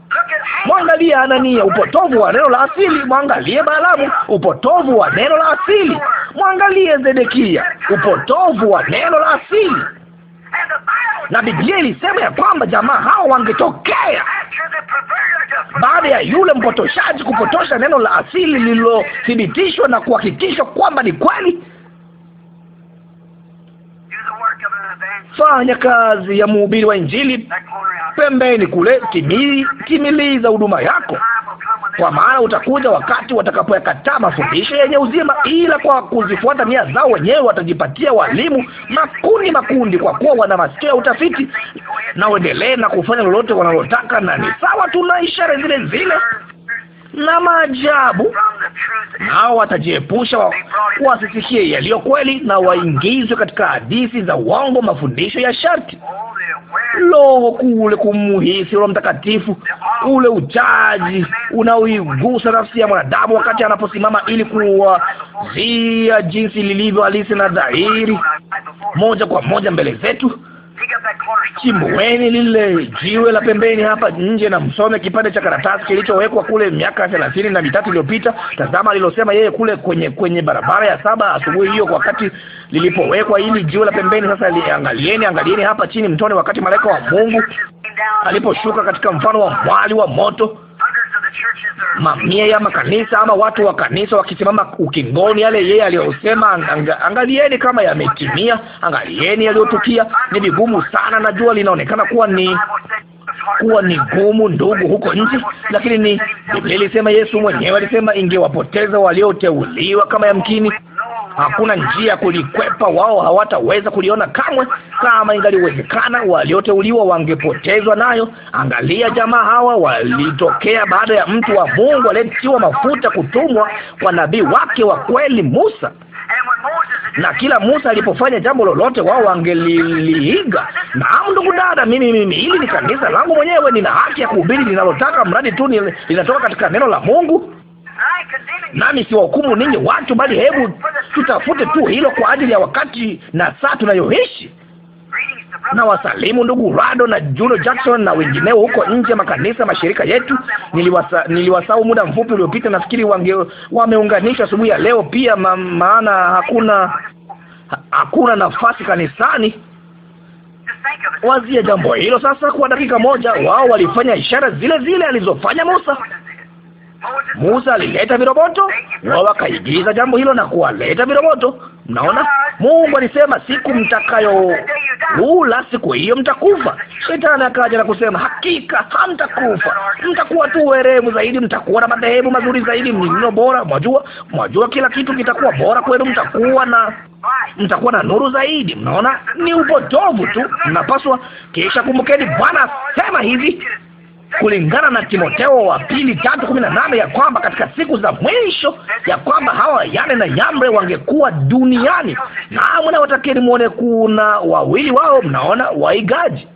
Mwangalie Anania, upotovu wa neno la asili. Mwangalie Balaamu, upotovu wa neno la asili. Mwangalie Zedekia, upotovu wa neno la asili. Na Biblia ilisema ya kwamba jamaa hao wangetokea baada ya yule mpotoshaji kupotosha neno la asili lililothibitishwa na kuhakikishwa kwamba ni kweli. fanya kazi ya mhubiri wa Injili pembeni kule, timii timiliza huduma yako, kwa maana utakuja wakati watakapoyakataa mafundisho yenye uzima, ila kwa kuzifuata nia zao wenyewe watajipatia walimu makundi makundi, kwa kuwa wana masikio ya utafiti, na uendelee na kufanya lolote wanalotaka, na ni sawa, tuna ishara zile zile na maajabu nao watajiepusha wa, wasisikie yaliyo kweli na waingizwe katika hadithi za uongo, mafundisho ya sharti. Loho kule kumuhisi Roho Mtakatifu, ule uchaji unaoigusa nafsi ya mwanadamu wakati anaposimama ili kuwazia jinsi lilivyo halisi na dhahiri moja kwa moja mbele zetu chimbueni lile jiwe la pembeni hapa nje na msome kipande cha karatasi kilichowekwa kule miaka thelathini na mitatu iliyopita. Tazama alilosema yeye kule kwenye kwenye barabara ya saba asubuhi hiyo, wakati lilipowekwa ili jiwe la pembeni. Sasa liangalieni, angalieni hapa chini mtoni, wakati malaika wa Mungu aliposhuka katika mfano wa mwali wa moto mamia ya makanisa ama watu wa kanisa wakisimama ukingoni, yale yeye aliyosema. Angalieni kama yametimia, angalieni yaliyotukia. Ni vigumu sana, najua linaonekana kuwa ni kuwa ni gumu, ndugu, huko nje, lakini ni Biblia ilisema, Yesu mwenyewe alisema ingewapoteza walioteuliwa, kama yamkini hakuna njia kulikwepa. Wao hawataweza kuliona kamwe. Kama ingaliwezekana, walioteuliwa wangepotezwa nayo. Angalia, jamaa hawa walitokea baada ya mtu wa Mungu aliyetiwa mafuta kutumwa kwa nabii wake wa kweli Musa na kila Musa alipofanya jambo lolote wao wangeliiga Naam, ndugu dada, mimi mimi, hili ni kanisa langu mwenyewe, nina haki ya kuhubiri ninalotaka, mradi tu linatoka katika neno la Mungu nami siwahukumu ninyi watu, bali hebu tutafute tu hilo kwa ajili ya wakati na saa tunayoishi. Na wasalimu ndugu Rado na Juno Jackson na wengineo huko nje, makanisa, mashirika yetu. Niliwasa, niliwasahau muda mfupi uliopita. Nafikiri wange wameunganisha asubuhi ya leo pia, maana hakuna hakuna nafasi kanisani. Wazia jambo hilo sasa kwa dakika moja. Wao walifanya ishara zile zile alizofanya Musa. Musa alileta viroboto na wakaigiza jambo hilo na kuwaleta viroboto. Mnaona, Mungu alisema siku mtakayokula siku hiyo mtakufa. Shetani akaja na kusema hakika hamtakufa, mtakuwa tu werevu zaidi, mtakuwa na madhehebu mazuri zaidi, mlilo bora. Mwajua, mwajua kila kitu kitakuwa bora kwenu, mtakuwa na mtakuwa na nuru zaidi. Mnaona, ni upotovu tu. Mnapaswa kisha, kumbukeni, Bwana sema hivi kulingana na Timotheo wa pili tatu kumi na nane ya kwamba katika siku za mwisho ya kwamba hawa Yane na Yambre wangekuwa duniani, na mnawatakieni muone kuna wawili wao, mnaona waigaji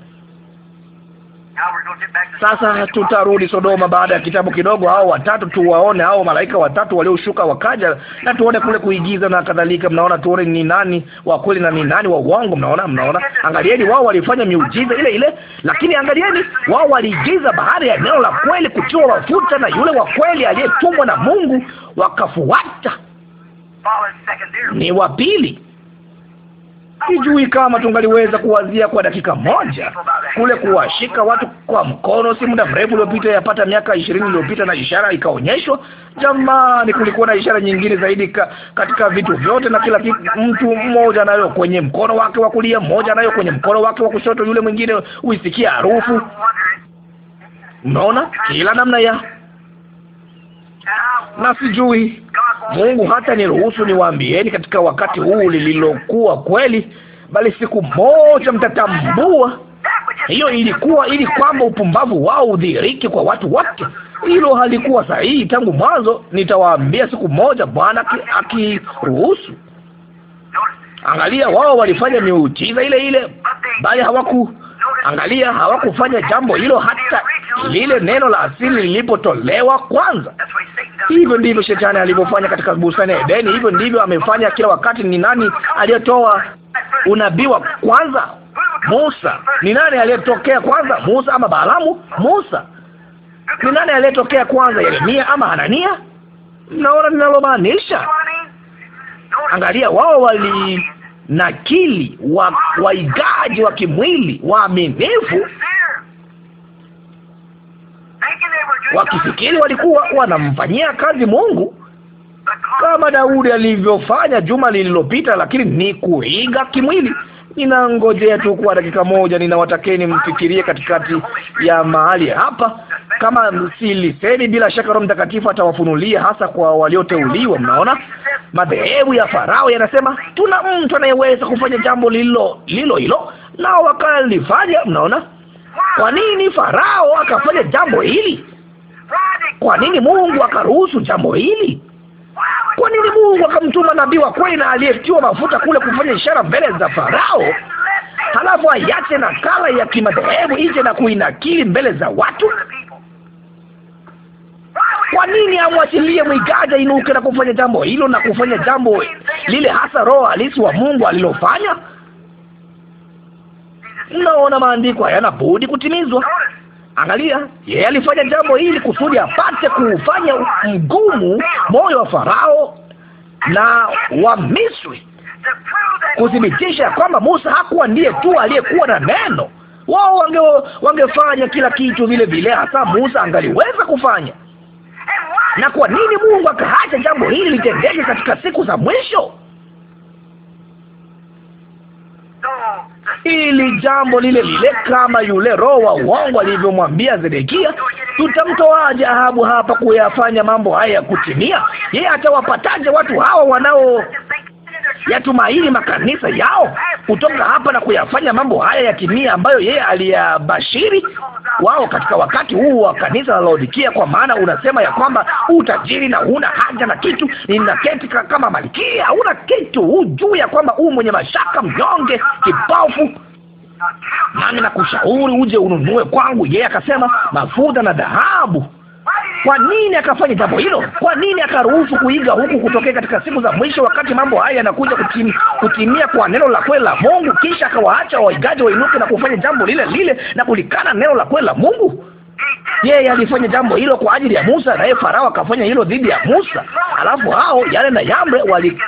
sasa tutarudi Sodoma baada ya kitabu kidogo, hao watatu tuwaone, hao malaika watatu walioshuka wakaja, na tuone kule kuigiza na kadhalika. Mnaona, tuone ni nani wa kweli na ni nani wa uongo. Mnaona, mnaona, angalieni, wao walifanya miujiza ile ile, lakini angalieni, wao waliigiza bahari ya neno la kweli, kutiwa mafuta na yule wa kweli aliyetumwa na Mungu, wakafuata. Ni wa pili Sijui kama tungaliweza kuwazia kwa dakika moja kule kuwashika watu kwa mkono, si muda mrefu uliopita, yapata miaka ishirini iliyopita, na ishara ikaonyeshwa. Jamani, kulikuwa na ishara nyingine zaidi ka, katika vitu vyote na kila kitu. Mtu mmoja anayo kwenye mkono wake wa kulia, mmoja anayo kwenye mkono wake wa kushoto, yule mwingine huisikia harufu. Unaona, kila namna ya na sijui Mungu hata niruhusu niwaambieni katika wakati huu lililokuwa kweli, bali siku moja mtatambua. Hiyo ilikuwa ili kwamba upumbavu wao udhiriki kwa watu wake. Hilo halikuwa sahihi tangu mwanzo. Nitawaambia siku moja, Bwana akiruhusu. Angalia, wao walifanya miujiza ile ile, bali hawaku Angalia, hawakufanya jambo hilo hata lile neno la asili lilipotolewa kwanza. Hivyo ndivyo shetani alivyofanya katika bustani ya Edeni. Hivyo ndivyo amefanya kila wakati. Ni nani aliyetoa unabii wa kwanza? Musa. Ni nani aliyetokea kwanza? Musa ama Balaamu? Musa. Ni nani aliyetokea kwanza? Yeremia ama Hanania? Mnaona ninalomaanisha? Angalia, wao wali nakili wa waigaji wa kimwili waaminifu, wakifikiri walikuwa wanamfanyia kazi Mungu kama Daudi alivyofanya juma lililopita, lakini ni kuiga kimwili. Ninangojea tu kwa dakika moja, ninawatakeni mfikirie katikati ya mahali hapa. Kama silisemi, bila shaka Roho Mtakatifu atawafunulia hasa kwa walioteuliwa. Mnaona, madhehebu ya Farao yanasema tuna mtu anayeweza kufanya jambo lilo lilo hilo, nao wakalifanya. Mnaona, kwa nini Farao akafanya jambo hili? Kwa nini Mungu akaruhusu jambo hili? Kwa nini Mungu akamtuma nabii wa kweli na aliyetiwa mafuta kule kufanya ishara mbele za Farao, halafu na nakala ya kimadhehebu ije na kuinakili mbele za watu? Kwa nini amwachilie mwigaja inuke na kufanya jambo hilo na kufanya jambo lile hasa Roho halisi wa Mungu alilofanya? Mnaona, maandiko hayana budi kutimizwa. Angalia, yeye alifanya jambo hili kusudi apate kuufanya mgumu moyo wa Farao na wa Misri, kuthibitisha kwamba Musa hakuwa ndiye tu aliyekuwa na neno. Wao wange wangefanya kila kitu vile vile, hasa Musa angaliweza kufanya. Na kwa nini Mungu akaacha jambo hili litendeke katika siku za mwisho? Ili jambo lile lile, kama yule roho wa uongo alivyomwambia Zedekia, tutamtoaje Ahabu hapa kuyafanya mambo haya ya kutimia? Yeye atawapataje watu hawa wanao yatumaini makanisa yao kutoka hapa na kuyafanya mambo haya ya kimia ambayo yeye aliyabashiri wao katika wakati huu wa kanisa la Laodikia, kwa maana unasema ya kwamba utajiri na huna haja na kitu, ninaketi kama malikia, huna kitu, hujuu ya kwamba huu mwenye mashaka, mnyonge, kipofu nami nakushauri uje ununue kwangu. Yeye akasema mafuta na dhahabu kwa nini akafanya jambo hilo? Kwa nini akaruhusu kuiga huku kutokea katika siku za mwisho, wakati mambo haya yanakuja kutim, kutimia kwa neno la kweli la Mungu? Kisha akawaacha waigaji wainuke na kufanya jambo lile lile na kulikana neno la kweli la Mungu. Yeye alifanya jambo hilo kwa ajili ya Musa, naye Farao akafanya hilo dhidi ya Musa. Alafu hao yale na Yambre wali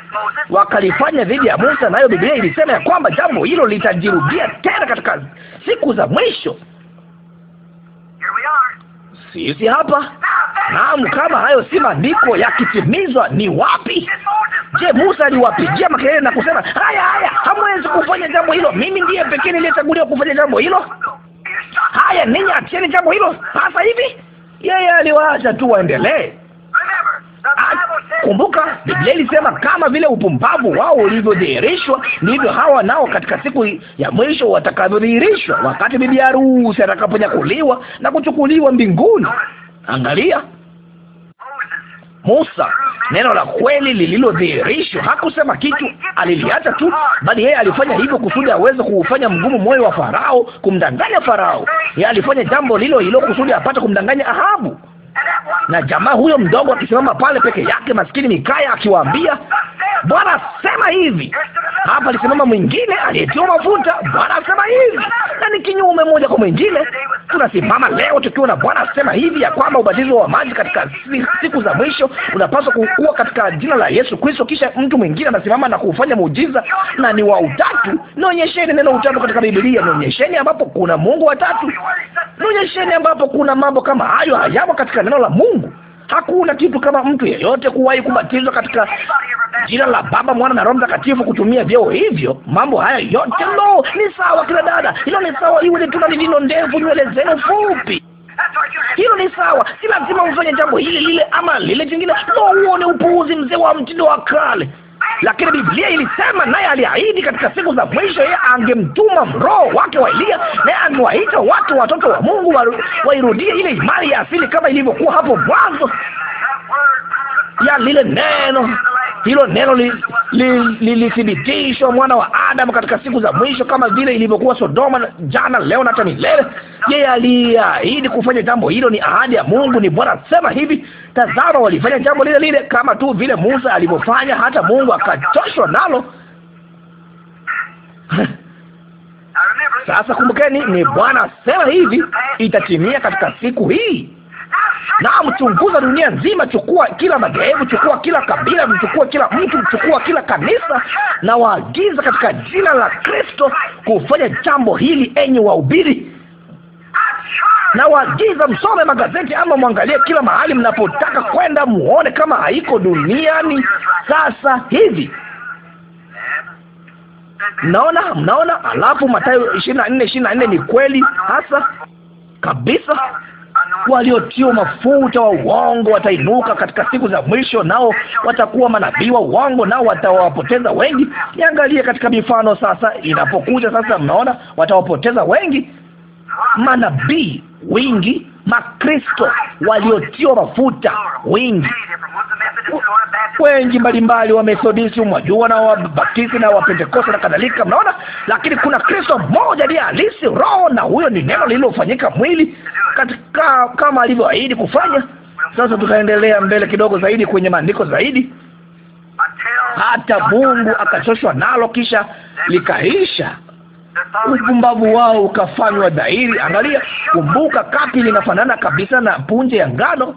wakalifanya dhidi ya Musa, nayo Biblia ilisema ya kwamba jambo hilo litajirudia tena katika siku za mwisho sisi hapa. Naam, kama hayo si maandiko yakitimizwa, ni wapi? Je, Musa aliwapigia makelele na kusema haya haya, hamwezi kufanya jambo hilo, mimi ndiye pekee niliyechaguliwa kufanya jambo hilo? Haya, ninyi acheni jambo hilo sasa hivi? Yeye aliwaacha tu waendelee. Kumbuka Biblia ilisema kama vile upumbavu wao ulivyodhihirishwa ndivyo hawa nao katika siku ya mwisho watakavyodhihirishwa, wakati bibi harusi atakaponyakuliwa na kuchukuliwa mbinguni. Angalia Musa, neno la kweli lililodhihirishwa, hakusema kitu, aliliacha tu, bali yeye alifanya hivyo kusudi aweze kuufanya mgumu moyo wa Farao, kumdanganya Farao. Yeye alifanya jambo lilo hilo kusudi apate kumdanganya Ahabu na jamaa huyo mdogo akisimama pale peke yake, maskini Mikaya, akiwaambia Bwana asema hivi. Hapa alisimama mwingine aliyetiwa mafuta, Bwana asema hivi, na ni kinyume moja kwa mwingine. Tunasimama leo tukiwa na Bwana asema hivi ya kwamba ubatizo wa maji katika siku za mwisho unapaswa kuwa katika jina la Yesu Kristo, kisha mtu mwingine anasimama na kufanya muujiza, na ni wa utatu. Nionyesheni neno utatu katika Biblia, nionyesheni ambapo kuna Mungu watatu, nionyesheni ambapo kuna mambo kama hayo hayamo katika neno la Mungu. Hakuna kitu kama mtu yeyote kuwahi kubatizwa katika jina la Baba, Mwana na Roho Mtakatifu, kutumia vyeo hivyo. Mambo haya yote lo, ni sawa kila dada, hilo ni sawa, iwe ni tuna lililo ndefu, nywele zenu fupi hilo ni sawa, si lazima ufanye jambo hili lile ama lile jingine. Lo, huo upuuzi mzee wa mtindo wa kale lakini Biblia ilisema naye aliahidi katika siku za mwisho yeye angemtuma roho wake wa elia naye angewaita watu watoto wa Mungu wairudie ile imani ya asili kama ilivyokuwa hapo mwanzo ya lile neno hilo neno lilithibitishwa li, li, mwana wa Adamu katika siku za mwisho, kama vile ilivyokuwa Sodoma jana, leo na hata milele. Yeye aliahidi kufanya jambo hilo, ni ahadi ya Mungu, ni Bwana sema hivi. Tazama, walifanya jambo lile lile kama tu vile Musa alivyofanya, hata Mungu akachoshwa nalo. (laughs) Sasa kumbukeni, ni Bwana sema hivi, itatimia katika siku hii na mchunguza dunia nzima, chukua kila madhehebu, chukua kila kabila, mchukua kila mtu, mchukua kila kanisa, na waagiza katika jina la Kristo kufanya jambo hili, enyi wahubiri na waagiza msome magazeti ama mwangalie kila mahali mnapotaka kwenda, muone kama haiko duniani sasa hivi. Mnaona, mnaona. Alafu Mathayo ishirini na nne ishirini na nne ni kweli hasa kabisa waliotiwa mafuta wa uongo watainuka katika siku za mwisho, nao watakuwa manabii wa uongo, nao watawapoteza wengi. Niangalie katika mifano sasa, inapokuja sasa, mnaona watawapoteza wengi, manabii wingi Makristo waliotiwa mafuta wingi wengi mbalimbali, Wamethodisti, mwajua, na Wabaptisti na Wapentekoste na kadhalika, mnaona. Lakini kuna Kristo mmoja ndiye halisi Roho, na huyo ni neno lililofanyika mwili katika kama alivyoahidi kufanya. Sasa tutaendelea mbele kidogo zaidi kwenye maandiko zaidi, hata Mungu akachoshwa nalo kisha likaisha upumbavu wao ukafanywa dhahiri. Angalia, kumbuka, kapi linafanana kabisa na punje ya ngano.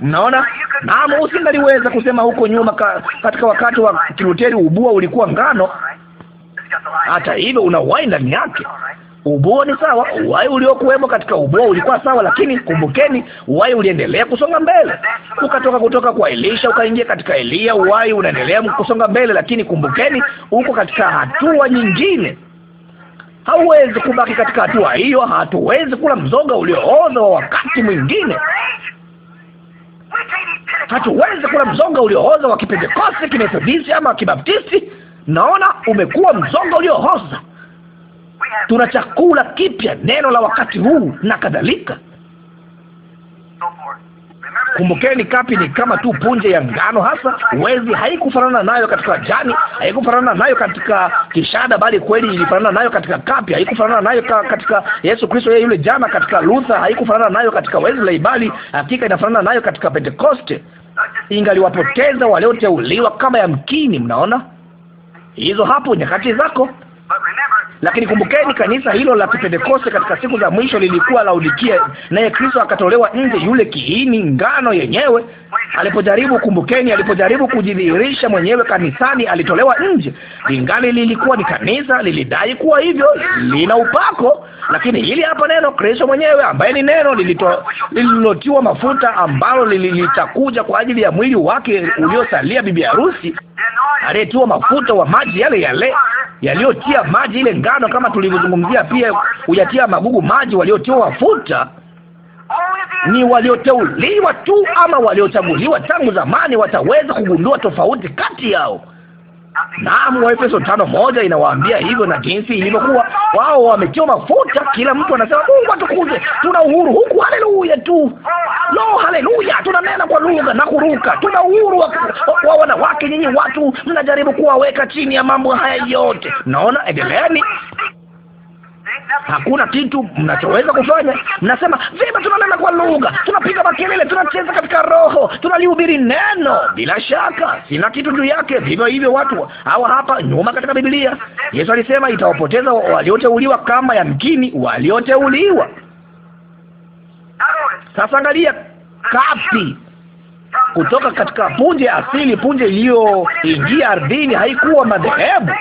naona Naam, usingaliweza kusema huko nyuma ka, katika wakati wa Kiluteri ubua ulikuwa ngano. Hata hivyo una wai ndani yake. Ubuo ni sawa, uhai uliokuwemo katika ubuo ulikuwa sawa, lakini kumbukeni, uhai uliendelea kusonga mbele. Ukatoka kutoka kwa Elisha ukaingia katika Eliya, uhai unaendelea kusonga mbele, lakini kumbukeni, uko katika hatua nyingine. Hauwezi kubaki katika hatua hiyo. Hatuwezi kula mzoga uliooza wa wakati mwingine hatuwezi kula mzoga uliooza wa Kipentekosti, Kimethodisti ama Kibaptisti. Naona umekuwa mzoga uliooza tuna chakula kipya, neno la wakati huu na kadhalika. Kumbukeni, kapi ni kama tu punje ya ngano hasa. Wezi haikufanana nayo katika jani, haikufanana nayo katika kishada, bali kweli ilifanana nayo katika kapi. Haikufanana nayo ka, katika Yesu Kristo yeye yule jana, katika Luther. Haikufanana nayo katika Wesley, bali hakika inafanana nayo katika Pentekoste. Ingaliwapoteza walioteuliwa kama yamkini. Mnaona hizo hapo nyakati zako lakini kumbukeni, kanisa hilo la Kipentekoste katika siku za mwisho lilikuwa Laodikia, naye Kristo akatolewa nje, yule kiini ngano yenyewe. Alipojaribu, kumbukeni, alipojaribu kujidhihirisha mwenyewe kanisani, alitolewa nje. Lingali lilikuwa ni kanisa, lilidai kuwa hivyo, lina upako. Lakini hili hapa neno Kristo mwenyewe ambaye ni neno lililotiwa mafuta ambalo lilitakuja kwa ajili ya mwili wake uliosalia, bibi harusi aliyetiwa mafuta wa maji yale yale yaliyotia maji ile ngano, kama tulivyozungumzia, pia huyatia magugu maji waliotiwa mafuta ni walioteuliwa tu ama waliochaguliwa tangu zamani wataweza kugundua tofauti kati yao. Naam, Waefeso tano moja inawaambia hivyo, na jinsi ilivyokuwa wao wametiwa mafuta. Kila mtu anasema Mungu atukuze, tuna uhuru huku, haleluya tu, lo, haleluya, tunanena kwa lugha na kuruka, tuna uhuru wa, wa, wa wanawake. Nyinyi watu mnajaribu kuwaweka chini ya mambo haya yote, naona, endeleeni hakuna kitu mnachoweza kufanya. Mnasema vema, tunanena kwa lugha, tunapiga makelele, tunacheza katika roho, tunalihubiri neno. Bila shaka sina kitu juu yake. Vivyo hivyo watu hawa hapa nyuma katika Biblia, Yesu alisema itawapoteza walioteuliwa, kama yamkini walioteuliwa. Sasa angalia kapi kutoka katika punje asili. Punje iliyoingia ardhini haikuwa madhehebu,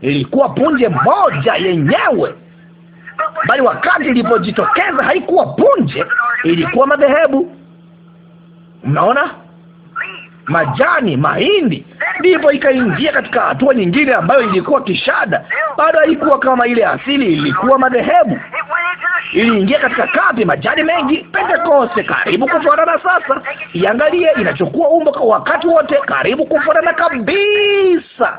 ilikuwa punje moja yenyewe bali wakati ilipojitokeza haikuwa punje, ilikuwa madhehebu. Mnaona, majani mahindi. Ndipo ikaingia katika hatua nyingine ambayo ilikuwa kishada, bado haikuwa kama ile asili, ilikuwa madhehebu. Iliingia katika kapi, majani mengi, Pentekoste karibu kufanana. Sasa iangalie, inachukua umbo kwa wakati wote, karibu kufanana kabisa,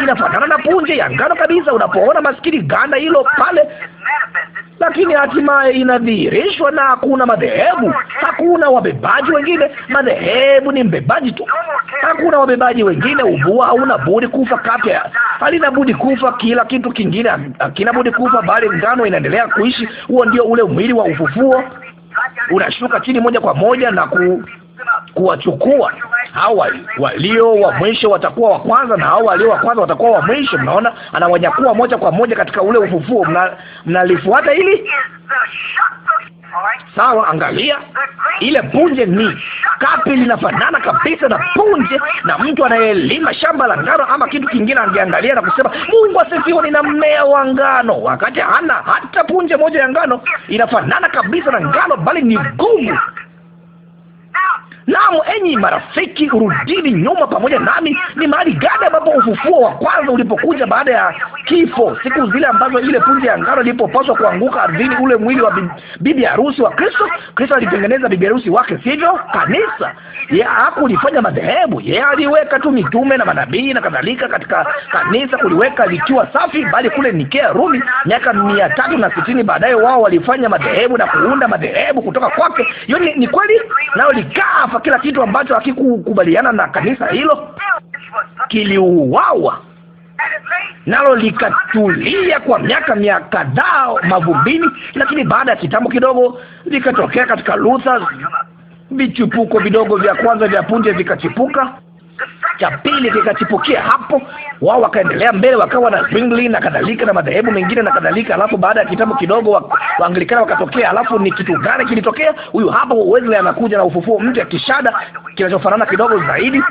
inafanana na punje ya ngano kabisa. Unapoona maskini ganda hilo pale lakini hatimaye inadhihirishwa na hakuna madhehebu, hakuna wabebaji wengine. Madhehebu ni mbebaji tu, hakuna wabebaji wengine. ubua hauna budi kufa, kapya halina budi kufa, kila kitu kingine hakina budi kufa, bali ngano inaendelea kuishi. Huo ndio ule mwili wa ufufuo, unashuka chini moja kwa moja na ku kuwachukua hao walio wa mwisho watakuwa wa kwanza, na hao walio wa kwanza watakuwa wa mwisho. Mnaona, anawanyakua moja kwa moja katika ule ufufuo. Mnalifuata mna hili sawa? Angalia ile punje, ni kapi linafanana kabisa na punje, na mtu anayelima shamba la ngano ama kitu kingine angeangalia na kusema Mungu asifiwe, nina mmea wa ngano, wakati hana hata punje moja ya ngano. Inafanana kabisa na ngano, bali ni gumu Now Naam, enyi marafiki, urudini nyuma pamoja nami. Ni mahali gani ambapo ufufuo wa kwanza ulipokuja baada ya kifo? Siku zile ambazo ile punje ya ngano ilipopaswa kuanguka ardhini, ule mwili wa bibi harusi wa Kristo. Kristo alitengeneza bibi harusi wake, sivyo? Kanisa. Yeye hakulifanya madhehebu, yeye aliweka tu mitume na manabii na kadhalika katika kanisa, kuliweka likiwa safi, bali kule Nikea, Rumi, miaka mia tatu na sitini baadaye, wao walifanya madhehebu na kuunda madhehebu kutoka kwake. Hiyo ni, ni kweli, nao likaa kila kitu ambacho hakikukubaliana na kanisa hilo kiliuawa, nalo likatulia kwa miaka mia kadhaa mavumbini. Lakini baada ya kitambo kidogo vikatokea katika Luther, vichupuko vidogo vya kwanza vya punje vikachipuka cha pili kikachipukia hapo, wao wakaendelea mbele, wakawa na Zwingli na kadhalika na madhehebu mengine na kadhalika. Alafu baada ya kitabu kidogo wa, Waanglikana wakatokea. Alafu ni kitu gani kilitokea? Huyu hapa Wesley anakuja na ufufuo ya kishada kinachofanana kidogo zaidi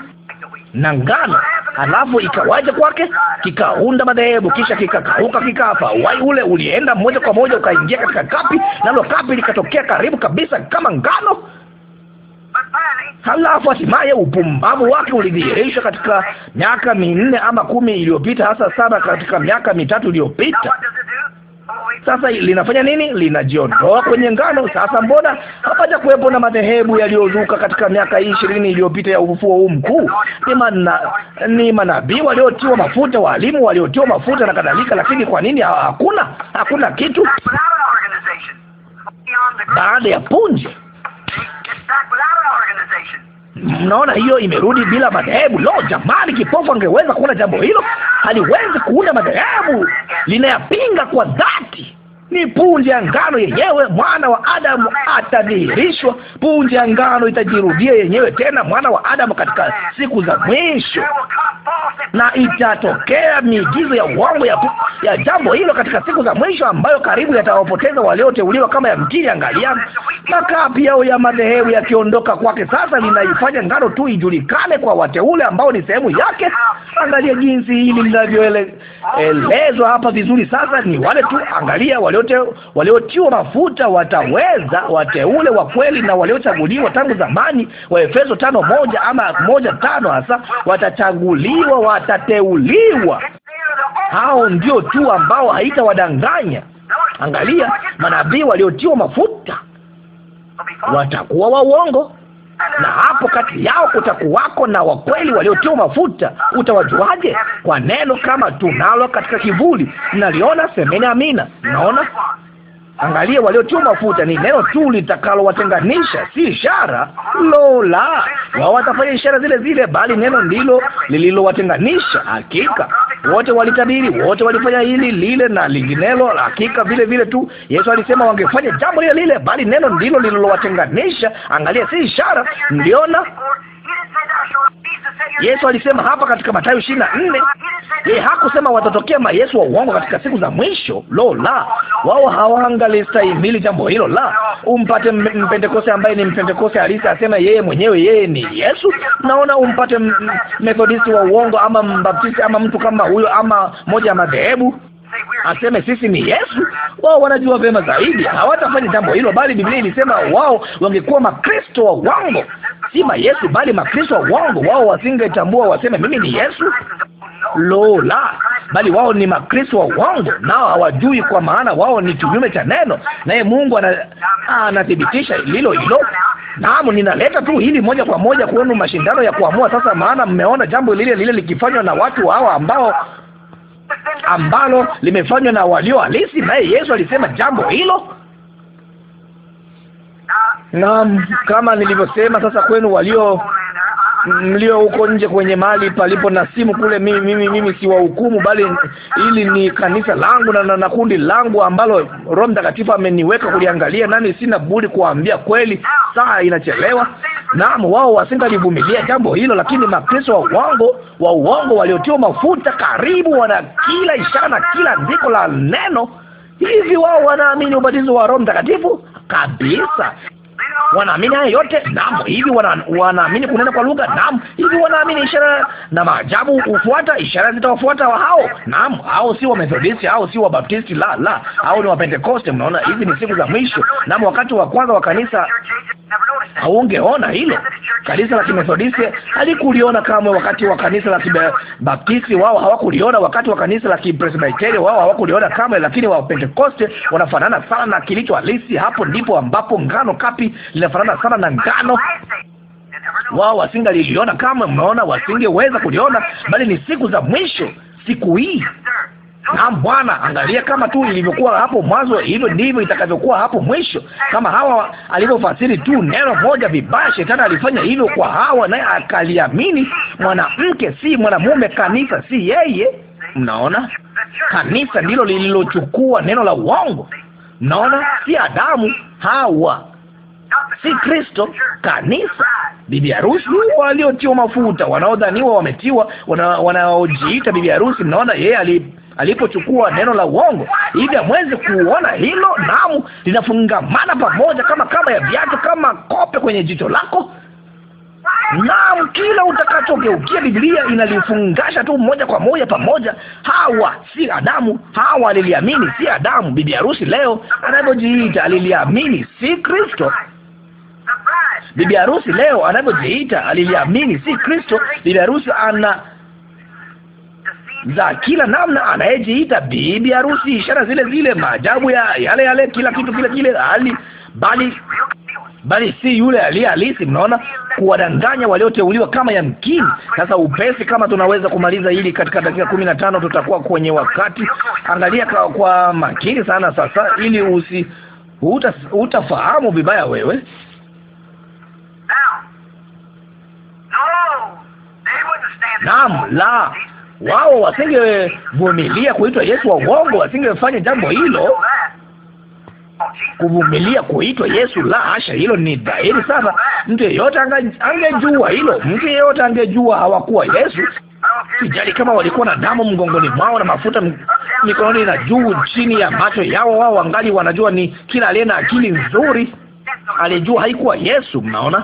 na ngano alafu ikawaja kwake kikaunda madhehebu, kisha kikakauka, kikafa. Wai ule ulienda moja kwa moja ukaingia katika kapi, nalo kapi likatokea karibu kabisa kama ngano. Halafu hatimaye upumbavu wake ulidhihirishwa katika miaka minne ama kumi iliyopita, hasa sana katika miaka mitatu iliyopita. Sasa linafanya nini? Linajiondoa kwenye ngano. Sasa mbona hapaja kuwepo na madhehebu yaliyozuka katika miaka ishirini iliyopita ya ufufuo huu mkuu? Ni mana, ni manabii waliotiwa mafuta, walimu waliotiwa mafuta na kadhalika, lakini kwa nini hakuna hakuna kitu baada ya punje? Mnaona, hiyo imerudi bila madhehebu. Lo, jamani, kipofu angeweza kuona jambo hilo? Haliwezi kuunda madhehebu, linayapinga kwa dhati ni punje ya ngano yenyewe. Mwana wa Adamu atadhihirishwa, punje ya ngano itajirudia yenyewe tena, mwana wa Adamu katika siku za mwisho, na itatokea miigizo ya uongo ya, ya jambo hilo katika siku za mwisho, ambayo karibu yatawapoteza walioteuliwa kama ya mtini. Angalia makapi yao ya madhehebu yakiondoka kwake, sasa linaifanya ngano tu ijulikane kwa wateule ambao ni sehemu yake. Angalia jinsi hili linavyoelezwa ele, hapa vizuri. Sasa ni wale tu, angalia walio waliote waliotiwa mafuta wataweza, wateule wa kweli na waliochaguliwa tangu zamani, wa Efeso tano moja ama moja tano hasa, watachaguliwa, watateuliwa. Hao ndio tu ambao haitawadanganya. Angalia, manabii waliotiwa mafuta watakuwa uongo, na hapo kati yao kutakuwako na wakweli waliotiwa mafuta. Utawajuaje? Kwa neno kama tunalo katika kivuli. Mnaliona? Semeni amina. Naona Angalia, waliotiwa mafuta ni neno tu litakalowatenganisha, si ishara. lola wao watafanya ishara zile zile, bali neno ndilo lililowatenganisha. Hakika wote walitabiri, wote walifanya hili lile na linginelo. Hakika vile vile tu Yesu alisema wangefanya jambo lile lile, bali neno ndilo lililowatenganisha. Angalia, si ishara. Mliona Yesu alisema hapa katika Mathayo ishirini na nne. Yeye hakusema watatokea mayesu wa uongo katika siku za mwisho. Lo la, wao hawangalistahimili jambo hilo. La, umpate mpentekoste ambaye ni mpentekoste halisi asema yeye mwenyewe yeye ni Yesu. Naona umpate methodisti wa uongo ama mbaptisti ama mtu kama huyo ama moja ya madhehebu aseme sisi ni Yesu. Wao wanajua vyema zaidi, hawatafanya jambo hilo, bali Biblia ilisema wao wangekuwa makristo wa uongo, si ma Yesu bali makristo wa uongo. Wao wasingetambua waseme mimi ni Yesu, lo la, bali wao ni makristo wa uongo, nao hawajui, kwa maana wao ni kinyume cha neno, naye Mungu anathibitisha lilo hilo. Naam, ninaleta tu hili moja kwa moja kwenu, mashindano ya kuamua sasa, maana mmeona jambo lile lile likifanywa na watu hawa ambao ambalo limefanywa na walio halisi, naye Yesu alisema jambo hilo. Naam, kama nilivyosema, sasa kwenu walio mlio huko nje kwenye mali palipo na simu kule, mimi mimi, mimi siwahukumu, bali ili ni kanisa langu na, na kundi langu ambalo Roho Mtakatifu ameniweka kuliangalia, nani sina budi kuambia kweli, saa inachelewa. Naam, wao wasingalivumilia jambo hilo, lakini Makristo wa uongo wa uongo waliotiwa mafuta, karibu wana kila ishara na kila andiko la neno. Hivi wao wanaamini ubatizo wa Roho Mtakatifu kabisa wanaamini haya yote? Naam. Hivi wanaamini kunena kwa lugha? Naam. Hivi wanaamini ishara na maajabu hufuata? Ishara zitawafuata wa hao. Naam. Hao si wa Methodisti, hao si wa Baptisti, la la, hao ni wa Pentekoste. Mnaona, hivi ni siku za mwisho. Naam, wakati wa kwanza wa kanisa haungeona hilo. Kanisa la Kimethodisti halikuliona kamwe. Wakati wa kanisa la Kibaptisti wao hawakuliona. Wakati wa kanisa la Kipresbiteri wao hawakuliona kamwe, lakini wa Pentekoste wanafanana sana na kilicho halisi. Hapo ndipo ambapo ngano kapi linafanana sana na ngano. Wao wasingaliliona kama mmeona, wasingeweza kuliona, bali ni siku za mwisho, siku hii Na Bwana, angalia kama tu ilivyokuwa hapo mwanzo, hivyo ndivyo itakavyokuwa hapo mwisho. Kama Hawa alivyofasiri tu neno moja vibaya, shetani alifanya hivyo kwa Hawa, naye akaliamini. Mwanamke si mwanamume, kanisa si yeye. Mnaona, kanisa ndilo lililochukua neno la uongo. Mnaona, si Adamu, Hawa si Kristo, kanisa, bibi harusi waliotiwa mafuta, wanaodhaniwa wametiwa, wanaojiita wana bibi harusi. Mnaona yeye ali alipochukua neno la uongo hivi, amwezi kuona hilo namu linafungamana pamoja kama kamba ya viatu, kama kope kwenye jicho lako. Naam, kila utakachogeukia Biblia inalifungasha tu moja kwa moja pamoja. Hawa si Adamu, hawa aliliamini si Adamu. Bibi harusi leo anavyojiita aliliamini si Kristo. Bibi harusi leo anavyojiita aliliamini, si Kristo. Bibi harusi ana za kila namna, anayejiita bibi harusi, ishara zile zile, maajabu ya yale yale, kila kitu kile kile, hali bali bali si yule aliye halisi. Mnaona, kuwadanganya walioteuliwa kama yamkini. Sasa upesi, kama tunaweza kumaliza hili katika dakika kumi na tano, tutakuwa kwenye wakati. Angalia kwa, kwa makini sana sasa, ili usi uta, vibaya wewe. Naam, la wao wasingevumilia kuitwa Yesu wa uongo, wasingefanya jambo hilo, kuvumilia kuitwa Yesu. La hasha, hilo ni dhahiri sana. Mtu yeyote angejua hilo, mtu yeyote angejua hawakuwa Yesu. Sijali kama walikuwa na damu mgongoni mwao na mafuta mikononi na juu chini ya macho yao, wao wangali wanajua. Ni kila aliye na akili nzuri alijua haikuwa Yesu. Mnaona,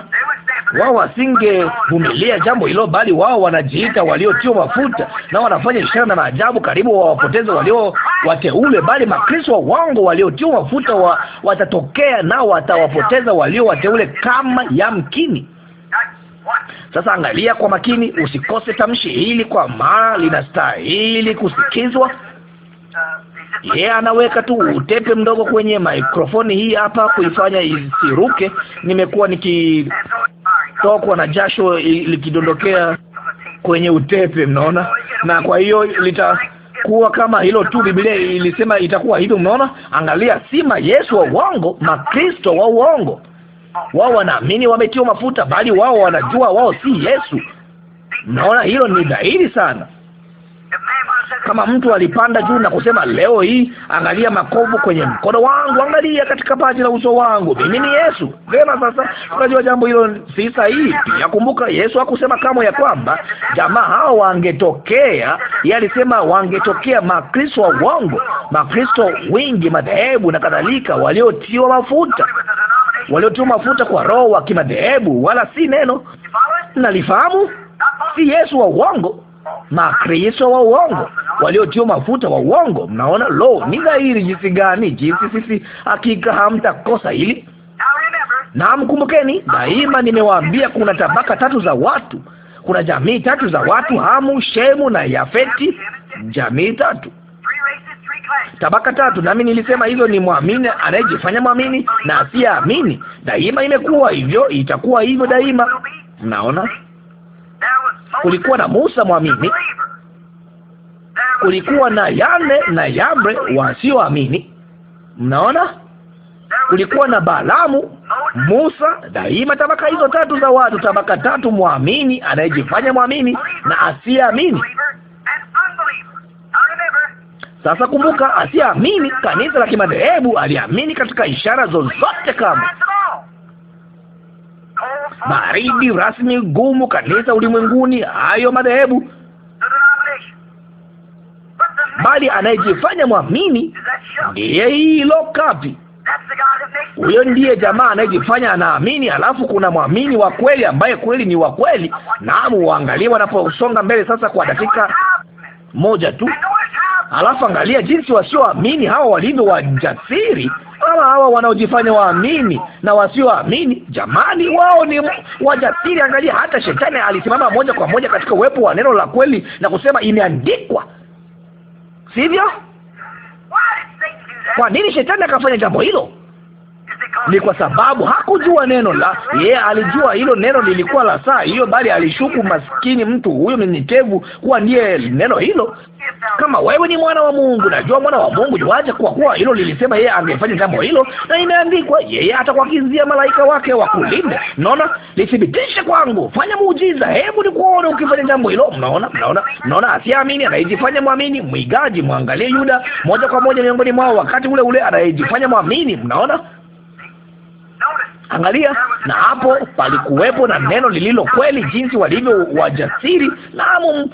wao wasingevumilia jambo hilo, bali wao wanajiita waliotiwa mafuta na wanafanya ishara na maajabu, karibu wawapoteze walio wateule, bali makristo wa uongo waliotiwa mafuta wa, watatokea nao watawapoteza walio wateule kama yamkini. Sasa angalia kwa makini, usikose tamshi hili, kwa maana linastahili kusikizwa yeye yeah, anaweka tu utepe mdogo kwenye mikrofoni hii hapa kuifanya isiruke. Nimekuwa nikitokwa na jasho likidondokea kwenye utepe, mnaona, na kwa hiyo litakuwa kama hilo tu. Biblia ilisema itakuwa hivyo, mnaona. Angalia, si mayesu wa uongo, makristo wa uongo. Wao wanaamini wametiwa mafuta, bali wao wanajua wao si Yesu. Mnaona, hilo ni dhahiri sana. Kama mtu alipanda juu na kusema leo hii, angalia makovu kwenye mkono wangu, angalia katika paji la uso wangu, mimi ni Yesu. Vema, sasa unajua jambo hilo si sahihi. Pia kumbuka, Yesu hakusema kamwe ya kwamba jamaa hao wangetokea. Yeye alisema wangetokea makristo wa uongo, makristo wingi, madhehebu na kadhalika, waliotiwa mafuta, waliotiwa mafuta kwa roho wa kimadhehebu, wala si neno nalifahamu, si Yesu wa uongo makristo wa uongo waliotiwa mafuta wa uongo. Mnaona, lo, ni dhahiri jinsi gani, jinsi sisi hakika hamtakosa hili. Na mkumbukeni daima, nimewaambia kuna tabaka tatu za watu, kuna jamii tatu za watu, Hamu, Shemu na Yafeti, jamii tatu tabaka tatu. Nami nilisema hivyo, ni mwamini anayejifanya mwamini na asiyeamini. Daima imekuwa hivyo, itakuwa hivyo daima. Mnaona? Kulikuwa na Musa mwamini, kulikuwa na Yane na Yambre wasioamini. Mnaona, kulikuwa na balamu Musa. Daima tabaka hizo tatu za watu, tabaka tatu: mwamini, anayejifanya mwamini na asiyeamini. Sasa kumbuka, asiyeamini, kanisa la kimadhehebu aliamini katika ishara zozote kama baridi rasmi gumu, kanisa ulimwenguni, hayo madhehebu bali anayejifanya mwamini ndiye hilo kapi. Huyo ndiye jamaa anayejifanya anaamini, alafu kuna mwamini wa kweli ambaye kweli ni wa kweli. Naam, uangalie wanaposonga mbele sasa, kwa dakika moja tu Alafu angalia jinsi wasioamini hawa walivyo wajasiri. Hawa hawa wanaojifanya waamini na wasioamini, jamani, wao ni wajasiri. Angalia, hata shetani alisimama moja kwa moja katika uwepo wa neno la kweli na kusema imeandikwa, sivyo? Kwa nini shetani akafanya jambo hilo? ni kwa sababu hakujua neno la yeye. Yeah, alijua hilo neno lilikuwa la saa hiyo, bali alishuku maskini mtu huyo mnyenyekevu kuwa ndiye neno hilo. Kama wewe ni mwana wa Mungu, najua mwana wa Mungu yuaje, kwa kuwa hilo lilisema yeye angefanya jambo hilo, na imeandikwa yeye atakuagizia malaika wake wa kulinda. Mnaona, lithibitishe kwangu, fanya muujiza, hebu ni nikuone ukifanya jambo hilo. Mnaona, mnaona, mnaona, asiamini anayejifanya mwamini, mwigaji. Mwangalie Yuda, moja kwa moja miongoni mwao, wakati ule ule anayejifanya mwamini. Mnaona. Angalia, na hapo palikuwepo na neno lililo kweli, jinsi walivyo wajasiri. Lamu,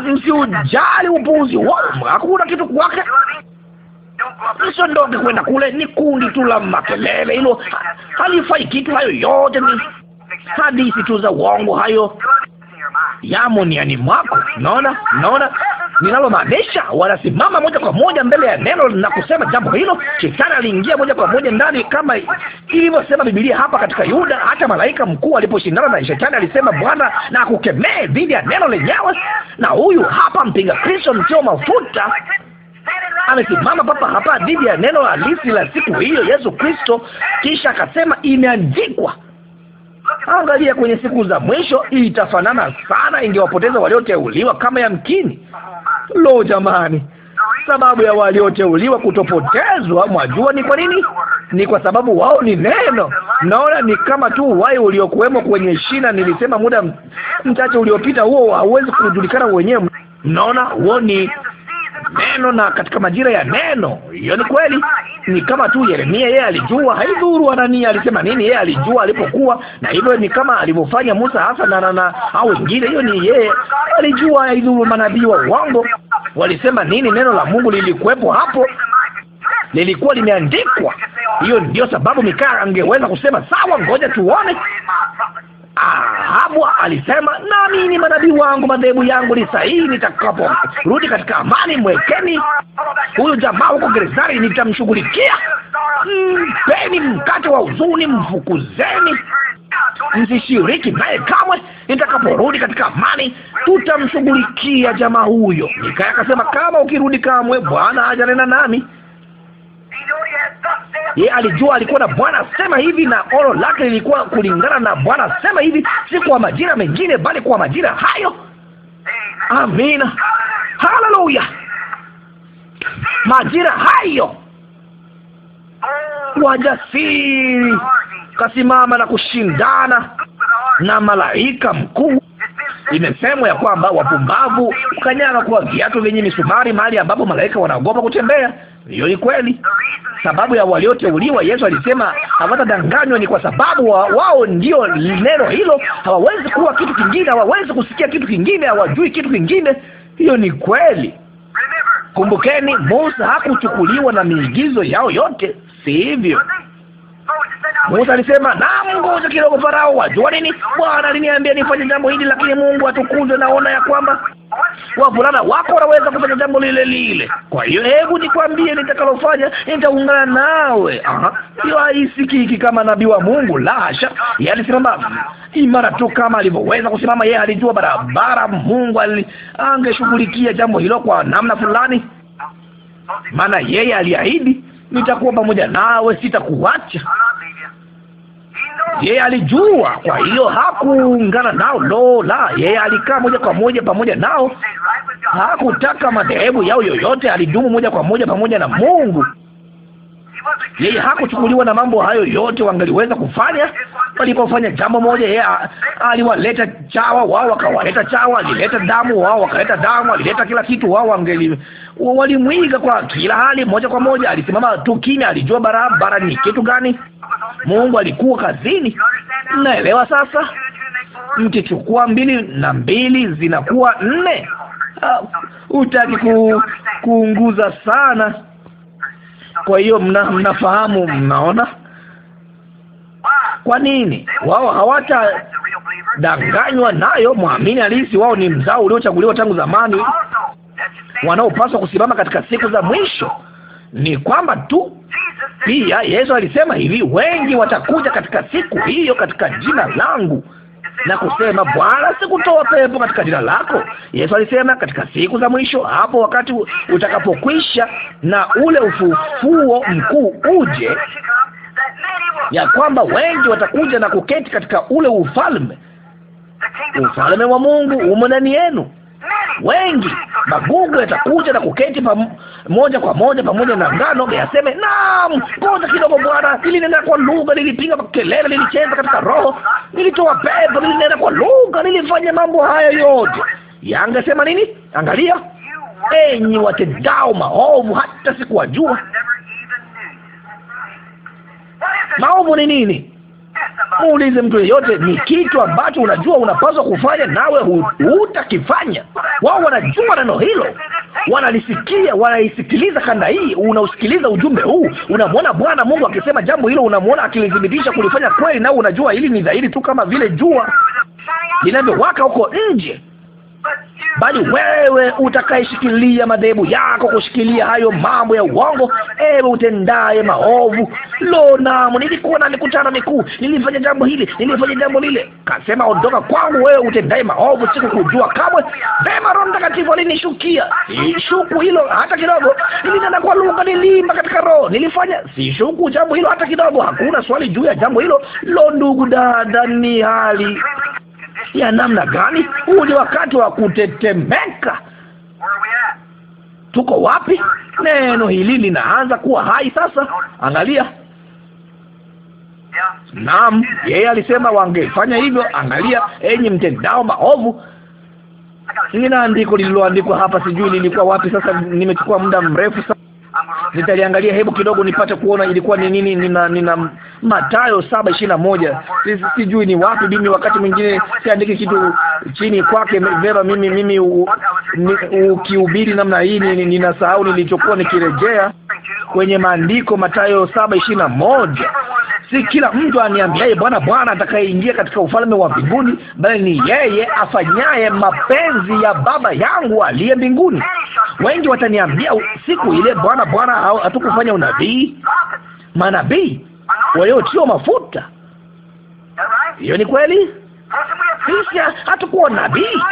msiujali upuzi wao, hakuna kitu kwake. Msiondoke kwenda kule, ni kundi tu la makelele. Hilo halifai kitu. Hayo yote ni hadithi tu za uongo hayo yamo ndani mwako. Naona, naona ninalomaanisha? Wanasimama moja kwa moja mbele ya neno na kusema jambo hilo. Shetani aliingia moja kwa moja ndani, kama ilivyosema Biblia hapa katika Yuda. Hata malaika mkuu aliposhindana na shetani alisema, Bwana na akukemee dhidi ya neno lenyewe. Na huyu hapa mpinga Kristo mtio mafuta amesimama papa hapa dhidi ya neno halisi la siku hiyo, Yesu Kristo. Kisha akasema imeandikwa Angalia kwenye siku za mwisho, itafanana sana, ingewapoteza walioteuliwa kama yamkini. Lo, jamani, sababu ya walioteuliwa kutopotezwa, mwajua ni kwa nini? Ni kwa sababu wao ni neno. Naona ni kama tu wai uliokuwemo kwenye shina. Nilisema muda mchache uliopita, huo hauwezi kujulikana wenyewe. Mnaona, huo ni neno na katika majira ya neno. Hiyo ni kweli, ni kama tu Yeremia, yeye alijua, haidhuru Anania alisema nini, yeye alijua alipokuwa, na hivyo ni kama alivyofanya Musa hasa na na, au wengine. Hiyo ni yeye alijua, haidhuru manabii wa uongo walisema nini, neno la Mungu lilikuwepo hapo, lilikuwa limeandikwa. Hiyo ndio sababu mikaa angeweza kusema sawa, ngoja tuone Ahabu alisema, naamini manabii wangu, madhehebu yangu ni sahihi. Nitakaporudi katika amani, mwekeni huyu jamaa huko gerezani, nitamshughulikia. Mpeni mkate wa huzuni, mfukuzeni, msishiriki naye kamwe. Nitakaporudi katika amani, tutamshughulikia jamaa huyo. Mikaya akasema, kama ukirudi kamwe, Bwana hajanena nami. Ye alijua alikuwa na Bwana sema hivi, na oro lake lilikuwa kulingana na Bwana sema hivi, si kwa majira mengine, bali kwa majira hayo. Amina, haleluya, majira hayo. Wajasiri kasimama na kushindana na malaika mkuu. Imesemwa ya kwamba wapumbavu kanyaga kwa viatu vyenye misumari, mahali ambapo malaika wanaogopa kutembea. Hiyo ni kweli. Sababu ya walioteuliwa, Yesu alisema hawatadanganywa, ni kwa sababu wa, wao ndio neno hilo. Hawawezi kuwa kitu kingine, hawawezi kusikia kitu kingine, hawajui kitu kingine. Hiyo ni kweli. Kumbukeni, Musa hakuchukuliwa na miigizo yao yote, si hivyo? Musa alisema, na kidogo, Farao, wajua nini? Bwana aliniambia nifanye jambo hili, lakini Mungu atukuzwe. Naona ya kwamba wavulana wako wanaweza kufanya jambo lile lile. Kwa hiyo hebu nikwambie nitakalofanya, nitaungana nawe. Aha, hiyo haisikiki kama nabii wa Mungu, la hasha. Yeye alisimama imara tu kama alivyoweza kusimama. Yeye alijua barabara Mungu angeshughulikia jambo hilo kwa namna fulani, maana yeye aliahidi, nitakuwa pamoja nawe, sitakuacha yeye alijua, kwa hiyo hakuungana nao. Lo la, yeye alikaa moja kwa moja pamoja nao, hakutaka madhehebu yao yoyote. Alidumu moja kwa moja pamoja na Mungu. Yeye hakuchukuliwa na mambo hayo yote wangaliweza kufanya. Walipofanya jambo moja, yeye aliwaleta chawa, wao wakawaleta chawa, alileta damu, wao wakaleta damu, alileta kila kitu, wao wangeli walimwiga kwa kila hali, moja kwa moja. Alisimama tu kimya, alijua barabara ni kitu gani. Mungu alikuwa kazini. Naelewa sasa, mkichukua mbili na mbili zinakuwa nne. Ah, utaki ku, kuunguza sana. Kwa hiyo mna, mnafahamu, mnaona kwa nini wao hawatadanganywa nayo. Mwamini halisi wao ni mzao uliochaguliwa tangu zamani, wanaopaswa kusimama katika siku za mwisho. Ni kwamba tu pia Yesu alisema hivi, wengi watakuja katika siku hiyo katika jina langu na kusema Bwana, sikutoa pepo katika jina lako. Yesu alisema katika siku za mwisho, hapo wakati utakapokwisha na ule ufufuo mkuu uje, ya kwamba wengi watakuja na kuketi katika ule ufalme. Ufalme wa Mungu umo ndani yenu wengi. Magugu yatakuja na kuketi pam, moja kwa moja pamoja na ngano, yaseme naam, poza kidogo Bwana. Lilinena kwa lugha, lilipiga kelele, lilicheza katika roho, nilitoa pepo, lilinena kwa lugha, nilifanya mambo haya yote. Yangesema nini? Angalia, enyi watendao maovu, hata sikuwajua. Maovu ni nini? Muulize mtu yeyote, ni kitu ambacho unajua unapaswa kufanya nawe hutakifanya. Wao wanajua neno hilo, wanalisikia, wanaisikiliza kanda hii, unausikiliza ujumbe huu, unamwona Bwana Mungu akisema jambo hilo, unamwona akilithibitisha kulifanya kweli, nawe unajua hili ni dhahiri tu kama vile jua linavyowaka huko nje bali wewe utakayeshikilia madhehebu yako, kushikilia hayo mambo ya uongo, ewe utendaye maovu. Lo, namu, nilikuwa na mikutano mikuu, nilifanya jambo hili, nilifanya jambo lile. Kasema, ondoka kwangu, wewe utendaye maovu, sikukujua kamwe. Vema, Roho Mtakatifu alinishukia, sishuku hilo hata kidogo. Nilinena kwa lugha, nilimba katika Roho, nilifanya, sishuku jambo hilo hata kidogo. Hakuna swali juu ya jambo hilo. Lo, ndugu dada, ni hali ya namna gani? Huu ni wakati wa kutetemeka. Tuko wapi? Neno hili linaanza kuwa hai sasa. Angalia, naam, yeye alisema wangefanya hivyo. Angalia, enyi mtendao maovu. Nina andiko lililoandikwa hapa, sijui lilikuwa wapi. Sasa nimechukua muda mrefu sana nitaliangalia hebu kidogo nipate kuona ilikuwa ni nini. Nina nina Mathayo saba ishirini na moja. Sijui ni wapi mimi, wakati mwingine siandiki kitu chini kwake vema. Mimi mimi ukihubiri namna hii ninasahau nilichokuwa nikirejea kwenye maandiko. Mathayo saba ishirini na moja si kila mtu aniambiaye Bwana, Bwana atakayeingia katika ufalme wa mbinguni, bali ni yeye afanyaye mapenzi ya Baba yangu aliye mbinguni. Wengi wataniambia siku ile, Bwana, Bwana, hatukufanya unabii, manabii waliotiwa mafuta. Hiyo ni kweli. Sisi hatukuwa nabii,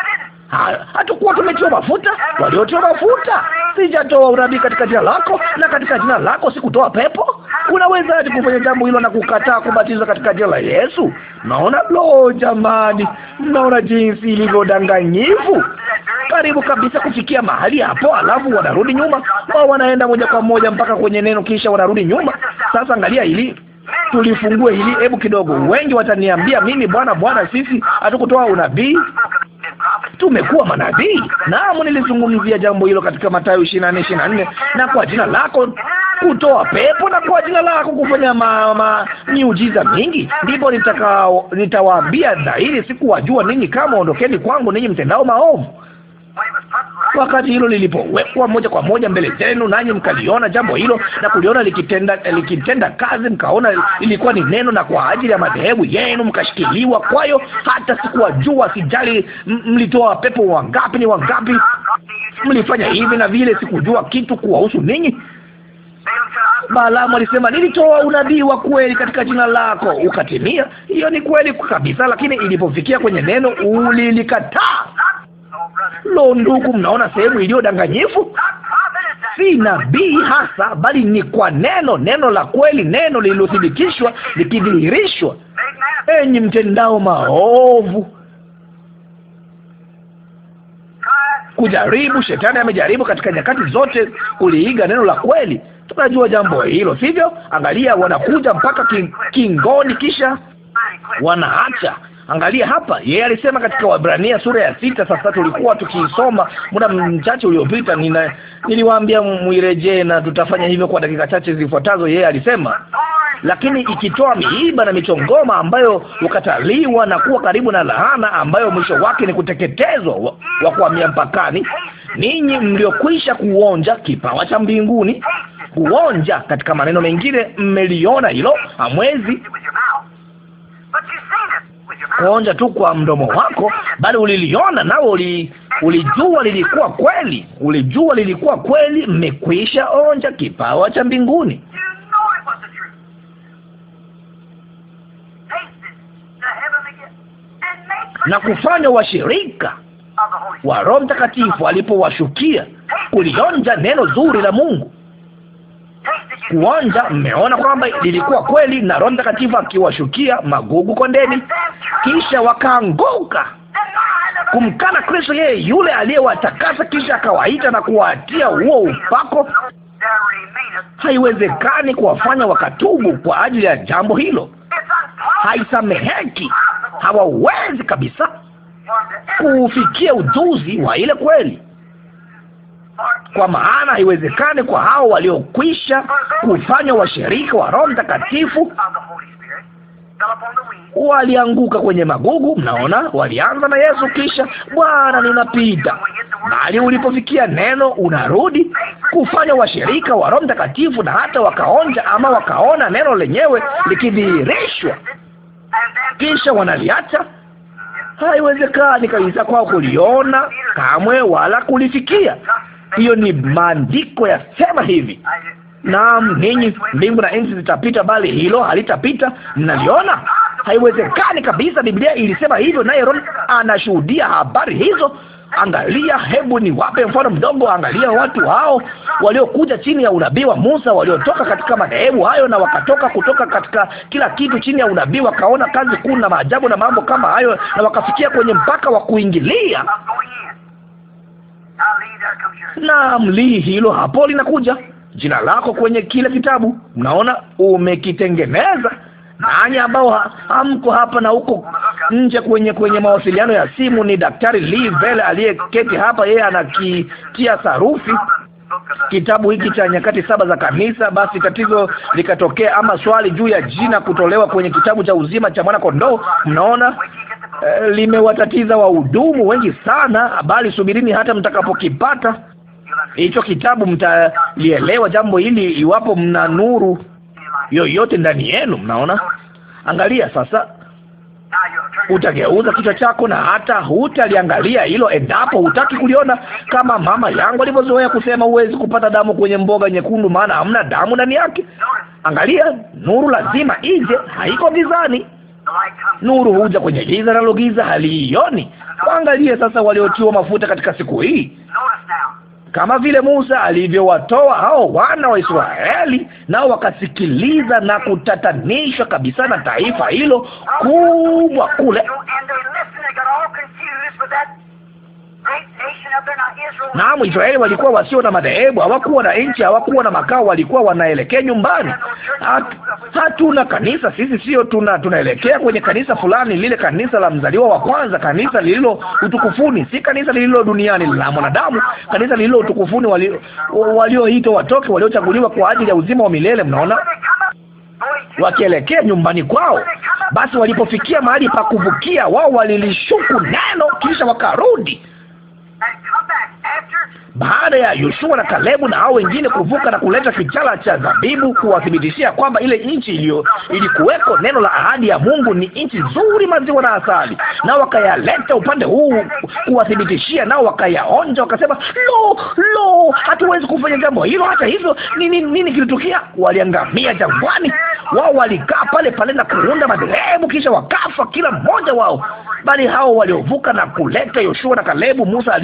hatukuwa tumetiwa mafuta. Waliotiwa mafuta, sijatoa unabii katika jina lako, na katika jina lako sikutoa pepo. Unawezaje kufanya jambo hilo na kukataa kubatizwa katika jina la Yesu? Naona lo, jamani, mnaona jinsi ilivyodanganyifu, karibu kabisa kufikia mahali hapo, alafu wanarudi nyuma. Wao wanaenda moja kwa moja mpaka kwenye neno, kisha wanarudi nyuma. Sasa angalia hili tulifungue hili hebu kidogo. Wengi wataniambia mimi, bwana bwana, sisi hatukutoa unabii, tumekuwa manabii. Naam, nilizungumzia jambo hilo katika Mathayo na 24, na kwa jina lako kutoa pepo na kwa jina lako kufanya mama miujiza mingi. Ndipo nitawaambia dhahiri, sikuwajua ninyi kama, ondokeni kwangu ninyi mtendao maovu. Wakati hilo lilipowekwa moja kwa moja mbele zenu, nanyi mkaliona jambo hilo na kuliona likitenda, likitenda kazi, mkaona ilikuwa ni neno, na kwa ajili ya madhehebu yenu mkashikiliwa kwayo. Hata sikuwajua, sijali mlitoa pepo wangapi, ni wangapi mlifanya hivi na vile, sikujua kitu kuwahusu ninyi. Balaamu alisema nilitoa unabii wa kweli katika jina lako ukatimia. Hiyo ni kweli kabisa, lakini ilipofikia kwenye neno ulilikataa. Lo, ndugu, mnaona sehemu iliyo danganyifu? Si nabii hasa, bali ni kwa neno, neno la kweli, neno lililothibitishwa likidhihirishwa. Enyi mtendao maovu kujaribu. Shetani amejaribu katika nyakati zote kuliiga neno la kweli tunajua jambo hilo, sivyo? Angalia, wanakuja mpaka kingoni, kisha wanaacha. Angalia hapa, yeye alisema katika Waebrania sura ya sita. Sasa tulikuwa tukisoma muda mchache uliopita, nina niliwaambia mwirejee, na tutafanya hivyo kwa dakika chache zifuatazo. Yeye alisema lakini ikitoa miiba na michongoma ambayo ukataliwa na kuwa karibu na laana ambayo mwisho wake ni kuteketezwa wa, wa kuhamia mpakani, ninyi mliokwisha kuonja kipawa cha mbinguni kuonja. Katika maneno mengine, mmeliona hilo, hamwezi kuonja tu kwa mdomo wako, bali uliliona nawe uli, ulijua lilikuwa kweli, ulijua lilikuwa kweli. Mmekwisha onja kipawa cha mbinguni. na kufanya washirika wa Roho Mtakatifu alipowashukia kulionja neno zuri la Mungu kuonja. Mmeona kwamba lilikuwa kweli, na Roho Mtakatifu akiwashukia magugu kondeni, kisha wakaanguka kumkana Kristo, yeye yule aliyewatakasa, kisha akawaita na kuwatia huo upako. Haiwezekani kuwafanya wakatubu kwa ajili ya jambo hilo, haisameheki. Hawawezi kabisa kufikia ujuzi wa ile kweli kwa maana haiwezekani kwa hao waliokwisha kufanywa washirika wa Roho Mtakatifu. Walianguka kwenye magugu, mnaona, walianza na Yesu, kisha Bwana, ninapita. Bali ulipofikia neno, unarudi kufanya washirika wa Roho Mtakatifu, na hata wakaonja ama wakaona neno lenyewe likidhihirishwa, kisha wanaliacha. Haiwezekani kabisa kwao kuliona kamwe wala kulifikia hiyo ni maandiko yasema hivi. Naam, ninyi, mbingu na nchi zitapita, bali hilo halitapita. Mnaliona? Haiwezekani kabisa. Biblia ilisema hivyo, naye Ron anashuhudia habari hizo. Angalia, hebu ni wape mfano mdogo. Angalia watu hao waliokuja chini ya unabii wa Musa, waliotoka katika madhehebu hayo na wakatoka kutoka katika kila kitu chini ya unabii, wakaona kazi kuu na maajabu na mambo kama hayo, na wakafikia kwenye mpaka wa kuingilia na mlii hilo hapo linakuja jina lako kwenye kile kitabu. Mnaona umekitengeneza. Nanyi ambao ha, hamko hapa na huko nje kwenye kwenye mawasiliano ya simu, ni Daktari Lee Vele aliyeketi hapa, yeye anakitia sarufi kitabu hiki cha nyakati saba za kanisa. Basi tatizo likatokea ama swali juu ya jina kutolewa kwenye kitabu cha uzima cha mwana kondoo. Mnaona Eh, limewatatiza wahudumu wengi sana, bali subirini hata mtakapokipata hicho kitabu, mtalielewa jambo hili, iwapo mna nuru yoyote ndani yenu. Mnaona, angalia sasa, utageuza kichwa chako na hata hutaliangalia hilo endapo hutaki kuliona, kama mama yangu alivyozoea kusema, huwezi kupata damu kwenye mboga nyekundu, maana hamna damu ndani yake. Angalia, nuru lazima ije, haiko gizani. Nuru huja kwenye giza, nalo giza haliioni. Waangalie sasa waliotiwa mafuta katika siku hii, kama vile Musa alivyowatoa hao wana wa Israeli, nao wakasikiliza na kutatanishwa kabisa na taifa hilo kubwa kule Naam, Israeli walikuwa wasio na madhehebu, hawakuwa na nchi, hawakuwa na makao, walikuwa wanaelekea nyumbani. hatuna kanisa sisi, sio tuna tunaelekea kwenye kanisa fulani, lile kanisa la mzaliwa wa kwanza, kanisa lililo utukufuni, si kanisa lililo duniani la mwanadamu, kanisa lililo utukufuni, walioitwa walio watoke, waliochaguliwa kwa ajili ya uzima wa milele. Mnaona, wakielekea nyumbani kwao. Basi walipofikia mahali pa kuvukia, wao walilishuku neno, kisha wakarudi And come back after baada ya Yoshua na Kalebu na hao wengine kuvuka na kuleta kichala cha zabibu kuwathibitishia kwamba ile nchi iliyo ilikuweko neno la ahadi ya Mungu ni nchi nzuri, maziwa na asali, na wakayaleta upande huu kuwathibitishia, nao wakayaonja, wakasema lo, lo, hatuwezi kufanya jambo hilo. Hata hivyo, nini nini kilitukia? Waliangamia jangwani. Wao walikaa pale pale na kuunda madhehebu, kisha wakafa kila mmoja wao. Bali hao waliovuka na kuleta Yoshua na Kalebu, Musa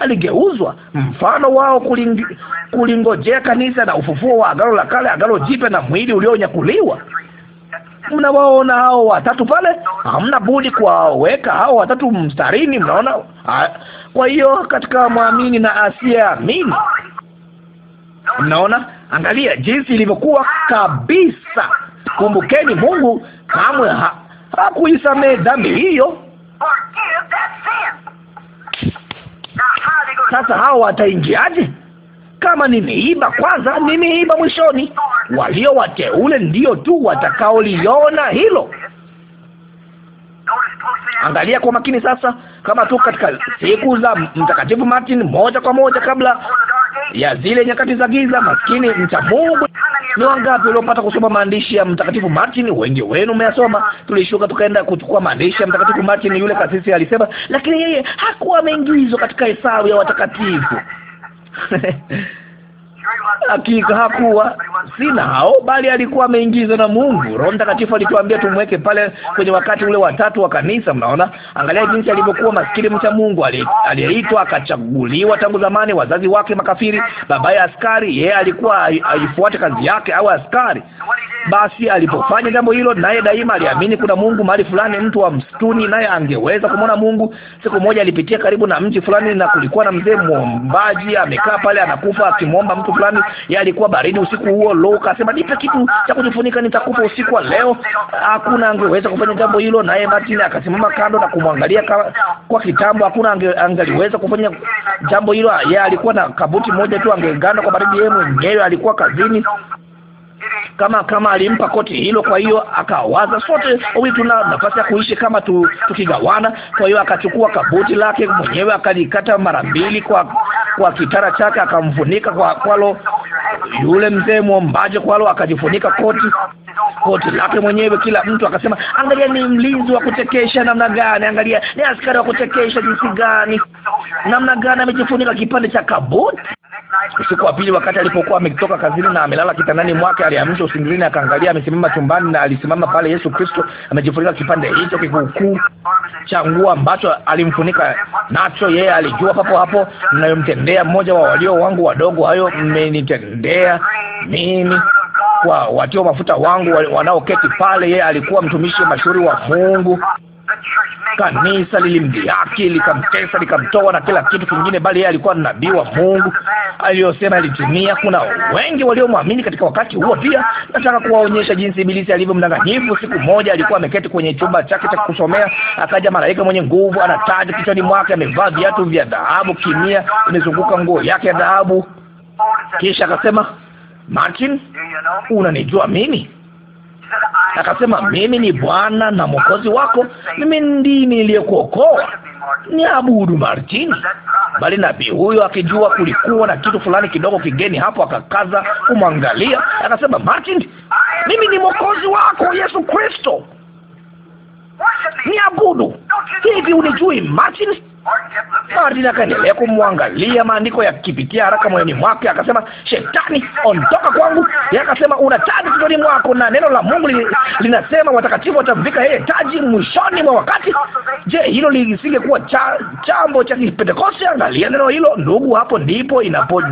aligeuzwa mfano wao kuling, kulingojea kanisa na ufufuo wa agano la kale, agano jipya na mwili ulionyakuliwa. Mnawaona hao watatu pale, hamna budi kuwaweka hao watatu mstarini. Mnaona Kwa hiyo katika mwamini na asiyeamini, mnaona, angalia jinsi ilivyokuwa kabisa. Kumbukeni, Mungu kamwe hakuisamehe dhambi hiyo. Sasa hao wataingiaje? Kama nimeiba kwanza, nimeiba mwishoni. Walio wateule ndio tu watakaoliona hilo. Angalia kwa makini sasa, kama tu katika siku za Mtakatifu Martin, moja kwa moja kabla ya zile nyakati za giza, maskini mcha Mungu ni wangapi waliopata kusoma maandishi ya Mtakatifu Martin? Wengi wenu umeyasoma. Tulishuka tukaenda kuchukua maandishi ya Mtakatifu Martin. Yule kasisi alisema, lakini yeye hakuwa ameingizwa katika hesabu ya watakatifu (laughs) Hakika hakuwa sina hao, bali alikuwa ameingizwa na Mungu. Roho Mtakatifu alituambia tumweke pale kwenye wakati ule wa tatu wa kanisa. Mnaona, angalia jinsi alivyokuwa maskini mcha Mungu, aliyeitwa akachaguliwa tangu zamani, wazazi wake makafiri, babaye askari. Yeye alikuwa aifuate kazi yake au askari. Basi alipofanya jambo hilo, naye daima aliamini kuna Mungu mahali fulani, mtu wa msituni, naye angeweza kumwona Mungu. Siku moja alipitia karibu na mji fulani, na kulikuwa na mzee mwombaji amekaa pale, anakufa akimwomba mtu fulani yalikuwa baridi usiku huo. Lo, akasema nipe kitu cha kujifunika, nitakupa usiku wa leo. Hakuna angeweza kufanya jambo hilo, naye Martin akasimama kando na kumwangalia kwa, kitambo. Hakuna ange, angeliweza kufanya jambo hilo. Yeye alikuwa na kabuti moja tu, angeganda kwa baridi. Yeye mwenyewe alikuwa kazini kama kama alimpa koti hilo. Kwa hiyo akawaza, sote wawili tuna nafasi ya kuishi kama tu, tukigawana. Kwa hiyo akachukua kabuti lake mwenyewe akalikata mara mbili kwa kwa kitara chake, akamfunika kwa kwalo yule mzee mwombaji kwalo, akajifunika koti koti lake mwenyewe. Kila mtu akasema, angalia ni mlinzi wa kutekesha namna gani, angalia ni askari wa kutekesha jinsi gani, namna gani amejifunika kipande cha kabuti. Usiku wa pili, wakati alipokuwa ametoka kazini na amelala kitandani mwake, aliamsha usingizini, akaangalia amesimama chumbani, na alisimama pale Yesu Kristo amejifunika kipande hicho kikuukuu cha nguo ambacho alimfunika nacho. Yeye alijua papo hapo, mnayomtendea mmoja wa walio wangu wadogo, hayo mmenitendea mimi. Kwa watio mafuta wangu wanaoketi pale, yeye alikuwa mtumishi mashuhuri wa Mungu. Kanisa lilimdhihaki likamtesa, likamtoa na kila kitu kingine, bali yeye alikuwa nabii wa Mungu. Aliyosema alitimia. Kuna wengi waliomwamini katika wakati huo pia. Nataka kuwaonyesha jinsi ibilisi alivyo mdanganyifu. Siku moja alikuwa ameketi kwenye chumba chake cha kusomea, akaja malaika mwenye nguvu, ana taji kichwani mwake, amevaa viatu vya dhahabu, kimia imezunguka nguo yake ya dhahabu, kisha akasema, Martin, unanijua mimi? akasema, mimi ni Bwana na Mwokozi wako, mimi ndimi niliyekuokoa. Ni abudu Martini. Bali nabii huyo akijua kulikuwa na kitu fulani kidogo kigeni hapo, akakaza kumwangalia, akasema, Martin, mimi ni mwokozi wako Yesu Kristo. Ni abudu hivi, unijui Martin? Martin akaendelea kumwangalia maandiko yakipitia haraka moyoni mwake, akasema, Shetani, ondoka kwangu. Yeye akasema, una taji kichwani mwako, na neno la Mungu li, linasema watakatifu watamvika yeye taji mwishoni mwa wakati. Je, hilo lisingekuwa cha, chambo cha Pentekoste? Angalia neno hilo ndugu, hapo ndipo inapo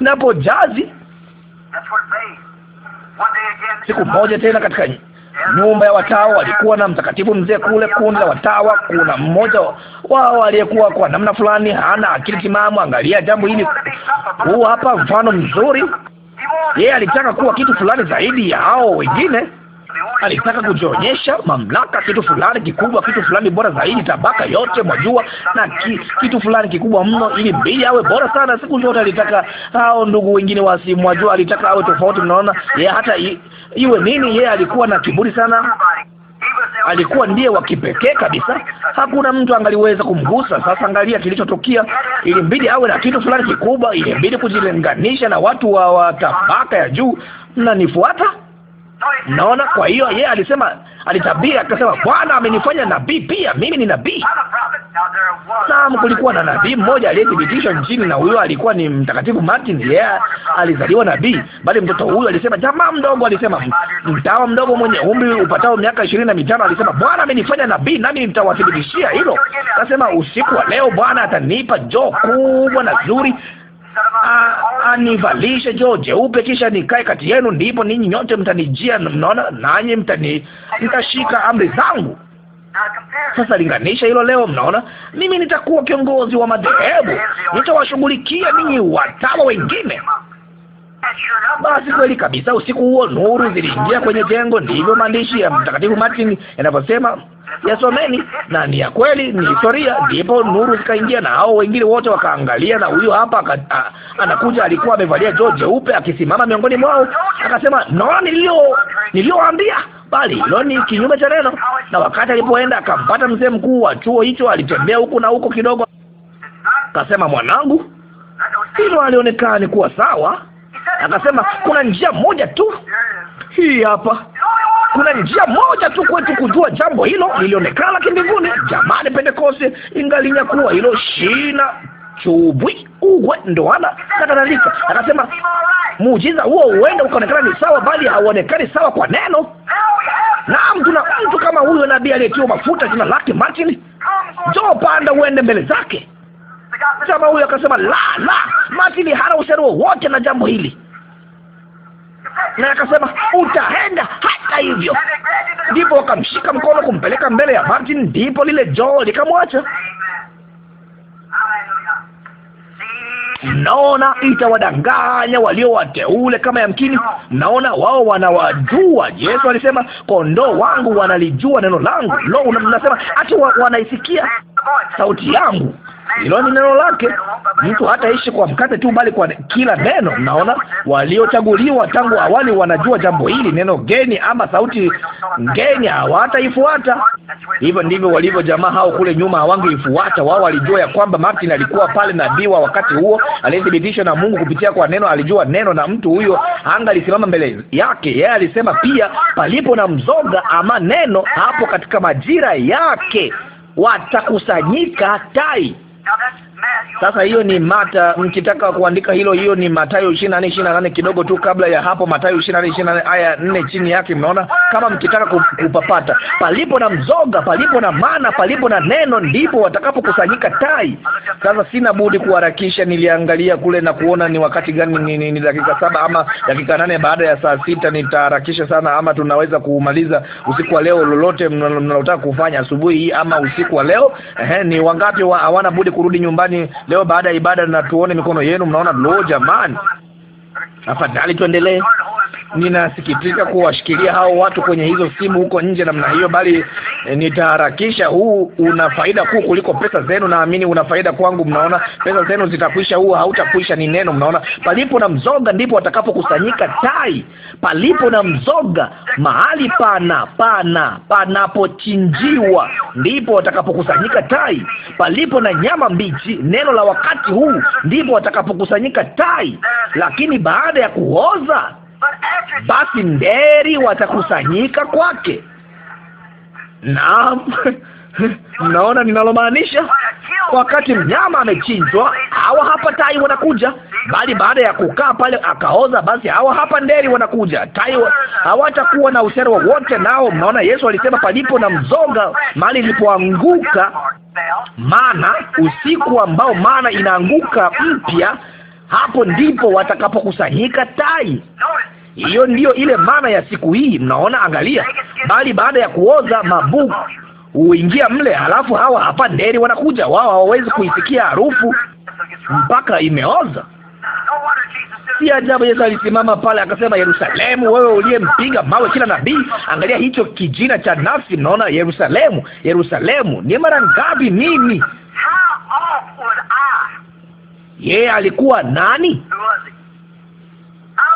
inapojazi siku moja tena katika nyumba ya watawa. Walikuwa na mtakatifu mzee kule, kundi la watawa. Kuna mmoja wao aliyekuwa kwa namna fulani hana akili timamu. Angalia jambo hili, huu hapa mfano mzuri. Yeye alitaka kuwa kitu fulani zaidi ya hao wengine alitaka kujionyesha mamlaka, kitu fulani kikubwa, kitu fulani bora zaidi, tabaka yote mwajua, na ki, kitu fulani kikubwa mno, ili mbili awe bora sana. Siku zote alitaka hao ndugu wengine wasimwajua, alitaka awe tofauti. Mnaona ye hata iwe nini, yeye alikuwa na kiburi sana alikuwa ndiye wa kipekee kabisa, hakuna mtu angaliweza kumgusa. Sasa angalia kilichotokea, ilimbidi awe na kitu fulani kikubwa, ilimbidi kujilinganisha na watu wa, wa tabaka ya juu. Mnanifuata? Naona. Kwa hiyo yeye alisema, alitabiri akasema, Bwana amenifanya nabii pia, mimi ni nabii. Naam, kulikuwa na nabii mmoja aliyethibitishwa nchini, na huyo alikuwa ni mtakatifu Martin. Yeye yeah, alizaliwa nabii, bali mtoto huyo alisema, jamaa mdogo alisema, mtawa mdogo mwenye umri upatao miaka ishirini na mitano alisema, Bwana amenifanya nabii, nami mtawathibitishia hilo. Akasema, usiku wa leo Bwana atanipa joo kubwa na zuri anivalishe ah, ah, joo jeupe, kisha nikae kati yenu, ndipo ninyi nyote mtanijia, mnaona, nanyi mtani mtashika amri zangu. Sasa linganisha hilo leo. Mnaona, mimi nitakuwa kiongozi wa madhehebu, nitawashughulikia ninyi watawa wengine basi kweli kabisa, usiku huo nuru ziliingia kwenye jengo. Ndivyo maandishi ya Mtakatifu Martin yanavyosema, yasomeni, na ni ya kweli, ni historia. Ndipo nuru zikaingia na hao wengine wote wakaangalia, na huyo hapa anakuja, alikuwa amevalia joo jeupe, akisimama miongoni mwao, akasema, naona nilio nilioambia bali hilo ni kinyume cha neno. Na wakati alipoenda akampata mzee mkuu wa chuo hicho, alitembea huku na huko kidogo, akasema, mwanangu, hilo alionekana kuwa sawa Akasema kuna njia moja tu, hii hapa. Kuna njia moja tu kwetu kujua jambo hilo lilionekana kimbinguni. Jamani, Pentekoste ingalinyakuwa hilo shina chubwi ugwe ndoana na kadhalika. Akasema muujiza huo huenda ukaonekana ni sawa, bali hauonekani sawa kwa neno. Naam, tuna mtu kama huyo nabii aliyetiwa mafuta, jina lake Martin. Njoo panda uende mbele zake. Jamaa huyo akasema, la la, Martin hana uhusiano wowote na jambo hili, na akasema utaenda hata hivyo. Ndipo wakamshika mkono kumpeleka mbele ya Martin, ndipo lile joo likamwacha. Naona itawadanganya walio wateule kama yamkini. Naona wao wanawajua. Yesu alisema kondoo wangu wanalijua neno langu. Lo, unasema ati wa, wanaisikia sauti yangu hilo ni neno lake. Mtu hataishi kwa mkate tu, bali kwa kila neno. Mnaona, waliochaguliwa tangu awali wanajua jambo hili. Neno geni ama sauti geni hawataifuata. Hivyo ndivyo walivyo jamaa hao kule nyuma, hawangeifuata wao. Walijua ya kwamba Martin alikuwa pale, nabii wa wakati huo aliyethibitishwa na Mungu kupitia kwa neno. Alijua neno, na mtu huyo anga alisimama mbele yake. Yeye alisema pia, palipo na mzoga ama neno, hapo katika majira yake watakusanyika tai. Now that's Sasa hiyo ni mata, mkitaka kuandika hilo, hiyo ni Mathayo 24 28, kidogo tu kabla ya hapo, Mathayo 24 28 aya 4 chini yake. Mnaona, kama mkitaka kupapata, palipo na mzoga, palipo na mana, palipo na neno, ndipo watakapokusanyika tai. Sasa sina budi kuharakisha. Niliangalia kule na kuona ni wakati gani, ni, ni, ni dakika saba ama dakika nane baada ya saa sita. Nitaharakisha sana, ama tunaweza kumaliza usiku wa leo. Lolote mnalotaka kufanya asubuhi hii ama usiku wa leo. Ehe, ni wangapi hawana budi kurudi nyumbani fulani leo baada ya ibada, na tuone mikono yenu. Mnaona, lo jamani Afadhali tuendelee. Ninasikitika kuwashikilia hao watu kwenye hizo simu huko nje namna hiyo, bali eh, nitaharakisha. Huu una faida kuu kuliko pesa zenu, naamini una faida kwangu. Mnaona, pesa zenu zitakwisha, huu hautakwisha. Ni neno, mnaona. Palipo na mzoga ndipo watakapokusanyika tai, palipo na mzoga, mahali pana pana panapochinjiwa ndipo watakapokusanyika tai, palipo na nyama mbichi, neno la wakati huu ndipo watakapokusanyika tai, lakini baada baada ya kuoza, basi nderi watakusanyika kwake. Naam. (laughs) Mnaona ninalomaanisha? Wakati mnyama amechinjwa, hawa hapa tai wanakuja, bali baada ya kukaa pale akaoza, basi hawa hapa nderi wanakuja. Tai wa... hawatakuwa na uhusiano wowote nao. Mnaona, Yesu alisema palipo na mzoga mali ilipoanguka, maana usiku ambao maana inaanguka mpya hapo ndipo watakapokusanyika tai. Hiyo ndiyo ile maana ya siku hii, mnaona. Angalia, bali baada ya kuoza mabuku huingia mle, halafu hawa hapa nderi wanakuja. Wao hawawezi kuisikia harufu mpaka imeoza. Si ajabu Yesu alisimama pale akasema, Yerusalemu, wewe uliyempiga mawe kila nabii. Angalia hicho kijina cha nafsi, mnaona. Yerusalemu, Yerusalemu, ni mara ngapi mimi yeye alikuwa nani?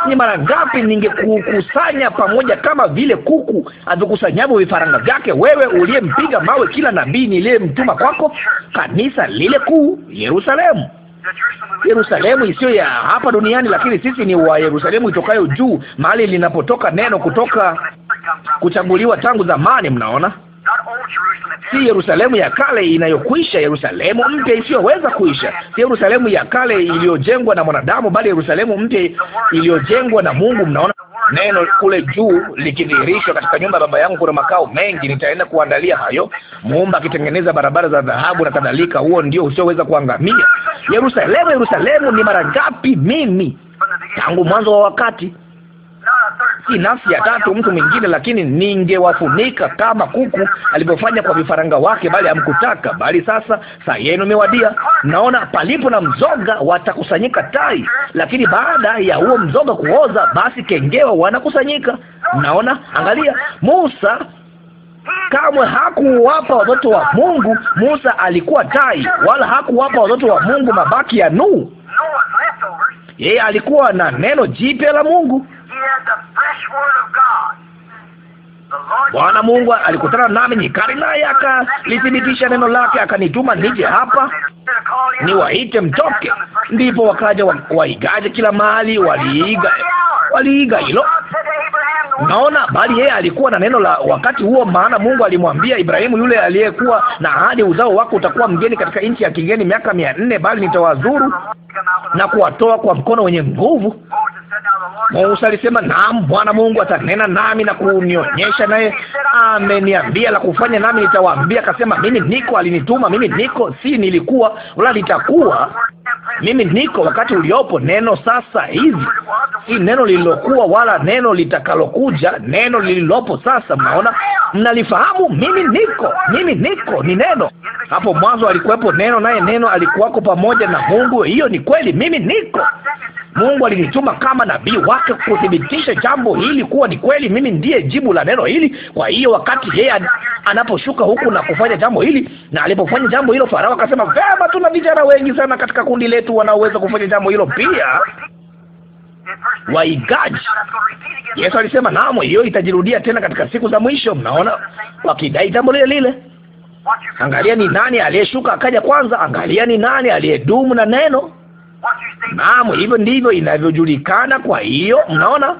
Ni mara ngapi ningekukusanya pamoja kama vile kuku avyokusanyavyo vifaranga vyake, wewe uliyempiga mawe kila nabii niliyemtuma kwako, kanisa lile kuu Yerusalemu, Yerusalemu isiyo ya hapa duniani, lakini sisi ni wa Yerusalemu itokayo juu, mahali linapotoka neno kutoka kuchaguliwa tangu zamani. Mnaona? si Yerusalemu ya kale inayokwisha, Yerusalemu mpya isiyoweza kuisha, si Yerusalemu ya kale iliyojengwa na mwanadamu, bali Yerusalemu mpya iliyojengwa na Mungu. Mnaona neno kule juu likidhihirishwa katika nyumba ya Baba yangu kuna makao mengi, nitaenda kuandalia hayo, muumba akitengeneza barabara za dhahabu na kadhalika. Huo ndio usioweza kuangamia. Yerusalemu, Yerusalemu, ni mara ngapi mimi tangu mwanzo wa wakati si nafsi ya tatu mtu mwingine, lakini ningewafunika kama kuku alivyofanya kwa vifaranga wake, bali hamkutaka. Bali sasa saa yenu imewadia. Naona palipo na mzoga watakusanyika tai, lakini baada ya huo mzoga kuoza, basi kengewa wanakusanyika. Naona, angalia Musa kamwe hakuwapa watoto wa Mungu. Musa alikuwa tai, wala hakuwapa watoto wa Mungu mabaki ya Nuhu. Yeye alikuwa na neno jipya la Mungu. Bwana Mungu alikutana nami nyikari, naye akalithibitisha neno lake, akanituma nije hapa ni waite mtoke. Ndipo wakaja waigaje kila mahali, waliiga waliiga hilo Naona bali yeye alikuwa na neno la wakati huo, maana Mungu alimwambia Ibrahimu yule aliyekuwa na ahadi, uzao wako utakuwa mgeni katika nchi ya kigeni miaka mia nne, bali nitawazuru na kuwatoa kwa mkono wenye nguvu. Musa alisema, naam, Bwana Mungu atanena nami na kunionyesha, naye ameniambia la kufanya, nami nitawaambia. Akasema, mimi niko, alinituma mimi niko, si nilikuwa wala litakuwa mimi niko wakati uliopo. Neno sasa hivi si neno lililokuwa wala neno litakalokuja, neno lililopo sasa. Mnaona, mnalifahamu. Mimi niko, mimi niko ni neno. Hapo mwanzo alikuwepo neno, naye neno alikuwako pamoja na Mungu. Hiyo ni kweli. Mimi niko Mungu alinituma kama nabii wake kuthibitisha jambo hili kuwa ni kweli. Mimi ndiye jibu la neno hili. Kwa hiyo wakati yeye anaposhuka huku na kufanya jambo hili, na alipofanya jambo hilo, Farao akasema, vema, tuna vijana wengi sana katika kundi letu wanaoweza kufanya jambo hilo pia waigaji. Yesu alisema, naam, hiyo itajirudia tena katika siku za mwisho. Mnaona wakidai jambo lile lile. Angalia ni nani aliyeshuka akaja kwanza, angalia ni nani aliyedumu na neno Naam, hivyo ndivyo inavyojulikana. Kwa hiyo mnaona,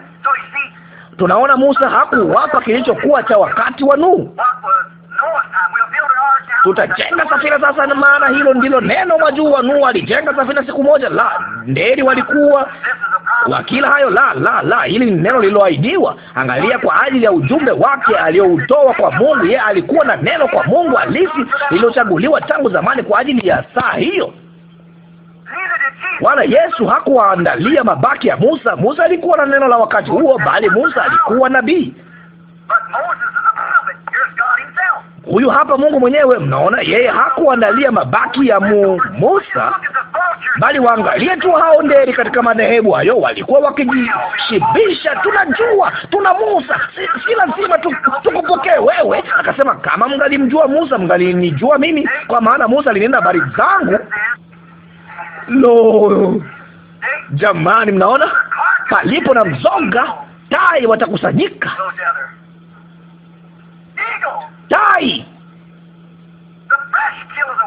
tunaona Musa hakuwapa kilichokuwa cha wakati wa Nuhu. Tutajenga safina sasa, na maana hilo ndilo neno. Wajuu wa Nuhu alijenga safina siku moja, la nderi walikuwa wakila hayo, la la la, hili ni neno lililoahidiwa. Angalia kwa ajili ya ujumbe wake aliyoutoa kwa Mungu. Yeye alikuwa na neno kwa Mungu halisi lililochaguliwa tangu zamani kwa ajili ya saa hiyo. Wala Yesu hakuwaandalia mabaki ya Musa. Musa alikuwa na neno la wakati huo, bali Musa alikuwa nabii. Huyu hapa Mungu mwenyewe, mnaona, yeye hakuandalia mabaki ya mu Musa, bali waangalie tu hao nderi katika madhehebu hayo walikuwa wakijishibisha, tunajua tuna Musa, si, si lazima tukupokee wewe. Akasema, kama mngalimjua Musa mngalinijua mimi, kwa maana Musa alinenda habari zangu. Lo, jamani, mnaona palipo na mzoga, tai watakusanyika. Tai,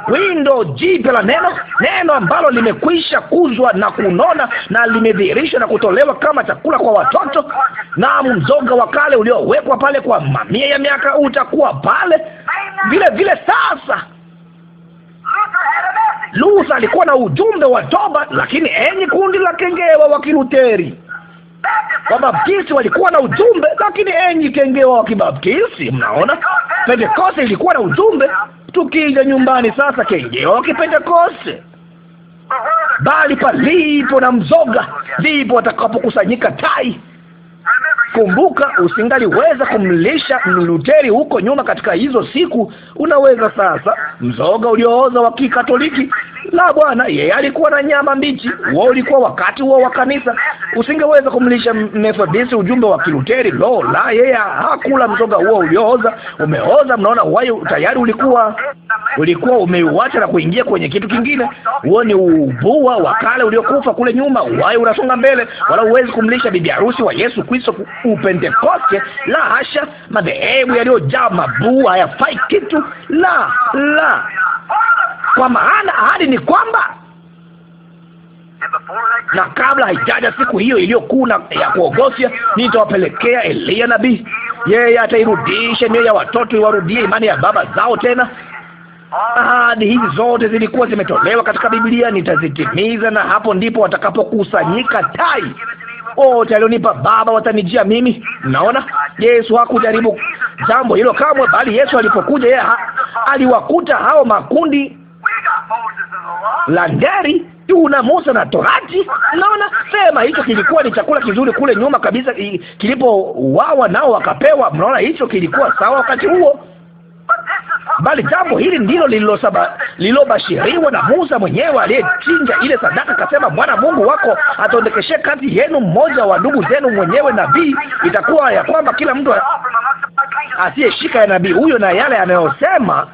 windo jipya la neno, neno ambalo limekwisha kuzwa na kunona na limedhihirishwa na kutolewa kama chakula kwa watoto. Na mzoga wa kale uliowekwa pale kwa mamia ya miaka utakuwa pale vile vile. Sasa Luther alikuwa na ujumbe wa toba, lakini enyi kundi la kengewa wa Kiluteri. Wabaptisti walikuwa na ujumbe, lakini enyi kengewa wa Kibaptisti. Mnaona, Pentekoste ilikuwa na ujumbe. Tukija nyumbani sasa, kengewa wa Kipentekoste bali palipo na mzoga ndipo watakapokusanyika tai Kumbuka, usingaliweza kumlisha Mluteri huko nyuma katika hizo siku. Unaweza sasa. Mzoga uliooza wa Kikatoliki la, Bwana, yeye alikuwa na nyama mbichi. Huo ulikuwa wakati huo wa kanisa. Usingeweza kumlisha Methodisti ujumbe wa Kiluteri. Lo la, yeye hakula mzoga huo uliooza. Umeoza, mnaona, wayo tayari ulikuwa ulikuwa umeuacha na kuingia kwenye kitu kingine. Huo ni ubua wa kale uliokufa kule nyuma. Wayo unasonga mbele, wala huwezi kumlisha bibi harusi wa Yesu Kristo upentekoste. La hasha, madhehebu yaliyojaa mabua hayafai kitu. La la kwa maana ahadi ni kwamba na kabla haijaja siku hiyo iliyokuu na ya kuogofya, nitawapelekea Eliya nabii. Yeye atairudisha mioyo ya watoto, iwarudie imani ya baba zao tena. Ahadi hizi zote zilikuwa zimetolewa katika Biblia, nitazitimiza na hapo ndipo watakapokusanyika tai wote alionipa Baba watanijia mimi. Naona Yesu hakujaribu jambo hilo kamwe, bali Yesu alipokuja yeye aliwakuta hao makundi la gari tuna Musa na Torati. Naona sema hicho kilikuwa ni chakula kizuri kule nyuma kabisa, kilipowawa nao wakapewa. Mnaona hicho kilikuwa sawa wakati huo, bali jambo hili ndilo lililobashiriwa na Musa mwenyewe aliyechinja ile sadaka, akasema, Bwana Mungu wako ataondekeshe kati yenu mmoja wa ndugu zenu mwenyewe nabii. Itakuwa ya kwamba kila mtu asiyeshika ya nabii huyo na yale anayosema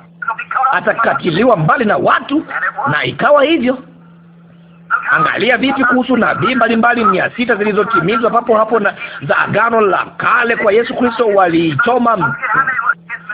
atakatiliwa mbali na watu, na ikawa hivyo. Angalia vipi kuhusu nabii mbalimbali mia sita zilizotimizwa papo hapo na za Agano la Kale kwa Yesu Kristo, waliichoma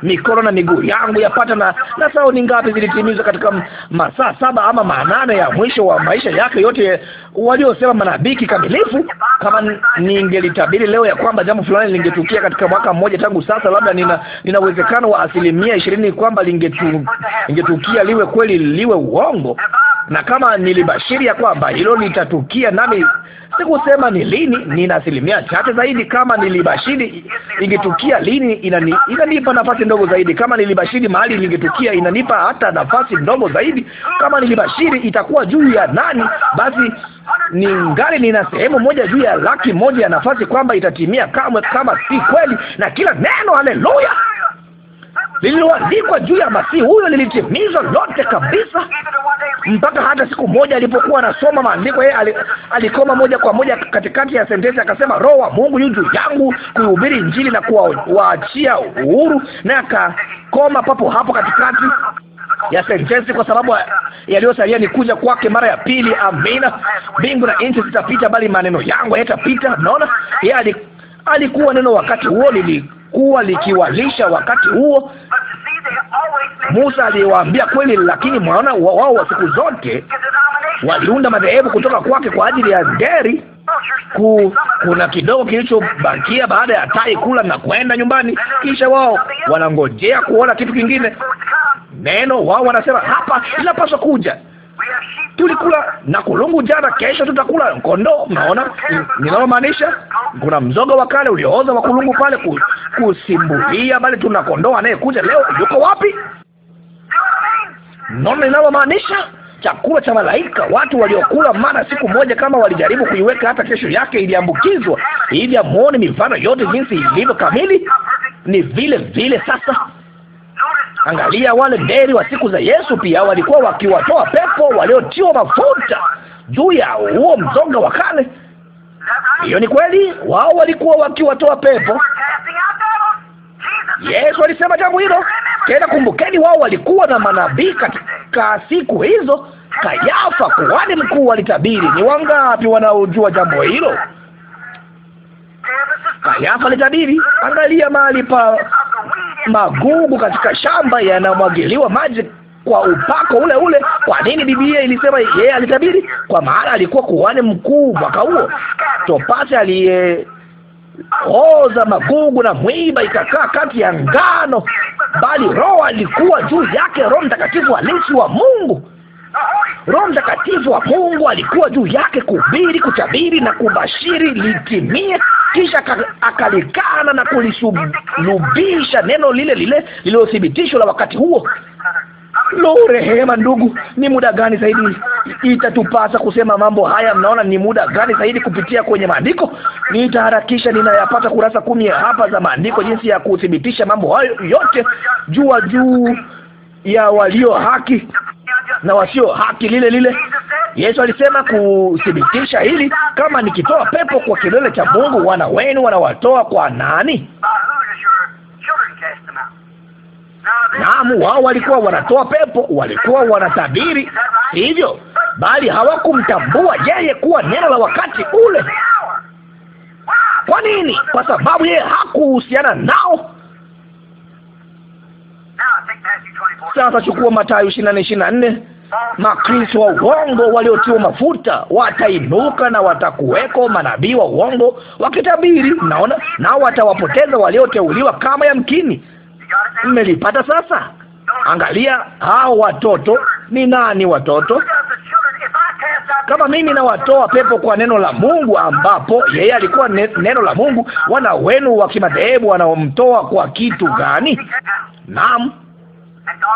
mikono na miguu yangu yapata na na sauni ngapi zilitimizwa katika masaa saba ama manane ya mwisho wa maisha yake yote waliosema manabii kikamilifu. Kama ningelitabiri leo ya kwamba jambo fulani lingetukia katika mwaka mmoja tangu sasa, labda nina nina uwezekano wa asilimia ishirini kwamba lingetu, lingetukia liwe kweli liwe uongo. Na kama nilibashiri ya kwamba hilo litatukia, nami sikusema ni lini, nina asilimia chache zaidi. Kama nilibashiri ingetukia lini, inani, inanipa nafasi ndogo zaidi. Kama nilibashiri mahali lingetukia, inanipa hata nafasi ndogo zaidi. Kama nilibashiri itakuwa juu ya nani, basi ni ningali nina sehemu moja juu ya laki moja ya nafasi kwamba itatimia kamwe, kama si kweli, na kila neno haleluya lililoandikwa juu ya masihi huyo lilitimizwa lote kabisa, mpaka hata siku moja alipokuwa anasoma maandiko, yeye alikoma moja kwa moja katikati ya sentensi akasema, Roho wa Mungu yu juu yangu kuihubiri Injili na kuwaachia uhuru, na akakoma papo hapo katikati ya sentensi, kwa sababu yaliyosalia ni kuja kwake mara ya pili. Amina. Mbingu na nchi zitapita, bali maneno yangu yatapita Naona yeye alikuwa neno wakati huo, lilikuwa likiwalisha wakati huo. Musa aliwaambia kweli, lakini mwaona wao wa siku zote waliunda madhehebu kutoka kwake kwa ajili ya deri ku, kuna kidogo kilichobakia baada ya tai kula na kwenda nyumbani, kisha wao wanangojea kuona kitu kingine. Neno wao wanasema hapa inapaswa kuja tulikula na kulungu jana, kesho tutakula kondoo. Mnaona ninalomaanisha? Kuna mzoga wa kale uliooza wa kulungu pale kusimbulia, bali tuna kondoo anayekuja leo. Yuko wapi? naona ninalomaanisha? chakula cha malaika. Watu waliokula mara siku moja, kama walijaribu kuiweka hata kesho yake, iliambukizwa. Hivi amuone mifano yote jinsi ilivyo kamili? Ni vile vile sasa. Angalia wale deri wa siku za Yesu, pia walikuwa wakiwatoa pepo waliotiwa mafuta juu ya huo mzoga wa kale. Hiyo ni kweli, wao walikuwa wakiwatoa pepo. Yesu alisema jambo hilo tena. Kumbukeni, wao walikuwa na manabii katika katika siku hizo Kayafa kuhani mkuu alitabiri. Ni wangapi wanaojua jambo hilo? Kayafa alitabiri, angalia mahali pa magugu katika shamba yanamwagiliwa maji kwa upako ule ule. Kwa nini Biblia ilisema yeye alitabiri? Kwa maana alikuwa kuhani mkuu mwaka huo. Topasi aliye oza magugu na mwiba ikakaa kati ya ngano, bali Roho alikuwa juu yake. Roho Mtakatifu halisi wa Mungu, Roho Mtakatifu wa Mungu alikuwa juu yake kuhubiri, kutabiri na kubashiri litimie. Kisha akalikana na kulisulubisha neno lile lile lililothibitishwa la wakati huo Lo, rehema ndugu, ni muda gani zaidi itatupasa kusema mambo haya? Mnaona ni muda gani zaidi kupitia kwenye maandiko? Nitaharakisha, ninayapata kurasa kumi hapa za maandiko, jinsi ya kuthibitisha mambo hayo yote. Jua juu ya walio haki na wasio haki, lile lile Yesu alisema kuthibitisha hili, kama nikitoa pepo kwa kidole cha Mungu, wana wenu wanawatoa kwa nani? Naam, wao walikuwa wanatoa pepo, walikuwa wanatabiri, hivyo bali hawakumtambua yeye kuwa neno la wakati ule. Kwa nini? Kwa sababu yeye hakuhusiana nao. Sasa chukua Mathayo 24:24 na na nne. Makristo wa uongo waliotiwa mafuta watainuka na watakuweko manabii wa uongo wakitabiri. Naona nao watawapoteza walioteuliwa kama yamkini. Mmelipata sasa? Angalia hao watoto. Ni nani watoto? Kama mimi nawatoa pepo kwa neno la Mungu, ambapo yeye alikuwa neno la Mungu. Wana wenu wa kimadhehebu wanaomtoa kwa kitu gani? Naam,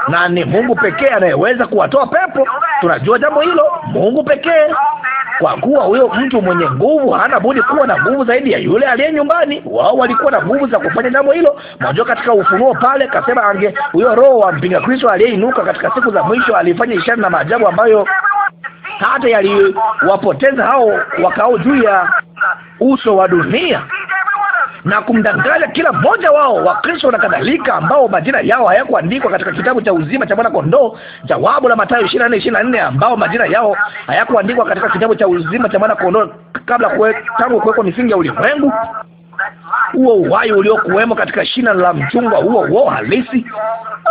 na ni Mungu pekee anayeweza kuwatoa pepo. Tunajua jambo hilo, Mungu pekee kwa kuwa huyo mtu mwenye nguvu hana budi kuwa na nguvu zaidi ya yule aliye nyumbani. Wao walikuwa na nguvu za kufanya jambo hilo. majo katika Ufunuo pale kasema, ange huyo roho wa mpinga Kristo aliyeinuka katika siku za mwisho alifanya ishara na maajabu ambayo hata yaliwapoteza hao wakao juu ya uso wa dunia na kumdanganya kila mmoja wao Kristo na kadhalika, ambao majina yao hayakuandikwa katika kitabu cha uzima cha mwana kondoo, jawabu la Mathayo 24 24, ambao majina yao hayakuandikwa katika kitabu cha uzima cha mwana kondoo kabla kwe, tangu kuwekwa misingi ya ulimwengu. Huo uhai uliokuwemo katika shina la mchungwa huo huo halisi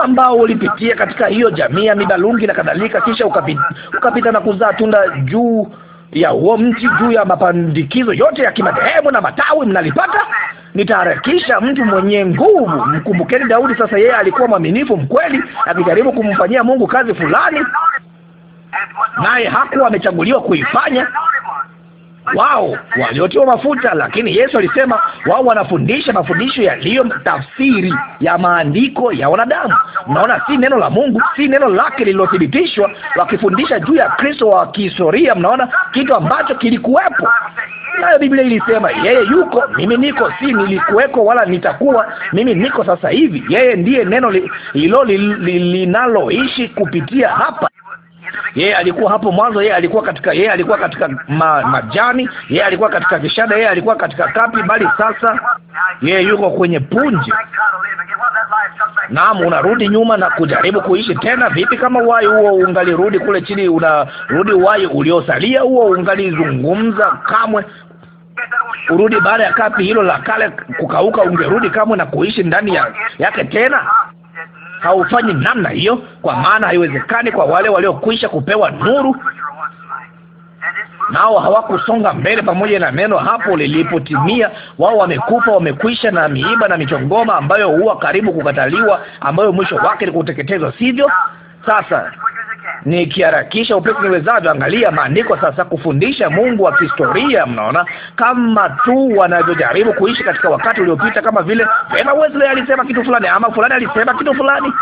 ambao ulipitia katika hiyo jamii ya mibalungi na kadhalika, kisha ukapita, ukapita na kuzaa tunda juu ya huo mti juu ya mapandikizo yote ya kimadhehebu na matawi, mnalipata nitaharakisha mtu mwenye nguvu. Mkumbukeni Daudi. Sasa yeye alikuwa mwaminifu mkweli, akijaribu kumfanyia Mungu kazi fulani, naye hakuwa amechaguliwa kuifanya. Wao waliotiwa mafuta, lakini Yesu alisema wao wanafundisha mafundisho yaliyo tafsiri ya maandiko ya wanadamu. Naona si neno la Mungu, si neno lake lililothibitishwa, wakifundisha juu ya Kristo wa kihistoria. Mnaona kitu ambacho kilikuwepo nayo Biblia ilisema yeye yuko, mimi niko, si nilikuweko wala nitakuwa, mimi niko sasa hivi. Yeye ndiye neno hilo li, linaloishi li, linaloishi kupitia hapa yeye alikuwa hapo mwanzo, yeye alikuwa katika, yeye alikuwa katika ma, majani, yeye alikuwa katika kishada, yeye alikuwa katika kapi, bali sasa yeye yuko kwenye punje. Naam, unarudi nyuma na kujaribu kuishi tena. Vipi kama wai huo ungalirudi kule chini, unarudi wai uliosalia huo, ungalizungumza kamwe urudi baada ya kapi hilo la kale kukauka, ungerudi kamwe na kuishi ndani ya yake tena? Haufanyi namna hiyo, kwa maana haiwezekani kwa wale waliokwisha kupewa nuru nao hawakusonga mbele pamoja na neno hapo lilipotimia. Wao wamekufa, wamekwisha na miiba na michongoma ambayo huwa karibu kukataliwa, ambayo mwisho wake ni kuteketezwa, sivyo? Sasa nikiharakisha upesi niwezavyo. Angalia maandiko sasa, kufundisha Mungu wa kihistoria. Mnaona kama tu wanavyojaribu kuishi katika wakati uliopita, kama vile Wesley alisema kitu fulani ama fulani alisema kitu fulani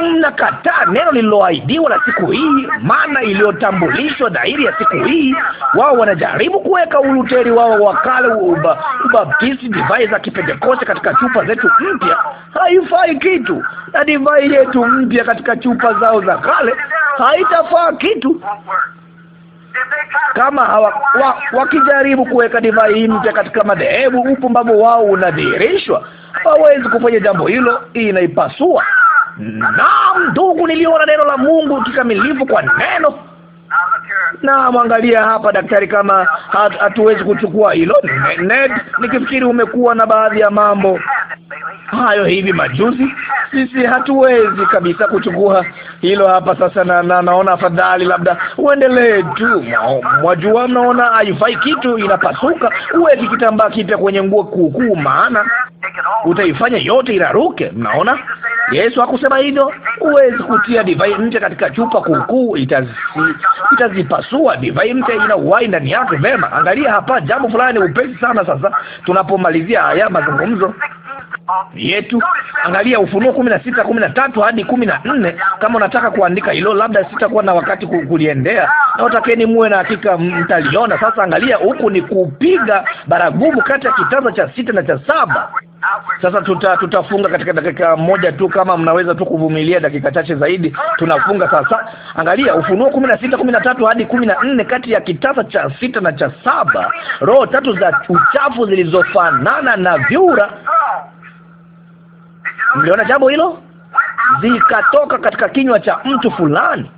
Mnakataa neno lililoahidiwa la siku hii, maana iliyotambulishwa dhahiri ya siku hii. Wao wanajaribu kuweka uluteri wao wa kale, uba, ubaptisti, divai za kipentekoste katika chupa zetu mpya. Haifai kitu, na divai yetu mpya katika chupa zao za kale haitafaa kitu kama hawa wa, wakijaribu kuweka divai mpya katika madhehebu, upumbavu wao unadhihirishwa. Hawawezi kufanya jambo hilo, inaipasua. Naam ndugu, niliona neno la Mungu kikamilifu kwa neno na mwangalia hapa daktari, kama hatuwezi kuchukua hilo Ned. Nikifikiri umekuwa na baadhi ya mambo hayo hivi majuzi. Sisi hatuwezi kabisa kuchukua hilo hapa sasa, na, na naona afadhali labda uendelee tu. Mwajua, mnaona haifai kitu, inapasuka. Uweki kitambaa kipya kwenye nguo kuukuu, maana utaifanya yote iraruke. Mnaona, Yesu hakusema hivyo. Huwezi kutia divai mpya katika chupa kuukuu, itazi, itazipasua. Divai mpya ina uhai ndani yake. Vema, angalia hapa jambo fulani upesi sana. Sasa tunapomalizia haya mazungumzo yetu angalia Ufunuo kumi na sita kumi na tatu hadi kumi na nne Kama unataka kuandika hilo, labda sitakuwa na wakati kuliendea, naotakeni muwe na hakika mtaliona. Sasa angalia, huku ni kupiga baragumu kati ya kitabu cha sita na cha saba. Sasa tuta, tutafunga katika dakika moja tu, kama mnaweza tu kuvumilia dakika chache zaidi, tunafunga sasa. Angalia Ufunuo kumi na sita kumi na tatu hadi kumi na nne kati ya kitasa cha sita na cha saba roho tatu za uchafu zilizofanana na vyura. Mliona jambo hilo? Zikatoka katika kinywa cha mtu fulani.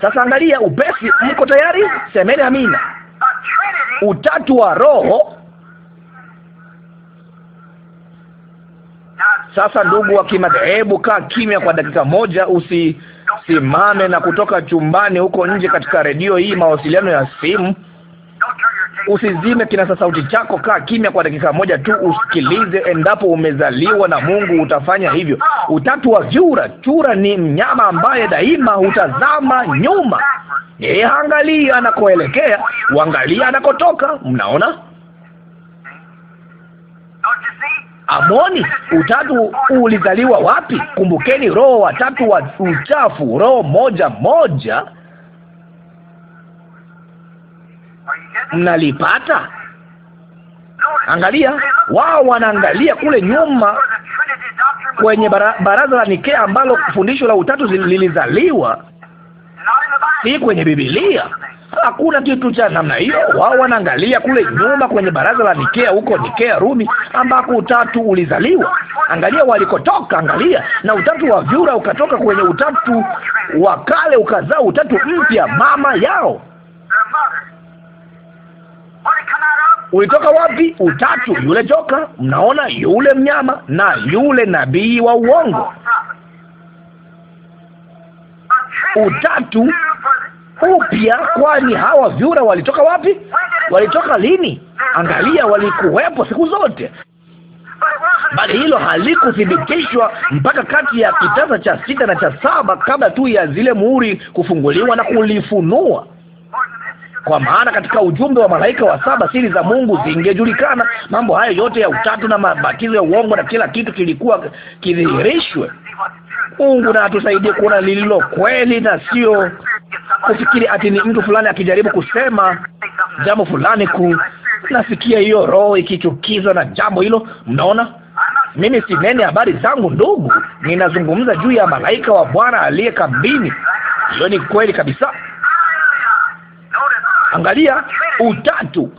Sasa angalia upesi, mko tayari? Semeni amina. Utatu wa roho Sasa ndugu wa kimadhehebu, kaa kimya kwa dakika moja, usisimame na kutoka chumbani huko nje katika redio hii, mawasiliano ya simu. Usizime kinasa sauti chako, kaa kimya kwa dakika moja tu, usikilize. Endapo umezaliwa na Mungu utafanya hivyo. Utatu wa vyura, chura ni mnyama ambaye daima hutazama nyuma, yeye haangalii anakoelekea, huangalia anakotoka. Mnaona? Amoni. Utatu ulizaliwa wapi? Kumbukeni, roho watatu wa uchafu, roho moja moja. Mnalipata? Angalia, wao wanaangalia kule nyuma kwenye baraza la Nikea ambalo fundisho la utatu lilizaliwa, si kwenye Biblia. Hakuna kitu cha namna hiyo. Wao wanaangalia kule nyuma kwenye baraza la Nikea, huko Nikea Rumi, ambako utatu ulizaliwa. Angalia walikotoka, angalia na utatu wa vyura ukatoka kwenye utatu wa kale ukazaa utatu mpya, mama yao ulitoka wapi? Utatu yule joka, mnaona, yule mnyama na yule nabii wa uongo. Utatu upya. Kwani hawa vyura walitoka wapi? Walitoka lini? Angalia, walikuwepo siku zote, bali hilo halikuthibitishwa mpaka kati ya kitasa cha sita na cha saba, kabla tu ya zile muhuri kufunguliwa na kulifunua kwa maana katika ujumbe wa malaika wa saba siri za Mungu zingejulikana. Mambo hayo yote ya utatu na mabatizo ya uongo na kila kitu kilikuwa kidhihirishwe. Mungu na atusaidie kuona lililo kweli na sio kufikiri ati ni mtu fulani akijaribu kusema jambo fulani ku nasikia hiyo roho ikichukizwa na jambo hilo. Mnaona, mimi sineni habari zangu ndugu, ninazungumza juu ya malaika wa Bwana aliye kambini. Hiyo ni kweli kabisa. Angalia utatu,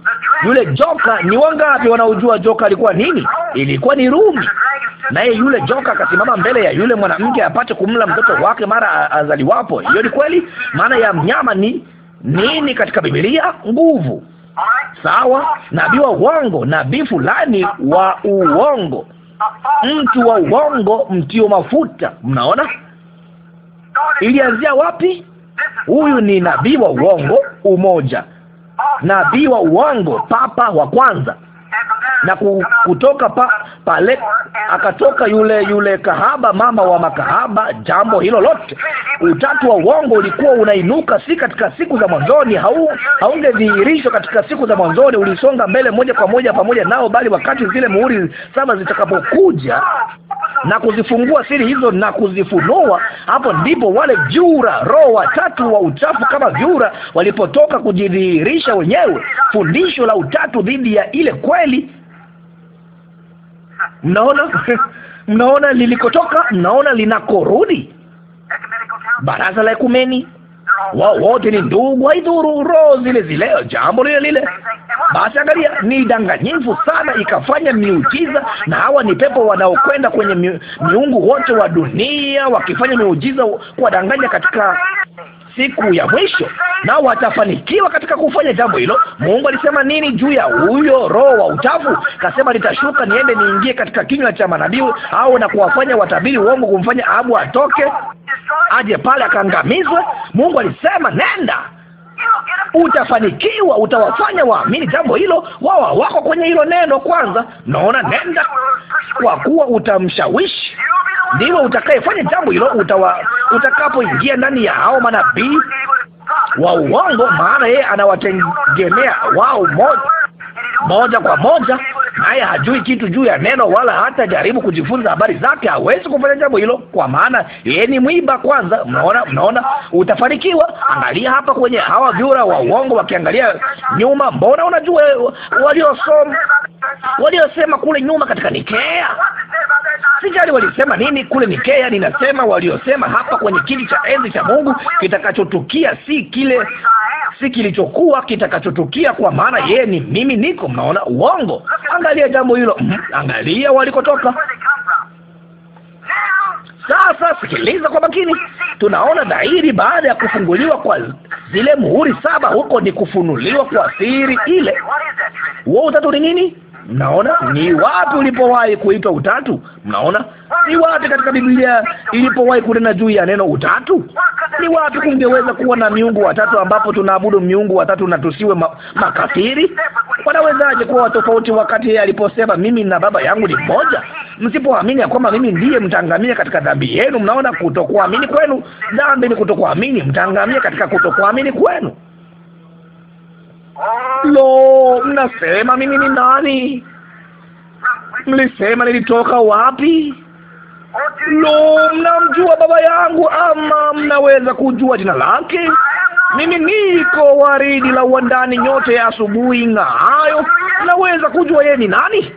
yule joka. Ni wangapi wanaojua joka alikuwa nini? Ilikuwa ni Rumi. Naye yule joka akasimama mbele ya yule mwanamke apate kumla mtoto wake mara azaliwapo. Hiyo ni kweli. Maana ya mnyama ni nini katika Biblia? Nguvu. Sawa, nabii wa uongo, nabii fulani wa uongo, mtu wa uongo, mtio mafuta. Mnaona ilianzia wapi? Huyu ni nabii wa uongo, umoja, nabii wa uongo, papa wa kwanza na kutoka pa, pale akatoka yule yule kahaba, mama wa makahaba. Jambo hilo lote, utatu wa uongo ulikuwa unainuka, si katika siku za mwanzoni, hau haungedhihirishwa katika siku za mwanzoni, ulisonga mbele moja kwa moja pamoja nao, bali wakati zile muhuri saba zitakapokuja na kuzifungua siri hizo na kuzifunua, hapo ndipo wale vyura, roho watatu wa uchafu kama vyura, walipotoka kujidhihirisha wenyewe. Fundisho la utatu dhidi ya ile kweli Mnaona, (laughs) mnaona lilikotoka, mnaona linakorudi. Baraza la Ekumeni, wao wote ni ndugu, haidhuru roho zile zile, jambo lile lile. Basi angalia, ni danganyifu sana, ikafanya miujiza, na hawa ni pepo wanaokwenda kwenye miungu wote wa dunia wakifanya miujiza, kuwadanganya katika siku ya mwisho, nao watafanikiwa katika kufanya jambo hilo. Mungu alisema nini juu ya huyo roho wa uchafu? Kasema, nitashuka niende niingie katika kinywa cha manabii au na kuwafanya watabiri uongo, kumfanya Abu atoke aje pale akaangamizwe. Mungu alisema nenda utafanikiwa, utawafanya waamini jambo hilo. Wawa wako kwenye hilo neno kwanza, naona nenda, kwa kuwa utamshawishi ndiwe utakayefanya jambo hilo, utawa utakapoingia ndani ya hao manabii wa uongo, maana yeye anawategemea wao moja moja kwa moja naye hajui kitu juu ya neno, wala hata jaribu kujifunza habari zake, hawezi kufanya jambo hilo, kwa maana yeye ni mwiba kwanza. Mnaona, mnaona, utafanikiwa. Angalia hapa kwenye hawa vyura wa uongo, wakiangalia nyuma. Mbona unajua eh, waliosoma waliosema kule nyuma katika Nikea, sijali walisema nini kule Nikea, ninasema waliosema hapa kwenye kiti cha enzi cha Mungu. Kitakachotukia si kile si kilichokuwa kitakachotukia, kwa maana yeye ni mimi niko. Mnaona uongo? Angalia jambo hilo, mhm, angalia walikotoka. Sasa sikiliza kwa makini. Tunaona dhahiri baada ya kufunguliwa kwa zile muhuri saba, huko ni kufunuliwa kwa siri ile. Huo utatu ni nini? Mnaona mm-hmm. ni wapi ulipowahi kuitwa utatu? Mnaona ni wapi katika Biblia ilipowahi kunena juu ya neno utatu? Ni wapi kungeweza kuwa na miungu watatu ambapo tunaabudu miungu watatu na tusiwe ma makafiri? Wanawezaje kuwa tofauti wakati yeye aliposema mimi na Baba yangu ni mmoja? Msipoamini ya kwamba mimi ndiye, mtangamia katika dhambi yenu. Mnaona, kutokuamini kwenu. Dhambi ni kutokuamini, mtangamia katika kutokuamini kwenu. Lo, mnasema mimi ni nani? Mlisema nilitoka wapi? Lo, mnamjua baba yangu ama mnaweza kujua jina lake? Mimi niko waridi la uwandani, nyote ya asubuhi hayo, Mnaweza kujua yeye ni nani?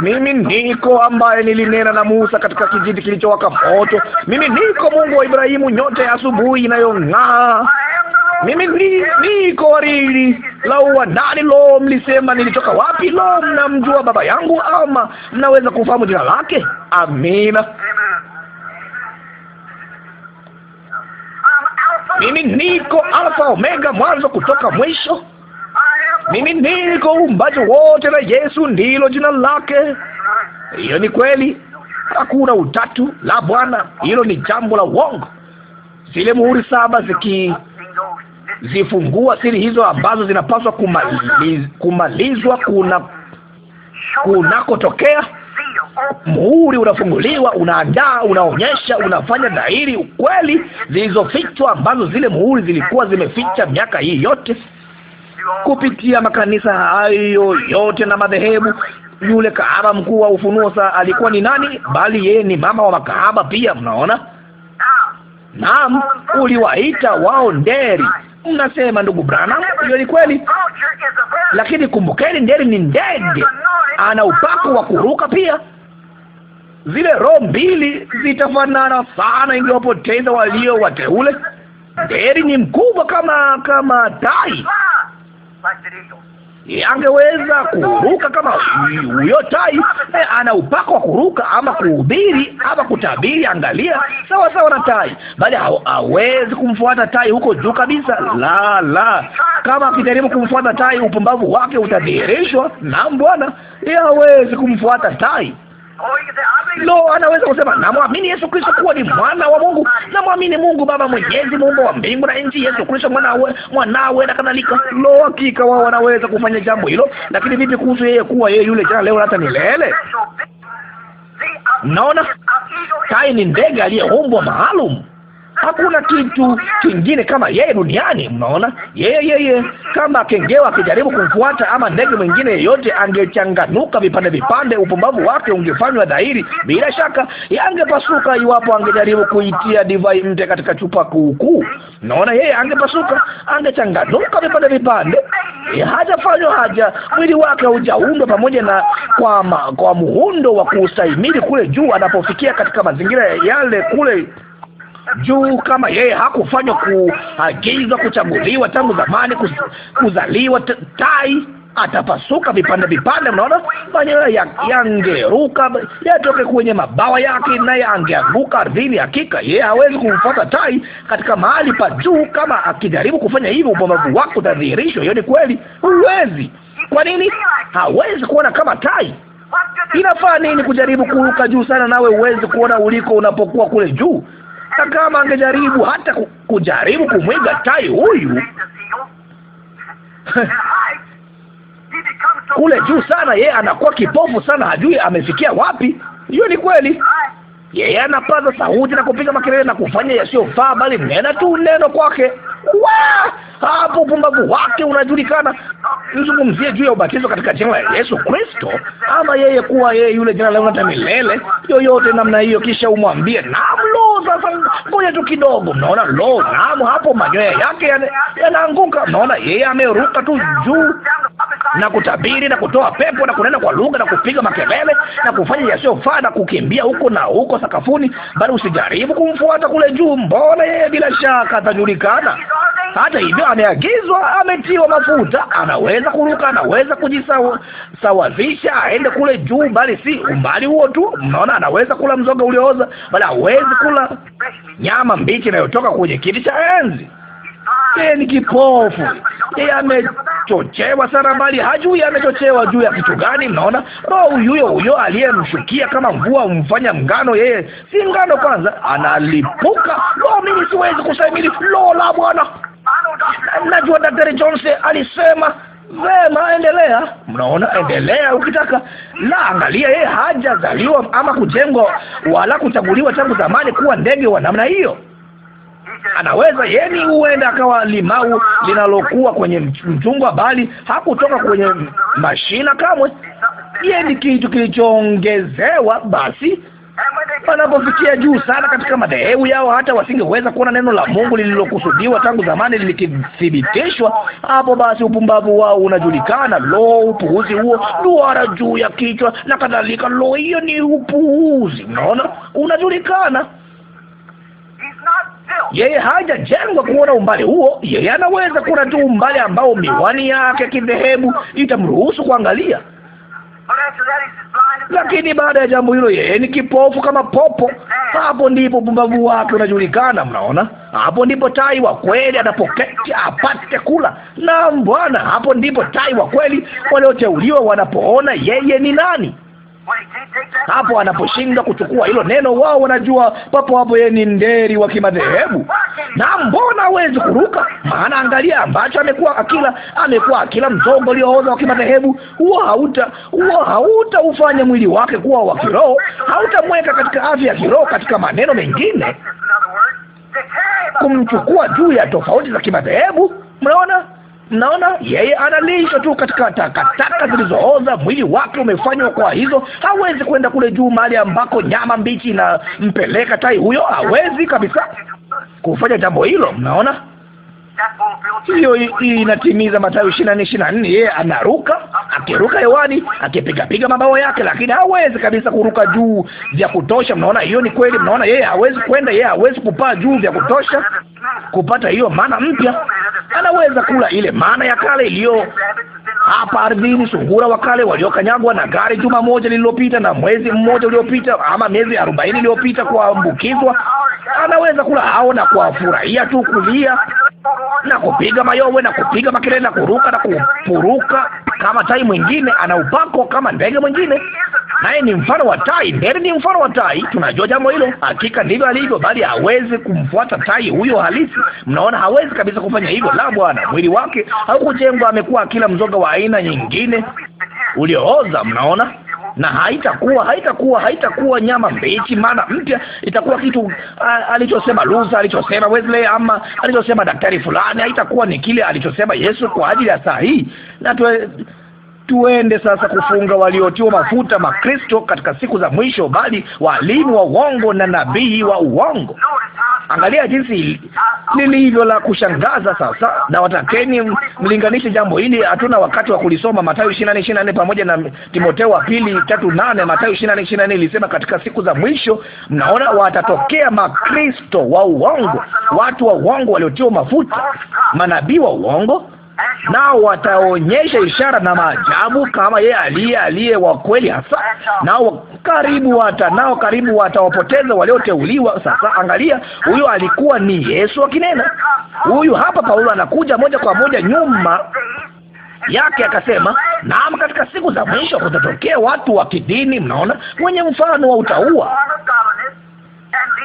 Mimi niko ambaye nilinena na Musa katika kijiti kilichowaka moto. Mimi niko Mungu wa Ibrahimu, nyote ya asubuhi inayong'aa mimi ni niko warili la uwanani. Lo, mlisema nilitoka wapi? Lo, mnamjua baba yangu ama mnaweza kufahamu jina lake? Amina. Mimi niko Alfa Omega, mwanzo kutoka mwisho. Mimi niko umbaji wote, na Yesu ndilo jina lake. Hiyo ni kweli, hakuna utatu. La Bwana, hilo ni jambo la uongo. Zile muhuri saba ziki zifungua siri hizo ambazo zinapaswa kumaliz, kumalizwa kuna kunakotokea. Muhuri unafunguliwa, unaandaa, unaonyesha, unafanya dhahiri ukweli zilizofichwa ambazo zile muhuri zilikuwa zimeficha miaka hii yote, kupitia makanisa hayo yote na madhehebu. Yule kahaba mkuu wa Ufunuo alikuwa ni nani? Bali yeye ni mama wa makahaba pia. Mnaona Naam, uliwaita wao nderi. Mnasema ndugu Branham, hiyo ni kweli, lakini kumbukeni, nderi ni ndege, ana upako wa kuruka pia. Zile roho mbili zitafanana sana, ingewapoteza walio wateule. Nderi ni mkubwa kama kama tai angeweza kuruka kama huyo tai eh, ana upako wa kuruka ama kuhubiri ama kutabiri, angalia, sawa sawa na tai, bali hawezi kumfuata tai huko juu kabisa. La, la, kama akijaribu kumfuata tai, upumbavu wake utadhihirishwa. Na Bwana hawezi kumfuata tai. Lo, anaweza kusema namwamini Yesu Kristo kuwa ni mwana wa Mungu, namwamini Mungu Baba Mwenyezi, muumba wa mbingu na nchi, Yesu Kristo mwanawe, mwanawe na kadhalika. Lo, hakika wao wanaweza kufanya jambo hilo, lakini vipi kuhusu yeye kuwa yeye yule jana, leo, hata milele? Naona tai ni ndege aliyeumbwa maalum Hakuna kitu kingine kama yeye duniani. Mnaona, yeye yeye, kama kengewa akijaribu kumfuata ama ndege mwingine yeyote, angechanganuka vipande vipande, upumbavu wake ungefanywa dhahiri. Bila shaka yangepasuka iwapo angejaribu kuitia divai mte katika chupa kuukuu. Mnaona, yeye angepasuka, angechanganuka vipande vipande. Hajafanywa haja, mwili wake haujaundwa pamoja na kwa, ma, kwa muundo wa kustahimili kule juu, anapofikia katika mazingira yale kule juu kama yeye hakufanywa kuagizwa kuchaguliwa tangu zamani, kuz, kuzaliwa tai atapasuka vipande vipande. Mnaona, manyoya yangeruka yatoke kwenye mabawa yake, naye angeanguka ardhini. Hakika yeye hawezi kumfuata tai katika mahali pa juu. Kama akijaribu kufanya hivyo, upomavu wako utadhihirishwa. Hiyo ni kweli, huwezi. Kwa nini hawezi kuona kama tai? Inafaa nini kujaribu kuruka juu sana, nawe uwezi kuona uliko unapokuwa kule juu? hata kama angejaribu hata kujaribu kumwiga tai huyu (laughs) kule juu sana, yeye anakuwa kipofu sana, hajui amefikia wapi. Hiyo ni kweli yeye anapaza sauti na kupiga makelele na kufanya yasiyofaa, bali nena tu neno kwake. hapo upumbavu wake unajulikana. Mzungumzie juu ya ubatizo katika jina la Yesu Kristo, ama yeye kuwa yeye yule jina la unata milele, yoyote namna hiyo, kisha umwambie naam. Lo, sasa ngoja tu kidogo, mnaona lo, naam, hapo manyoya yake yanaanguka, yana mnaona, yeye ameruka tu juu na kutabiri na kutoa pepo na kunena kwa lugha na kupiga makelele na kufanya yasiyofaa na kukimbia huko na huko sakafuni, bali usijaribu kumfuata kule juu. Mbona yeye bila shaka atajulikana. Hata hivyo, ameagizwa, ametiwa mafuta, anaweza kuruka, anaweza kujisawazisha aende kule juu, bali si umbali huo tu. Mnaona, anaweza kula mzoga uliooza, bali hawezi kula nyama mbichi inayotoka kwenye kiti cha enzi yeye ni kipofu, yeye amechochewa sana, bali hajui amechochewa juu ya kitu gani. Mnaona, roho huyo huyo aliyemshukia kama mvua umfanya mngano, yeye si ngano kwanza, analipuka. Lo, mimi siwezi kusaimili Lo la Bwana, najua Daktari Jones alisema Vema, endelea. Mnaona, endelea ukitaka. La, angalia, yeye hajazaliwa ama kujengwa wala kuchaguliwa tangu zamani kuwa ndege wa namna hiyo anaweza yeni, huenda akawa limau linalokuwa kwenye mchungwa, bali hakutoka kwenye mashina kamwe. yeni kitu kilichoongezewa. Basi wanapofikia juu sana katika madhehebu yao, hata wasingeweza kuona neno la Mungu lililokusudiwa tangu zamani likithibitishwa. Hapo basi upumbavu wao unajulikana. Lo, upuuzi huo! Duara juu ya kichwa na kadhalika. Lo, hiyo ni upuuzi. Unaona, unajulikana. Yeye hajajengwa kuona umbali huo. Yeye anaweza kuona tu umbali ambao miwani yake kidhehebu itamruhusu kuangalia, lakini baada ya jambo hilo, yeye ni kipofu kama popo. Hapo ndipo upumbavu wake unajulikana. Mnaona, hapo ndipo tai wa kweli anapoketi apate kula. Naam Bwana, hapo ndipo tai wa kweli walioteuliwa wanapoona yeye ni nani. Hapo anaposhindwa kuchukua hilo neno, wao wanajua papo hapo yeye ni nderi wa kimadhehebu. Na mbona hawezi kuruka? Maana angalia ambacho amekuwa akila, amekuwa akila mzongo uliooza wa kimadhehebu. Huo hauta huo hautaufanya mwili wake kuwa wa kiroho, hautamweka katika afya ya kiroho. Katika maneno mengine, kumchukua juu ya tofauti za kimadhehebu. Mnaona? Mnaona, yeye analishwa tu katika takataka zilizooza. Mwili wake umefanywa kwa hizo, hawezi kwenda kule juu mahali ambako nyama mbichi inampeleka tai huyo, hawezi kabisa kufanya jambo hilo. Mnaona hiyo inatimiza Mathayo ishirini na nne ishirini na nne. Yeye anaruka akiruka hewani akipigapiga mabawa yake, lakini hawezi kabisa kuruka juu vya kutosha. Mnaona hiyo ni kweli? Mnaona yeye hawezi kwenda, yeye hawezi kupaa juu vya kutosha kupata hiyo maana mpya. Anaweza kula ile maana ya kale iliyo hapa ardhini, sungura wa kale waliokanyagwa na gari juma moja lililopita na mwezi mmoja uliopita ama miezi arobaini iliyopita, kuambukizwa. Anaweza kula hao na kuwafurahia tu, kulia na kupiga mayowe na kupiga makelele na kuruka na kupuruka kama tai mwingine. Ana upako kama ndege mwingine, naye ni mfano wa tai. Ndege ni mfano wa tai, tunajua jambo hilo. Hakika ndivyo alivyo, bali hawezi kumfuata tai huyo halisi. Mnaona, hawezi kabisa kufanya hivyo. La, bwana, mwili wake haukujengwa, amekuwa kila mzoga wa aina nyingine uliooza, mnaona na haitakuwa haitakuwa haitakuwa nyama mbichi, maana mpya itakuwa kitu alichosema Luther, alichosema Wesley, ama alichosema daktari fulani. Haitakuwa ni kile alichosema Yesu kwa ajili ya saa hii. Na tue, tuende sasa kufunga waliotiwa mafuta makristo katika siku za mwisho, bali walimu wa uongo na nabii wa uongo. Angalia jinsi lilivyo la kushangaza sasa. Na watakeni mlinganishe jambo hili, hatuna wakati wa kulisoma. Mathayo 24:24 pamoja na Timotheo wa pili 3:8. Mathayo 24:24 ilisema katika siku za mwisho, mnaona watatokea makristo wa uongo, watu wa uongo waliotiwa mafuta, manabii wa uongo nao wataonyesha ishara na maajabu kama yeye aliye aliye wa kweli hasa. Nao karibu wata nao karibu watawapoteza walioteuliwa. Sasa angalia, huyo alikuwa ni Yesu akinena. Huyu hapa Paulo anakuja moja kwa moja nyuma yake akasema, naam, katika siku za mwisho kutatokea watu wa kidini, mnaona, wenye mfano wa utaua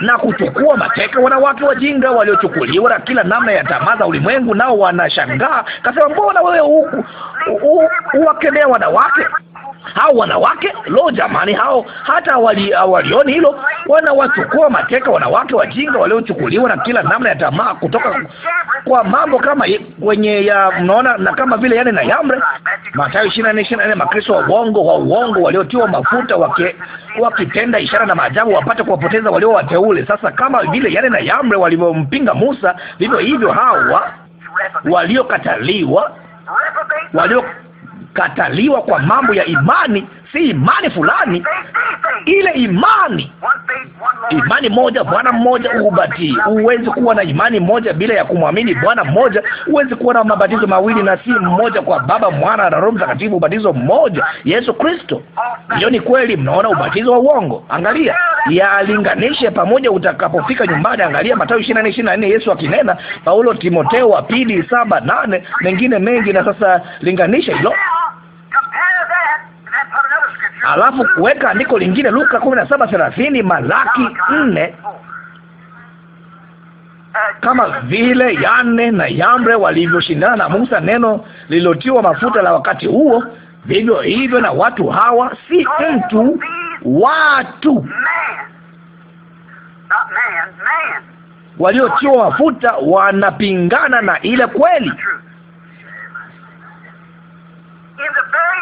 na kuchukua mateka wanawake wajinga waliochukuliwa na kila namna ya tamaa za ulimwengu, nao wanashangaa kasema, mbona wewe huku wanawake? hao wanawake, lo jamani, hao hata wali, ah, walioni hilo, wanawachukua mateka wanawake wajinga waliochukuliwa na kila namna ya tamaa kutoka kwa mambo kama kwenye ya mnaona, na kama vile yani na Yambre, Mathayo 24:24, Makristo wa uongo wa uongo waliotiwa mafuta wake wakitenda ishara na maajabu wapate kuwapoteza walio wateule. Sasa kama vile yale na yamre walivyompinga Musa, vivyo hivyo hawa waliokataliwa walio kukataliwa kwa mambo ya imani, si imani fulani, ile imani imani moja, Bwana mmoja, ubatii Huwezi kuwa na imani moja bila ya kumwamini Bwana mmoja. Huwezi kuwa na mabatizo mawili na si mmoja, kwa Baba, Mwana na Roho Mtakatifu, ubatizo mmoja, Yesu Kristo. Hiyo ni kweli. Mnaona ubatizo wa uongo? Angalia, yalinganishe pamoja utakapofika nyumbani. Angalia Mathayo 24 24, Yesu akinena, Paulo Timotheo wa pili saba nane, mengine mengi. Na sasa linganisha hilo alafu kuweka andiko lingine Luka kumi na saba thelathini Malaki nne kama vile Yane na Yambre walivyoshindana na Musa, neno lililotiwa mafuta la wakati huo, vivyo hivyo na watu hawa, si mtu, watu waliotiwa mafuta wanapingana na ile kweli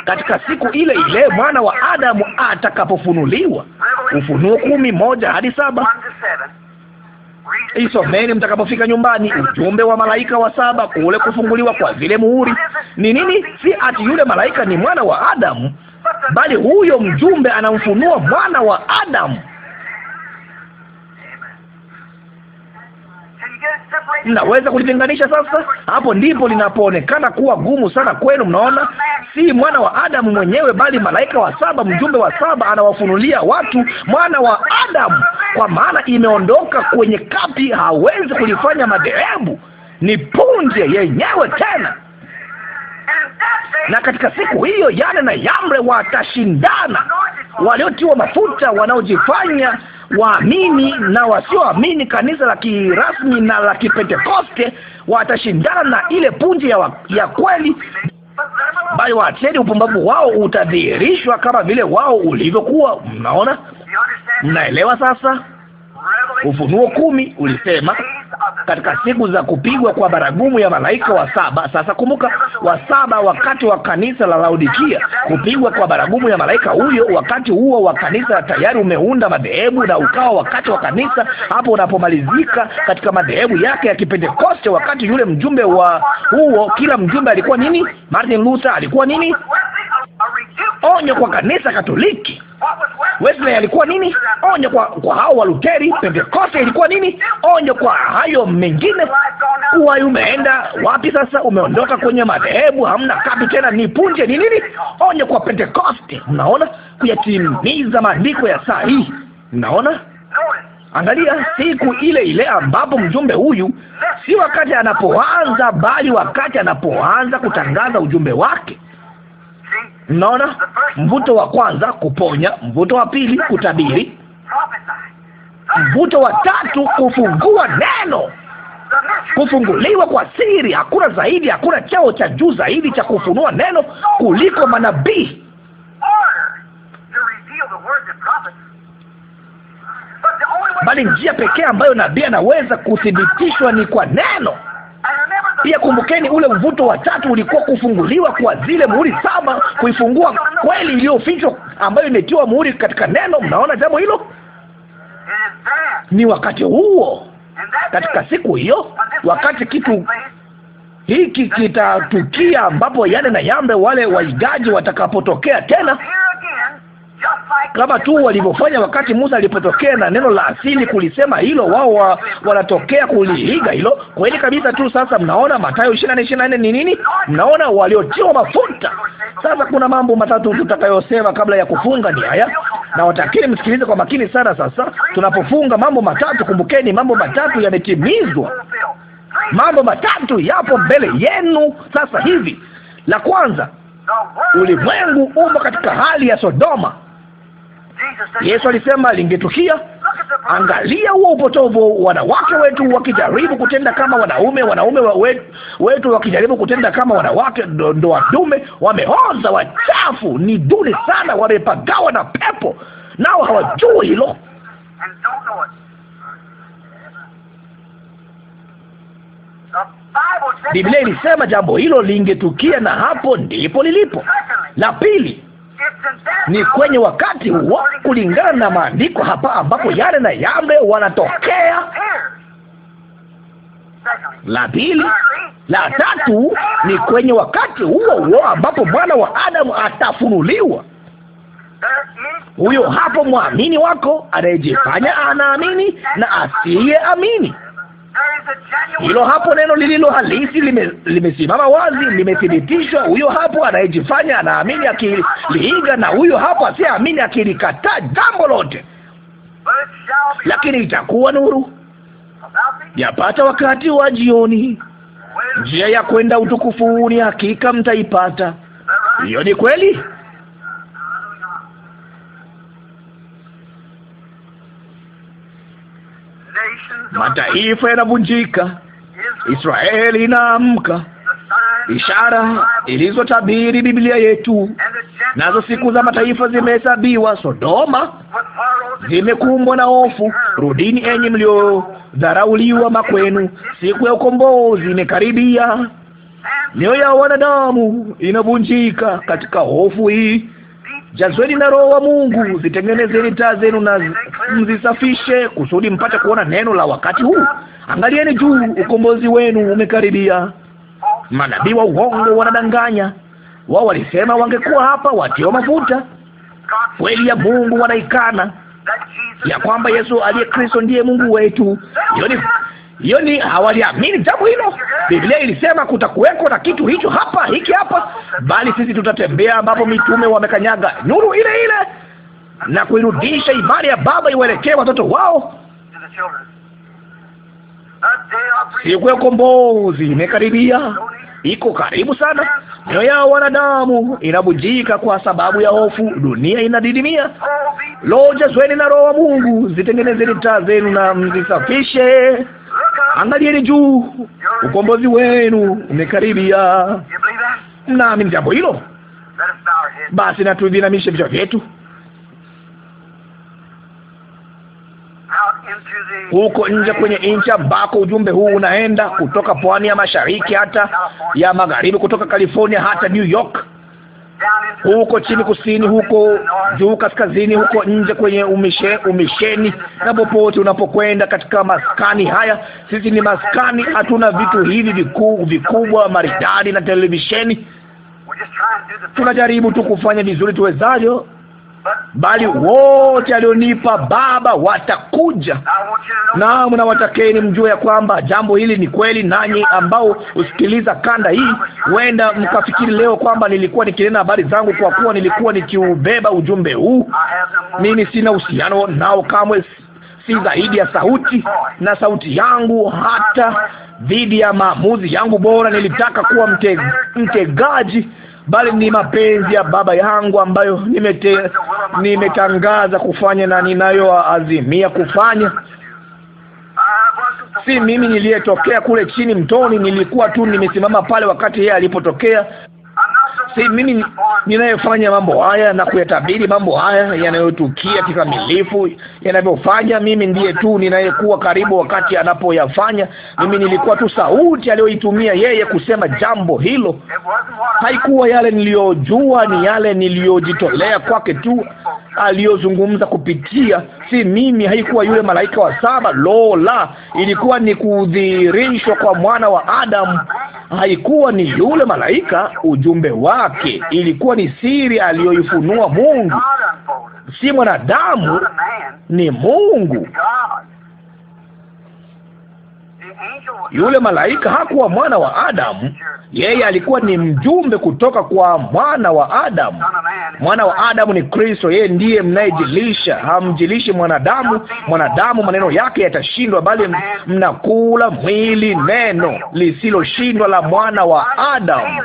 katika siku ile ile mwana wa Adamu atakapofunuliwa. Ufunuo kumi moja hadi saba. Isomeni mtakapofika nyumbani. Ujumbe wa malaika wa saba, kule kufunguliwa kwa vile muhuri ni nini? Si ati yule malaika ni mwana wa Adamu, bali huyo mjumbe anamfunua mwana wa Adamu. mnaweza kulilinganisha sasa. Hapo ndipo linapoonekana kuwa gumu sana kwenu. Mnaona, si mwana wa Adamu mwenyewe, bali malaika wa saba, mjumbe wa saba, anawafunulia watu mwana wa Adamu, kwa maana imeondoka kwenye kapi, hawezi kulifanya madhehebu, ni punje yenyewe tena na katika siku hiyo Yane na Yamre watashindana, waliotiwa mafuta wanaojifanya waamini na wasioamini, kanisa la kirasmi na la kipentekoste watashindana na ile punje ya, ya kweli, bali watendi upumbavu wao utadhihirishwa kama vile wao ulivyokuwa. Mnaona, mnaelewa sasa? Ufunuo kumi ulisema katika siku za kupigwa kwa baragumu ya malaika wa saba. Sasa kumbuka, wa saba wakati wa kanisa la Laodikia, kupigwa kwa baragumu ya malaika huyo, wakati huo wa kanisa tayari umeunda madhehebu na ukawa wakati wa kanisa hapo unapomalizika katika madhehebu yake ya Kipentekoste. Wakati yule mjumbe wa huo, kila mjumbe alikuwa nini? Martin Luther alikuwa nini? Onyo kwa kanisa Katoliki. Wesley alikuwa nini? Onyo kwa kwa hao Waluteri. Pentekoste ilikuwa nini? Onyo kwa hayo mengine. Uwai umeenda wapi sasa? Umeondoka kwenye madhehebu, hamna kapi tena, ni punje, ni nini? Onyo kwa Pentekoste. Mnaona kuyatimiza maandiko ya saa hii, mnaona Angalia siku ile ile ambapo mjumbe huyu, si wakati anapoanza, bali wakati anapoanza kutangaza ujumbe wake. Mnaona, mvuto wa kwanza kuponya, mvuto wa pili kutabiri, mvuto wa tatu kufungua neno, kufunguliwa kwa siri. Hakuna zaidi, hakuna cheo cha juu zaidi cha kufunua neno kuliko manabii bali njia pekee ambayo nabii anaweza kuthibitishwa ni kwa neno. Pia kumbukeni ule mvuto wa tatu ulikuwa kufunguliwa kwa zile muhuri saba, kuifungua kweli iliyofichwa ambayo imetiwa muhuri katika neno. Mnaona jambo hilo? Ni wakati huo, katika siku hiyo, wakati kitu hiki kitatukia, ambapo Yane na Yambe wale waigaji watakapotokea tena kama tu walivyofanya wakati Musa alipotokea na neno la asili kulisema hilo, wao wa, wanatokea kuliiga hilo kweli kabisa tu. Sasa mnaona Mathayo 24:24 ni nini? Mnaona waliotiwa mafuta. Sasa kuna mambo matatu tutakayosema kabla ya kufunga ni haya, na watakini msikilize kwa makini sana. Sasa tunapofunga mambo matatu, kumbukeni mambo matatu yametimizwa. Mambo matatu yapo mbele yenu sasa hivi. La kwanza, ulimwengu umo katika hali ya Sodoma. Yesu alisema lingetukia. Angalia huo upotovu, wanawake wetu wakijaribu kutenda kama wanaume, wanaume wetu, wetu wakijaribu kutenda kama wanawake. Ndoa dume, wameoza, wachafu, ni duni sana, wamepagawa na pepo, nao hawajui hilo. Biblia ilisema jambo hilo lingetukia, na hapo ndipo lilipo. La pili ni kwenye wakati huo, kulingana na maandiko hapa, ambapo yale na yambe wanatokea. La pili, la tatu ni kwenye wakati huo huo ambapo mwana wa Adamu atafunuliwa. Huyo hapo mwamini wako anayejifanya anaamini na asiyeamini. Hilo hapo neno lililo halisi limesimama lime wazi, limethibitishwa. Huyo hapo anayejifanya anaamini akiliiga, na huyo hapo asiyeamini akilikataa jambo lote, lakini itakuwa nuru. Yapata wakati wa jioni, njia ya kwenda utukufuni hakika mtaipata. Hiyo ni kweli. mataifa yanavunjika, Israeli inaamka, ishara ilizotabiri Biblia yetu, nazo siku za mataifa zimehesabiwa. Sodoma zimekumbwa na hofu. Rudini enyi mliodharauliwa makwenu, siku ya ukombozi imekaribia. Mioyo ya wanadamu inavunjika katika hofu hii jazweni na Roho wa Mungu, zitengenezeni taa zenu na mzisafishe, kusudi mpate kuona neno la wakati huu. Angalieni juu, ukombozi wenu umekaribia. Manabii wa uongo wanadanganya. Wao walisema wangekuwa hapa watio mafuta, kweli ya Mungu wanaikana, ya kwamba Yesu aliye Kristo ndiye Mungu wetu. Hiyo ni hiyo ni hawaliamini jambo hilo. Biblia ilisema kutakuweko na kitu hicho hapa, hiki hapa, bali sisi tutatembea ambapo mitume wamekanyaga nuru ile ile na kuirudisha ibada ya Baba iwaelekee watoto wao. Siku ya ukombozi imekaribia, iko karibu sana. Mioyo yao wanadamu inabujika kwa sababu ya hofu, dunia inadidimia. Lo, jazweni na Roho wa Mungu, zitengenezeni taa zenu na mzisafishe Angalieni juu, ukombozi wenu umekaribia. Mnaamini jambo hilo? Basi na tuvinamishe vichwa vyetu huko nje kwenye nchi ambako ujumbe huu unaenda, kutoka pwani ya mashariki hata ya magharibi, kutoka California hata New York huko chini kusini, huko juu kaskazini, huko nje kwenye umishe, umisheni na popote unapokwenda katika maskani haya. Sisi ni maskani, hatuna vitu hivi vikuu vikubwa maridadi na televisheni. Tunajaribu tu kufanya vizuri tuwezavyo bali wote alionipa Baba watakuja. Naam, na watakeni mjue ya kwamba jambo hili ni kweli. Nanyi ambao husikiliza kanda hii, huenda mkafikiri leo kwamba nilikuwa nikinena habari zangu, kwa kuwa nilikuwa nikiubeba ujumbe huu. Mimi sina uhusiano nao kamwe, si zaidi ya sauti na sauti yangu hata dhidi ya maamuzi yangu bora. Nilitaka kuwa mte, mtegaji bali ni mapenzi ya Baba yangu ambayo nimete, nimetangaza kufanya na ninayoazimia kufanya. Si mimi niliyetokea kule chini mtoni, nilikuwa tu nimesimama pale wakati yeye alipotokea si mimi ninayefanya mambo haya na kuyatabiri mambo haya yanayotukia kikamilifu yanavyofanya. Mimi ndiye tu ninayekuwa karibu wakati anapoyafanya. Mimi nilikuwa tu sauti aliyoitumia yeye kusema jambo hilo. Haikuwa yale niliyojua, ni yale niliyojitolea kwake tu aliyozungumza kupitia si mimi, haikuwa yule malaika wa saba. Lo la, ilikuwa ni kudhihirishwa kwa mwana wa Adamu. Haikuwa ni yule malaika, ujumbe wake ilikuwa ni siri aliyoifunua Mungu. Si mwanadamu, ni Mungu. Yule malaika hakuwa mwana wa Adamu. Yeye alikuwa ni mjumbe kutoka kwa mwana wa Adamu. Mwana wa Adamu ni Kristo. Yeye ndiye mnayejilisha, hamjilishi mwanadamu. Mwanadamu maneno yake yatashindwa, bali mnakula mwili, neno lisiloshindwa la mwana wa Adamu.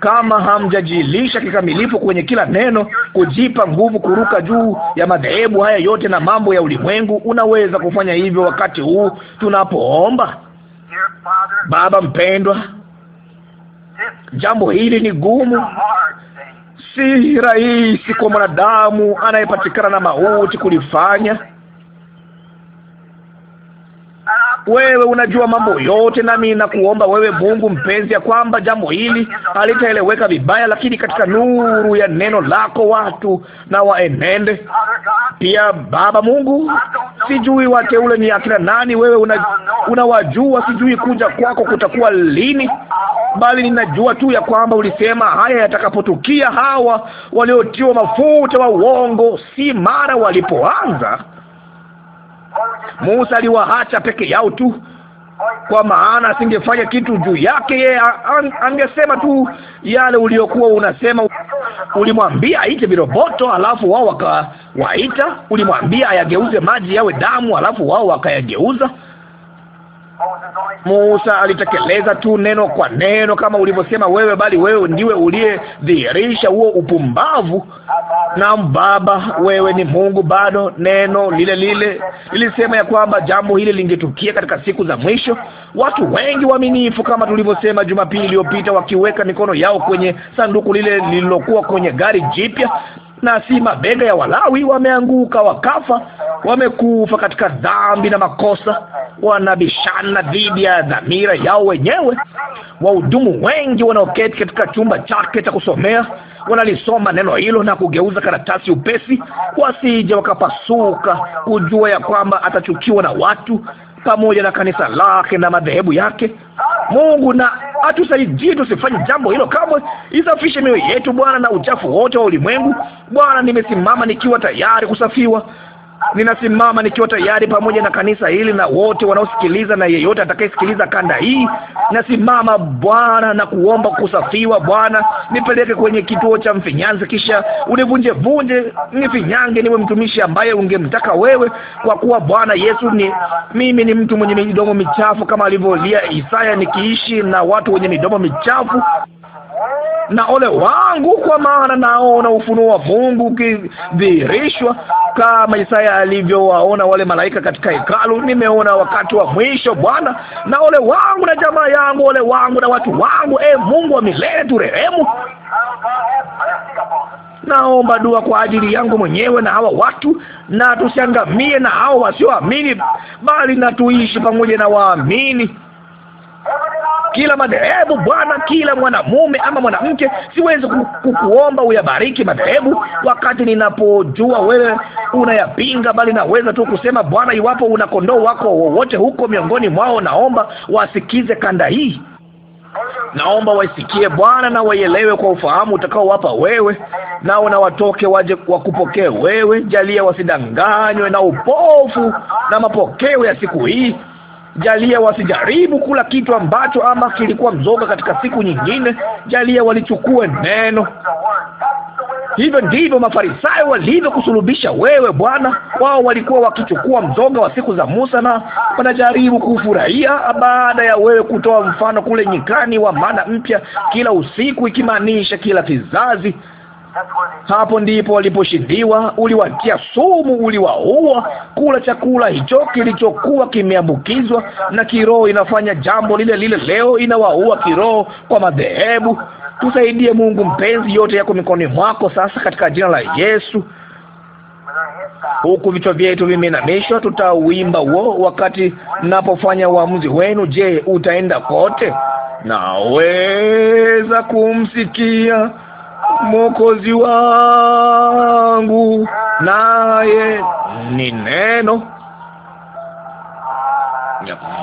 Kama hamjajilisha kikamilifu kwenye kila neno, kujipa nguvu kuruka juu ya madhehebu haya yote na mambo ya ulimwengu, unaweza kufanya hivyo wakati huu tunapoomba. Baba mpendwa, jambo hili ni gumu, si rahisi kwa mwanadamu anayepatikana na mauti kulifanya wewe unajua mambo yote, nami nakuomba wewe Mungu mpenzi, ya kwamba jambo hili halitaeleweka vibaya, lakini katika nuru ya neno lako watu na waenende pia. Baba Mungu, sijui wateule ni akina nani, wewe unawajua, una sijui kuja kwako kutakuwa lini, bali ninajua tu ya kwamba ulisema haya yatakapotukia, hawa waliotiwa mafuta wa uongo, si mara walipoanza Musa aliwaacha peke yao tu, kwa maana asingefanya kitu juu yake. Yeye angesema tu yale uliokuwa unasema. Ulimwambia aite viroboto, alafu wao wakawaita. Ulimwambia ayageuze maji yawe damu, alafu wao wakayageuza. Musa alitekeleza tu neno kwa neno kama ulivyosema wewe, bali wewe ndiwe uliyedhihirisha huo upumbavu. Naam Baba, wewe ni Mungu. Bado neno lile lile lilisema ya kwamba jambo hili lingetukia katika siku za mwisho. Watu wengi waaminifu, kama tulivyosema Jumapili iliyopita, wakiweka mikono yao kwenye sanduku lile lililokuwa kwenye gari jipya na si mabega ya Walawi. Wameanguka wakafa, wamekufa katika dhambi na makosa, wanabishana dhidi ya dhamira yao wenyewe. Wahudumu wengi wanaoketi katika chumba chake cha kusomea wanalisoma neno hilo na kugeuza karatasi upesi, wasije wakapasuka kujua ya kwamba atachukiwa na watu pamoja na kanisa lake na madhehebu yake. Mungu na atusaidie tusifanye jambo hilo kamwe. Isafishe mioyo yetu Bwana na uchafu wote wa ulimwengu. Bwana, nimesimama nikiwa tayari kusafiwa. Ninasimama nikiwa tayari pamoja na kanisa hili na wote wanaosikiliza na yeyote atakayesikiliza kanda hii. Nasimama Bwana na kuomba kusafiwa. Bwana, nipeleke kwenye kituo cha mfinyanzi, kisha univunje vunje, nifinyange, niwe mtumishi ambaye ungemtaka wewe, kwa kuwa Bwana Yesu, ni mimi ni mtu mwenye midomo michafu, kama alivyolia Isaya, nikiishi na watu wenye midomo michafu na ole wangu, kwa maana naona ufunuo wa Mungu ukidhihirishwa, kama Isaya alivyowaona wale malaika katika hekalu. Nimeona wakati wa mwisho, Bwana, na ole wangu na jamaa yangu, ole wangu na watu wangu. E Mungu wa milele, turehemu. Naomba dua kwa ajili yangu mwenyewe na hawa watu, na tusiangamie na hao wasioamini, bali na tuishi pamoja na waamini kila madhehebu Bwana, kila mwanamume ama mwanamke. Siwezi kukuomba uyabariki madhehebu wakati ninapojua wewe unayapinga, bali naweza tu kusema Bwana, iwapo una kondoo wako wowote huko miongoni mwao, naomba wasikize kanda hii naomba waisikie Bwana na waielewe kwa ufahamu utakaowapa wewe, nao na watoke waje wakupokee wewe. Jalia wasidanganywe na upofu na mapokeo ya siku hii, Jalia wasijaribu kula kitu ambacho ama kilikuwa mzoga katika siku nyingine. Jalia walichukue neno. Hivyo ndivyo Mafarisayo walivyokusulubisha wewe Bwana. Wao walikuwa wakichukua mzoga wa siku za Musa na wanajaribu kufurahia, baada ya wewe kutoa mfano kule nyikani wa mana mpya kila usiku, ikimaanisha kila kizazi. Hapo ndipo waliposhindiwa. Uliwatia sumu, uliwaua. Kula chakula hicho kilichokuwa kimeambukizwa, na kiroho inafanya jambo lile lile leo, inawaua kiroho kwa madhehebu. Tusaidie Mungu mpenzi, yote yako mikononi mwako sasa, katika jina la Yesu. Huku vichwa vyetu vimeinamishwa, tutauimba wo wakati mnapofanya uamuzi wenu. Je, utaenda kote? Naweza kumsikia Mwokozi wangu, naye ni neno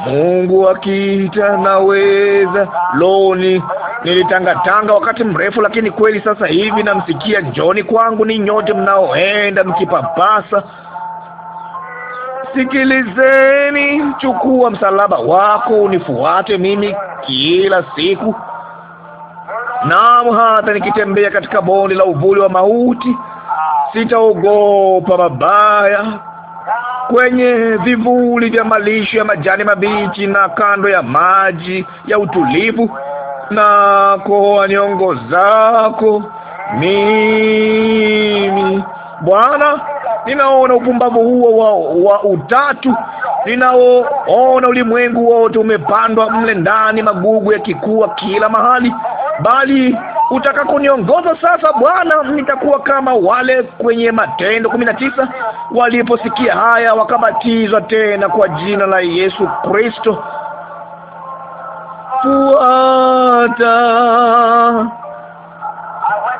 Mungu akiita naweza. Loni nilitangatanga wakati mrefu, lakini kweli sasa hivi namsikia, njoni kwangu ni nyote mnaoenda mkipapasa Sikilizeni, chukua msalaba wako unifuate mimi kila siku naam, hata nikitembea katika bonde la uvuli wa mauti sitaogopa mabaya. Kwenye vivuli vya malisho ya majani mabichi na kando ya maji ya utulivu, na kwa nyongo zako mimi Bwana, ninaona upumbavu huo wa, wa utatu, ninaoona ulimwengu wote umepandwa mle ndani, magugu yakikua kila mahali, bali kuniongoza sasa Bwana, nitakuwa kama wale kwenye Matendo kumi na tisa waliposikia haya wakabatizwa tena kwa jina la Yesu Kristo. Fuata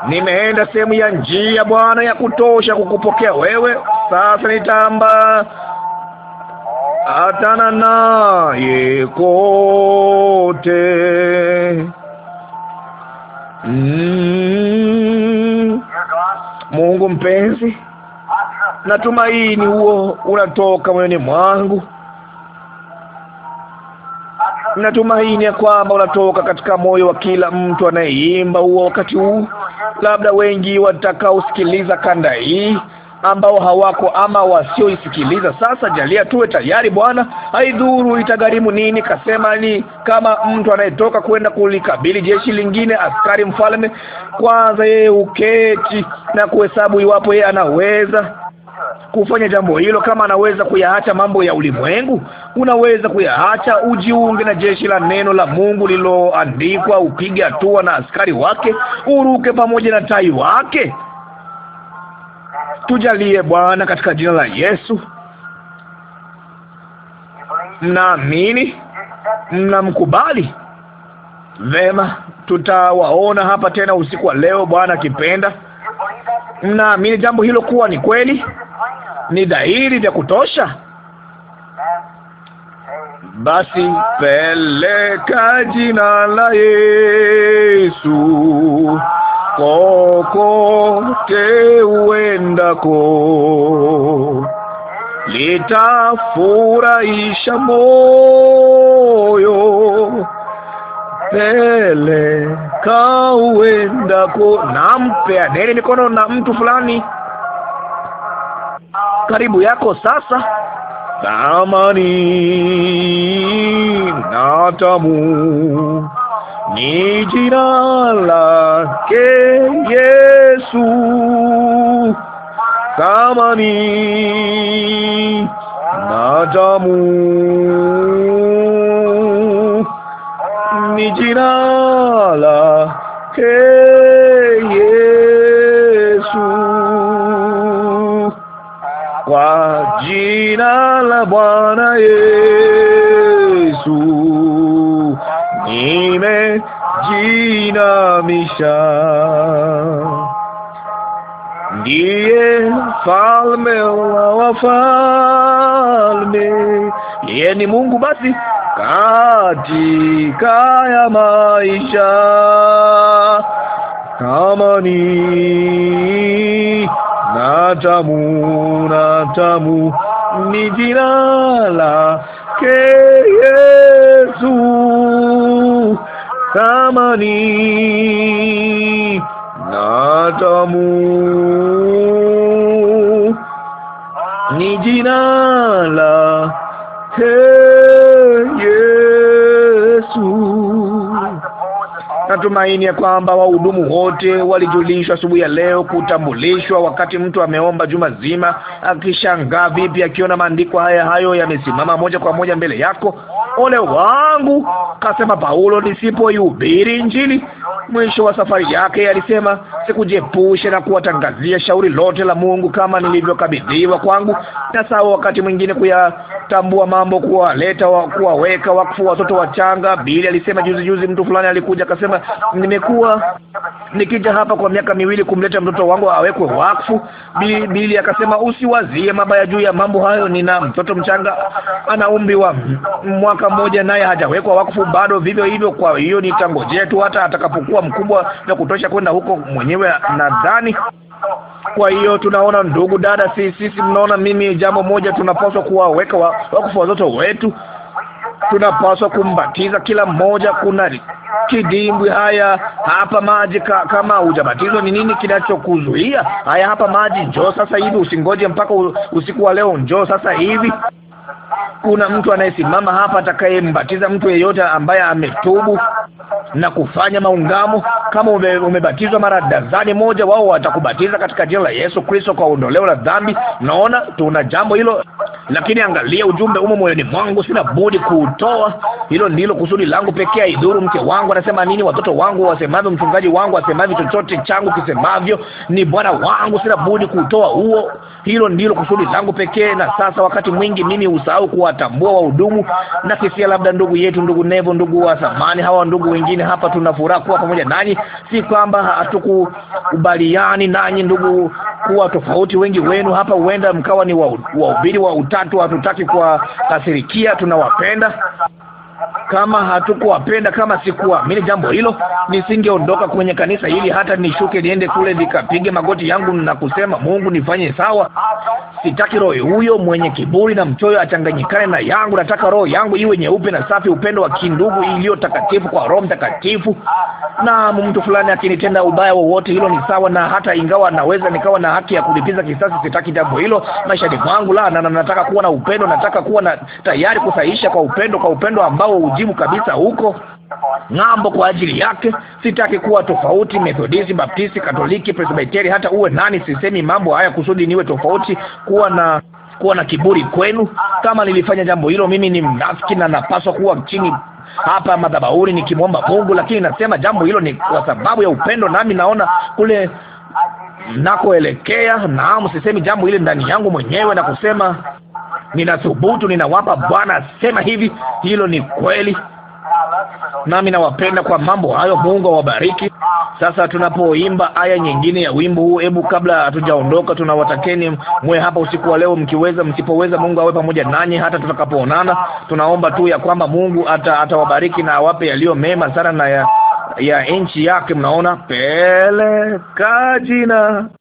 nimeenda sehemu ya njia, Bwana, ya kutosha kukupokea wewe. Sasa nitamba atana naye kote mm. Mungu mpenzi, natumaini huo unatoka moyoni mwangu, natumaini ya kwamba unatoka katika moyo wa kila mtu anayeimba huo wakati huu labda wengi watakaosikiliza kanda hii ambao hawako ama wasioisikiliza. Sasa jalia tuwe tayari Bwana, haidhuru itagharimu nini. Kasema ni kama mtu anayetoka kwenda kulikabili jeshi lingine, askari mfalme kwanza yeye uketi na kuhesabu iwapo yeye anaweza kufanya jambo hilo. Kama anaweza kuyaacha mambo ya ulimwengu, unaweza kuyaacha ujiunge na jeshi la neno la Mungu liloandikwa upige hatua na askari wake, uruke pamoja na tai wake. Tujalie Bwana, katika jina la Yesu. Mnaamini? Mnamkubali? Vema, tutawaona hapa tena usiku wa leo, Bwana akipenda. Mnaamini jambo hilo kuwa ni kweli? ni dhahiri vya kutosha. Basi peleka jina la Yesu kokote uendako, litafurahisha moyo. Peleka uendako, nampea neni mikono na mtu fulani karibu yako sasa. Thamani na tamu ni jina lake Yesu, thamani na tamu jina la Bwana Yesu nimejinamisha. Ndiye falme wa wafalme, yeye ni Mungu basi katika ya maisha kama ni na tamu na tamu ni jina lake Yesu, tamani na tamu ni jina lake matumaini ya kwamba wahudumu wote walijulishwa asubuhi ya leo, kutambulishwa wakati mtu ameomba juma zima, akishangaa vipi akiona maandiko haya hayo yamesimama moja kwa moja mbele yako. Ole wangu, kasema Paulo, nisipoihubiri Injili. Mwisho wa safari yake alisema, sikujiepushe na kuwatangazia shauri lote la Mungu kama nilivyokabidhiwa kwangu, na sawa wakati mwingine kuyatambua mambo, kuwaleta wa, kuwaweka wakfu watoto wachanga. Bili alisema juzi juzi, mtu fulani alikuja akasema, nimekuwa nikija hapa kwa miaka miwili kumleta mtoto wangu awekwe wakfu. Bili, Bili akasema, usiwazie mabaya juu ya mambo hayo, nina mtoto mchanga ana umri wa mwaka mmoja, naye hajawekwa wakfu bado, vivyo hivyo. Kwa hiyo nitangojea tu hata atakapo hakukuwa mkubwa vya kutosha kwenda huko mwenyewe, nadhani. Kwa hiyo tunaona, ndugu dada, si sisi, mnaona, mimi, jambo moja, tunapaswa kuwaweka wakufu watoto wetu tunapaswa kumbatiza kila mmoja. Kuna kidimbwi, haya hapa maji. Ka, kama hujabatizwa ni nini kinachokuzuia? Haya hapa maji, njoo sasa hivi, usingoje mpaka usiku wa leo, njoo sasa hivi kuna mtu anayesimama hapa atakayembatiza mtu yeyote ambaye ametubu na kufanya maungamo. Kama ume, umebatizwa mara dazani moja, wao watakubatiza katika jina la Yesu Kristo kwa ondoleo la dhambi. Naona tuna jambo hilo, lakini angalia, ujumbe umo moyoni mwangu, sina budi kuutoa. Hilo ndilo kusudi langu pekee. Idhuru mke wangu anasema nini, watoto wangu wasemavyo, mchungaji wangu asemavyo, chochote changu kisemavyo, ni Bwana wangu, sina budi kuutoa huo hilo ndilo kusudi langu pekee. Na sasa, wakati mwingi mimi husahau kuwatambua wahudumu, na kisia labda ndugu yetu, ndugu Nevo, ndugu wa zamani, hawa ndugu wengine hapa, tuna furaha kuwa pamoja nanyi. Si kwamba hatukubaliani nanyi, ndugu, kuwa tofauti. Wengi wenu hapa huenda mkawa ni wahubiri wa, wa utatu. Hatutaki kuwakasirikia, tunawapenda kama hatukuwapenda, kama sikuamini jambo hilo, nisingeondoka kwenye kanisa hili, hata nishuke niende kule nikapige magoti yangu na kusema, Mungu nifanye sawa. Sitaki roho huyo mwenye kiburi na mchoyo achanganyikane na yangu. Nataka roho yangu iwe nyeupe na safi, upendo wa kindugu iliyo takatifu kwa Roho Mtakatifu. Na mtu fulani akinitenda ubaya wowote, hilo ni sawa, na hata ingawa naweza nikawa na haki ya kulipiza kisasi, sitaki jambo hilo maishani mwangu. La, na nataka kuwa na upendo, nataka kuwa na tayari kusaisha kwa upendo, kwa upendo ambao ujibu kabisa huko ng'ambo kwa ajili yake. Sitaki kuwa tofauti, Methodisti, Baptisti, Katoliki, Presbiteri, hata uwe nani. Sisemi mambo haya kusudi niwe tofauti, kuwa na kuwa na kiburi kwenu. Kama nilifanya jambo hilo, mimi ni mnafiki na napaswa kuwa chini hapa madhabahuni nikimwomba Mungu, lakini nasema jambo hilo ni kwa sababu ya upendo, nami naona kule nakoelekea. Naam, sisemi jambo hili ndani yangu mwenyewe na kusema ninathubutu, ninawapa Bwana asema hivi, hilo ni kweli, nami nawapenda kwa mambo hayo. Mungu awabariki. Sasa tunapoimba aya nyingine ya wimbo huu, hebu kabla hatujaondoka, tunawatakeni mwe hapa usiku wa leo mkiweza. Msipoweza, Mungu awe pamoja nanyi hata tutakapoonana. Tunaomba tu ya kwamba Mungu ata, atawabariki na awape yaliyo mema sana na ya ya que yake mnaona, pele kajina